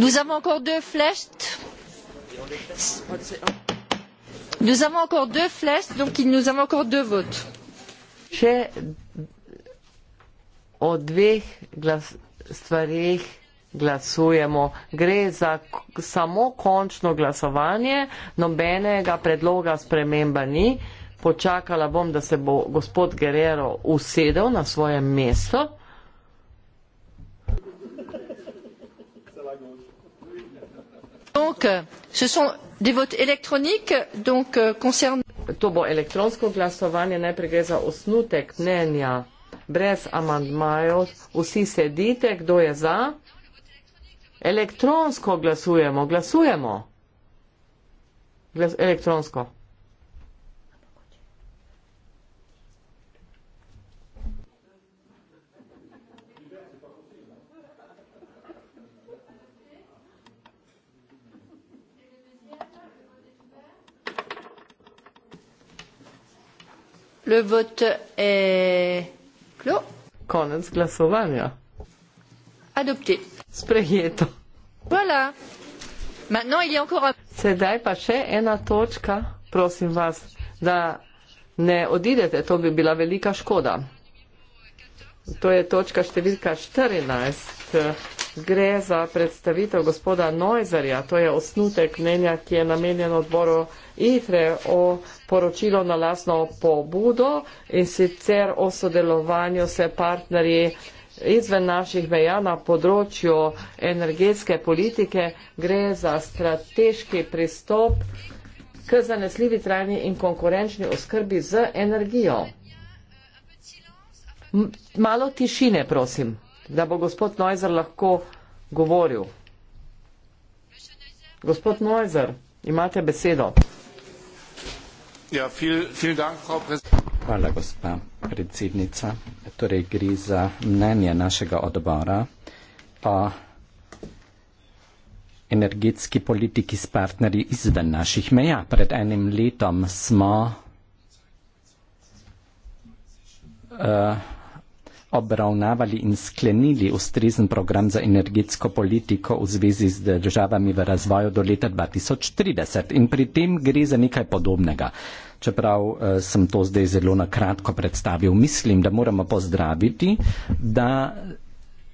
Nous avons encore deux flèches nous avons encore deux flèches donc nous avons encore deux votes še o dveh stvarih glasujemo gre za samo končno glasovanje nobenega predloga sprememba ni počakala bom da se bo gospod Gerero usedel na svoje mesto donc euh, ce sont des votes électroniques donc euh, concernant To bo elektronsko glasovanje, najprej gre za osnutek mnenja, brez amandmajev. Vsi sedite, kdo je za? Elektronsko glasujemo, glasujemo. Glas elektronsko. Le vote est clos. Konec glasovanja. Adopté. Sprejeto. Voilà. Maintenant il y a encore un... Sedaj pa še ena točka, prosim vas, da ne odidete, to bi bila velika škoda. To je točka številka 14 gre za predstavitev gospoda Noizerja, to je osnutek mnenja, ki je namenjen odboru IFRE o poročilo na lasno pobudo in sicer o sodelovanju se partnerji izven naših meja na področju energetske politike. Gre za strateški pristop k zanesljivi trajni in konkurenčni oskrbi z energijo. Malo tišine, prosim da bo gospod Nojzer lahko govoril. Gospod Nojzer, imate besedo. Ja, viel, viel dank, Hvala, gospa predsednica. Torej, gre za mnenje našega odbora o energetski politiki s partnerji izven naših meja. Pred enim letom smo uh, obravnavali in sklenili ustrezen program za energetsko politiko v zvezi z državami v razvoju do leta 2030. In pri tem gre za nekaj podobnega. Čeprav eh, sem to zdaj zelo na kratko predstavil, mislim, da moramo pozdraviti, da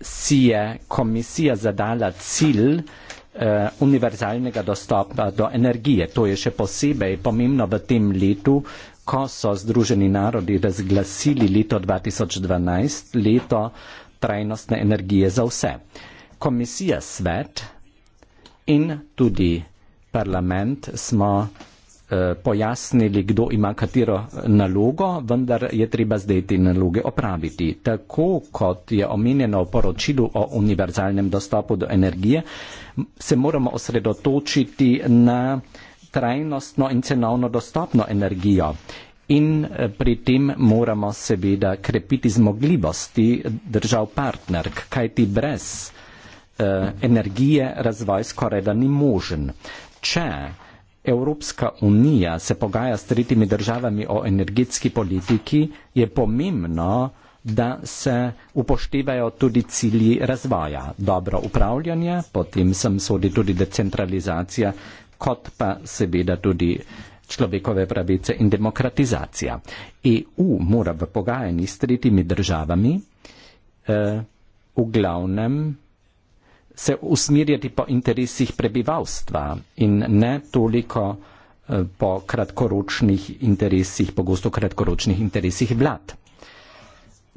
si je komisija zadala cilj eh, univerzalnega dostopa do energije. To je še posebej pomembno v tem letu, ko so Združeni narodi razglasili leto 2012 leto trajnostne energije za vse. Komisija svet in tudi parlament smo eh, pojasnili, kdo ima katero nalogo, vendar je treba zdaj te naloge opraviti. Tako kot je omenjeno v poročilu o univerzalnem dostopu do energije, se moramo osredotočiti na uh, trajnostno in cenovno dostopno energijo. In eh, pri tem moramo seveda krepiti zmogljivosti držav partnerk, kajti brez eh, energije razvoj skoraj da ni možen. Če Evropska unija se pogaja s tretjimi državami o energetski politiki, je pomembno, da se upoštevajo tudi cilji razvoja. Dobro upravljanje, potem sem sodi tudi decentralizacija, kot pa seveda tudi človekove pravice in demokratizacija. EU mora v pogajanji s tretjimi državami eh, v glavnem se usmirjati po interesih prebivalstva in ne toliko eh, po kratkoročnih interesih, pogosto kratkoročnih interesih vlad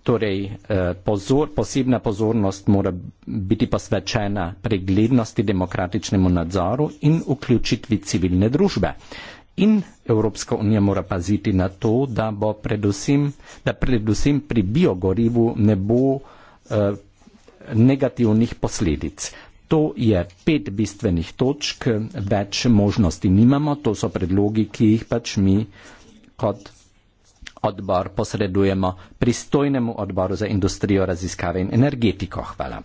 torej eh, pozor, posebna pozornost mora biti posvečena preglednosti demokratičnemu nadzoru in vključitvi civilne družbe. In Evropska unija mora paziti na to, da, predvsem, da predvsem pri biogorivu ne bo eh, negativnih posledic. To je pet bistvenih točk, več možnosti nimamo, to so predlogi, ki jih pač mi kot odbor posredujemo pristojnemu odboru za industrijo, raziskave in energetiko. Hvala.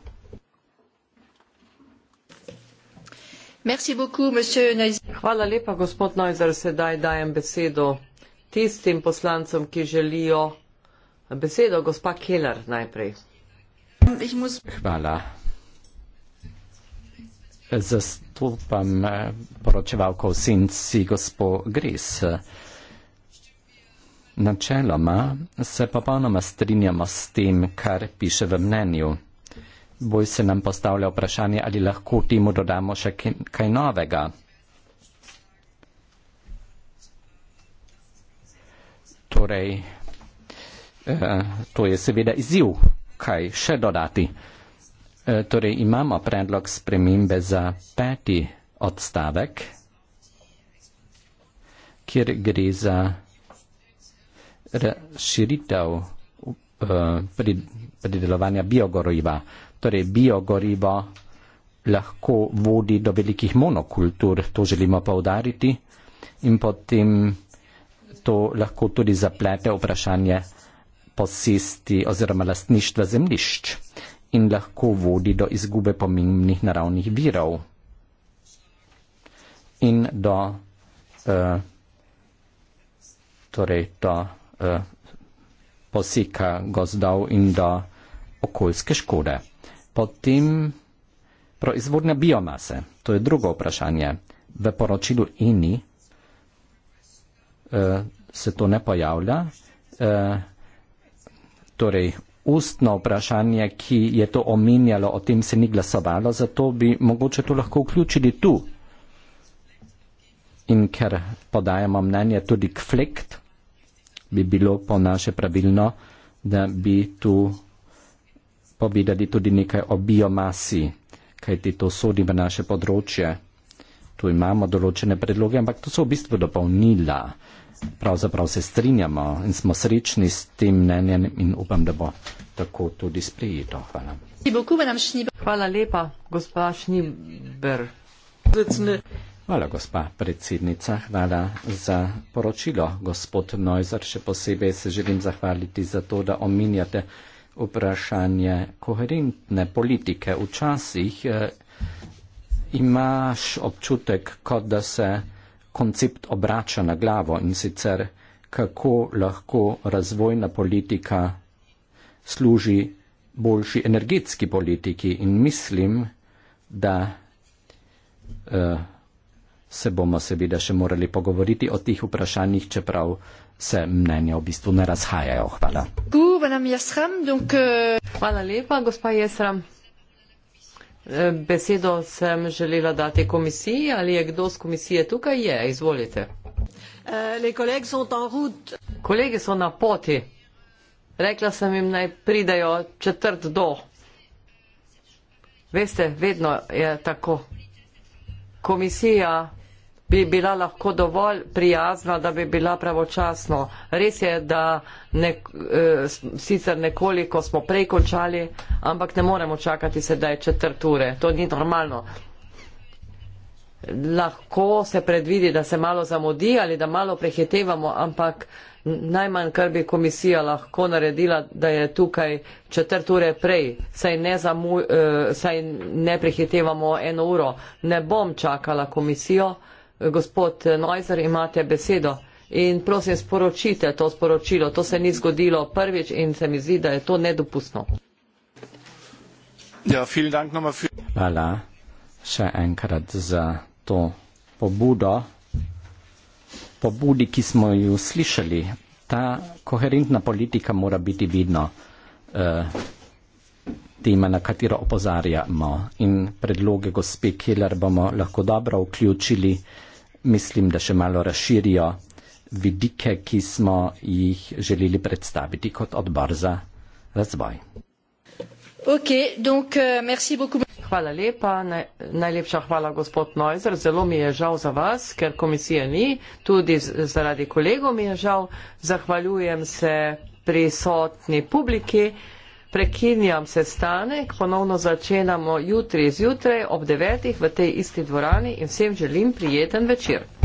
Hvala lepa, gospod Neuser. Sedaj dajem besedo tistim poslancem, ki želijo besedo. Gospa Keller najprej. Hvala. Zastupam eh, poročevalko v senci gospod Gris. Načeloma se popolnoma strinjamo s tem, kar piše v mnenju. Boj se nam postavlja vprašanje, ali lahko temu dodamo še kaj novega. Torej, eh, to je seveda izziv, kaj še dodati. Eh, torej, imamo predlog spremembe za peti odstavek, kjer gre za širitev uh, pridelovanja biogoriva. Torej, biogorivo lahko vodi do velikih monokultur, to želimo povdariti, in potem to lahko tudi zaplete vprašanje posesti oziroma lastništva zemlišč in lahko vodi do izgube pomembnih naravnih virov in do, eh, torej do Eh, posika gozdov in do okoljske škode. Potem proizvodnja biomase, to je drugo vprašanje. V poročilu INI eh, se to ne pojavlja. Eh, torej, ustno vprašanje, ki je to omenjalo, o tem se ni glasovalo, zato bi mogoče to lahko vključili tu. In ker podajamo mnenje tudi k flekt, bi bilo po naše pravilno, da bi tu povedali tudi nekaj o biomasi, kajti to sodi v naše področje. Tu imamo določene predloge, ampak to so v bistvu dopolnila. Pravzaprav se strinjamo in smo srečni s tem mnenjem in upam, da bo tako tudi sprejeto. Hvala. Hvala lepa, gospod Šnibr. Hvala, gospa predsednica. Hvala za poročilo, gospod Neuser. Še posebej se želim zahvaliti za to, da omenjate vprašanje koherentne politike. Včasih eh, imaš občutek, kot da se koncept obrača na glavo in sicer kako lahko razvojna politika služi boljši energetski politiki in mislim, da eh, se bomo seveda še morali pogovoriti o teh vprašanjih, čeprav se mnenja v bistvu ne razhajajo. Hvala. Euh, Hvala lepa, gospa Jesram. E, besedo sem želela dati komisiji. Ali je kdo z komisije tukaj? Je, izvolite. E, Kolegi so na poti. Rekla sem jim, naj pridajo četrt do. Veste, vedno je tako. Komisija bi bila lahko dovolj prijazna, da bi bila pravočasno. Res je, da ne, eh, sicer nekoliko smo prej končali, ampak ne moremo čakati se, da je četrt ure. To ni normalno. Lahko se predvidi, da se malo zamudi ali da malo prehitevamo, ampak najmanj, kar bi komisija lahko naredila, da je tukaj četrt ure prej, saj ne, zamu, eh, saj ne prehitevamo eno uro. Ne bom čakala komisijo. Gospod Neuser, imate besedo in prosim sporočite to sporočilo. To se ni zgodilo prvič in se mi zdi, da je to nedopustno. Ja, dank, Hvala še enkrat za to pobudo. Pobudi, ki smo jo slišali, ta koherentna politika mora biti vidno. Uh, teme, na katero opozarjamo in predloge gospe Keller bomo lahko dobro vključili, mislim, da še malo razširijo vidike, ki smo jih želeli predstaviti kot odbor za razvoj. Okay, donc, euh, merci beaucoup. Hvala lepa, naj, najlepša hvala gospod Neuser, zelo mi je žal za vas, ker komisije ni, tudi zaradi kolegov mi je žal. Zahvaljujem se prisotni publiki prekinjam sestanek, ponovno začenjamo jutri zjutraj ob 9.00 v tej isti dvorani in vsem želim prijeten večer.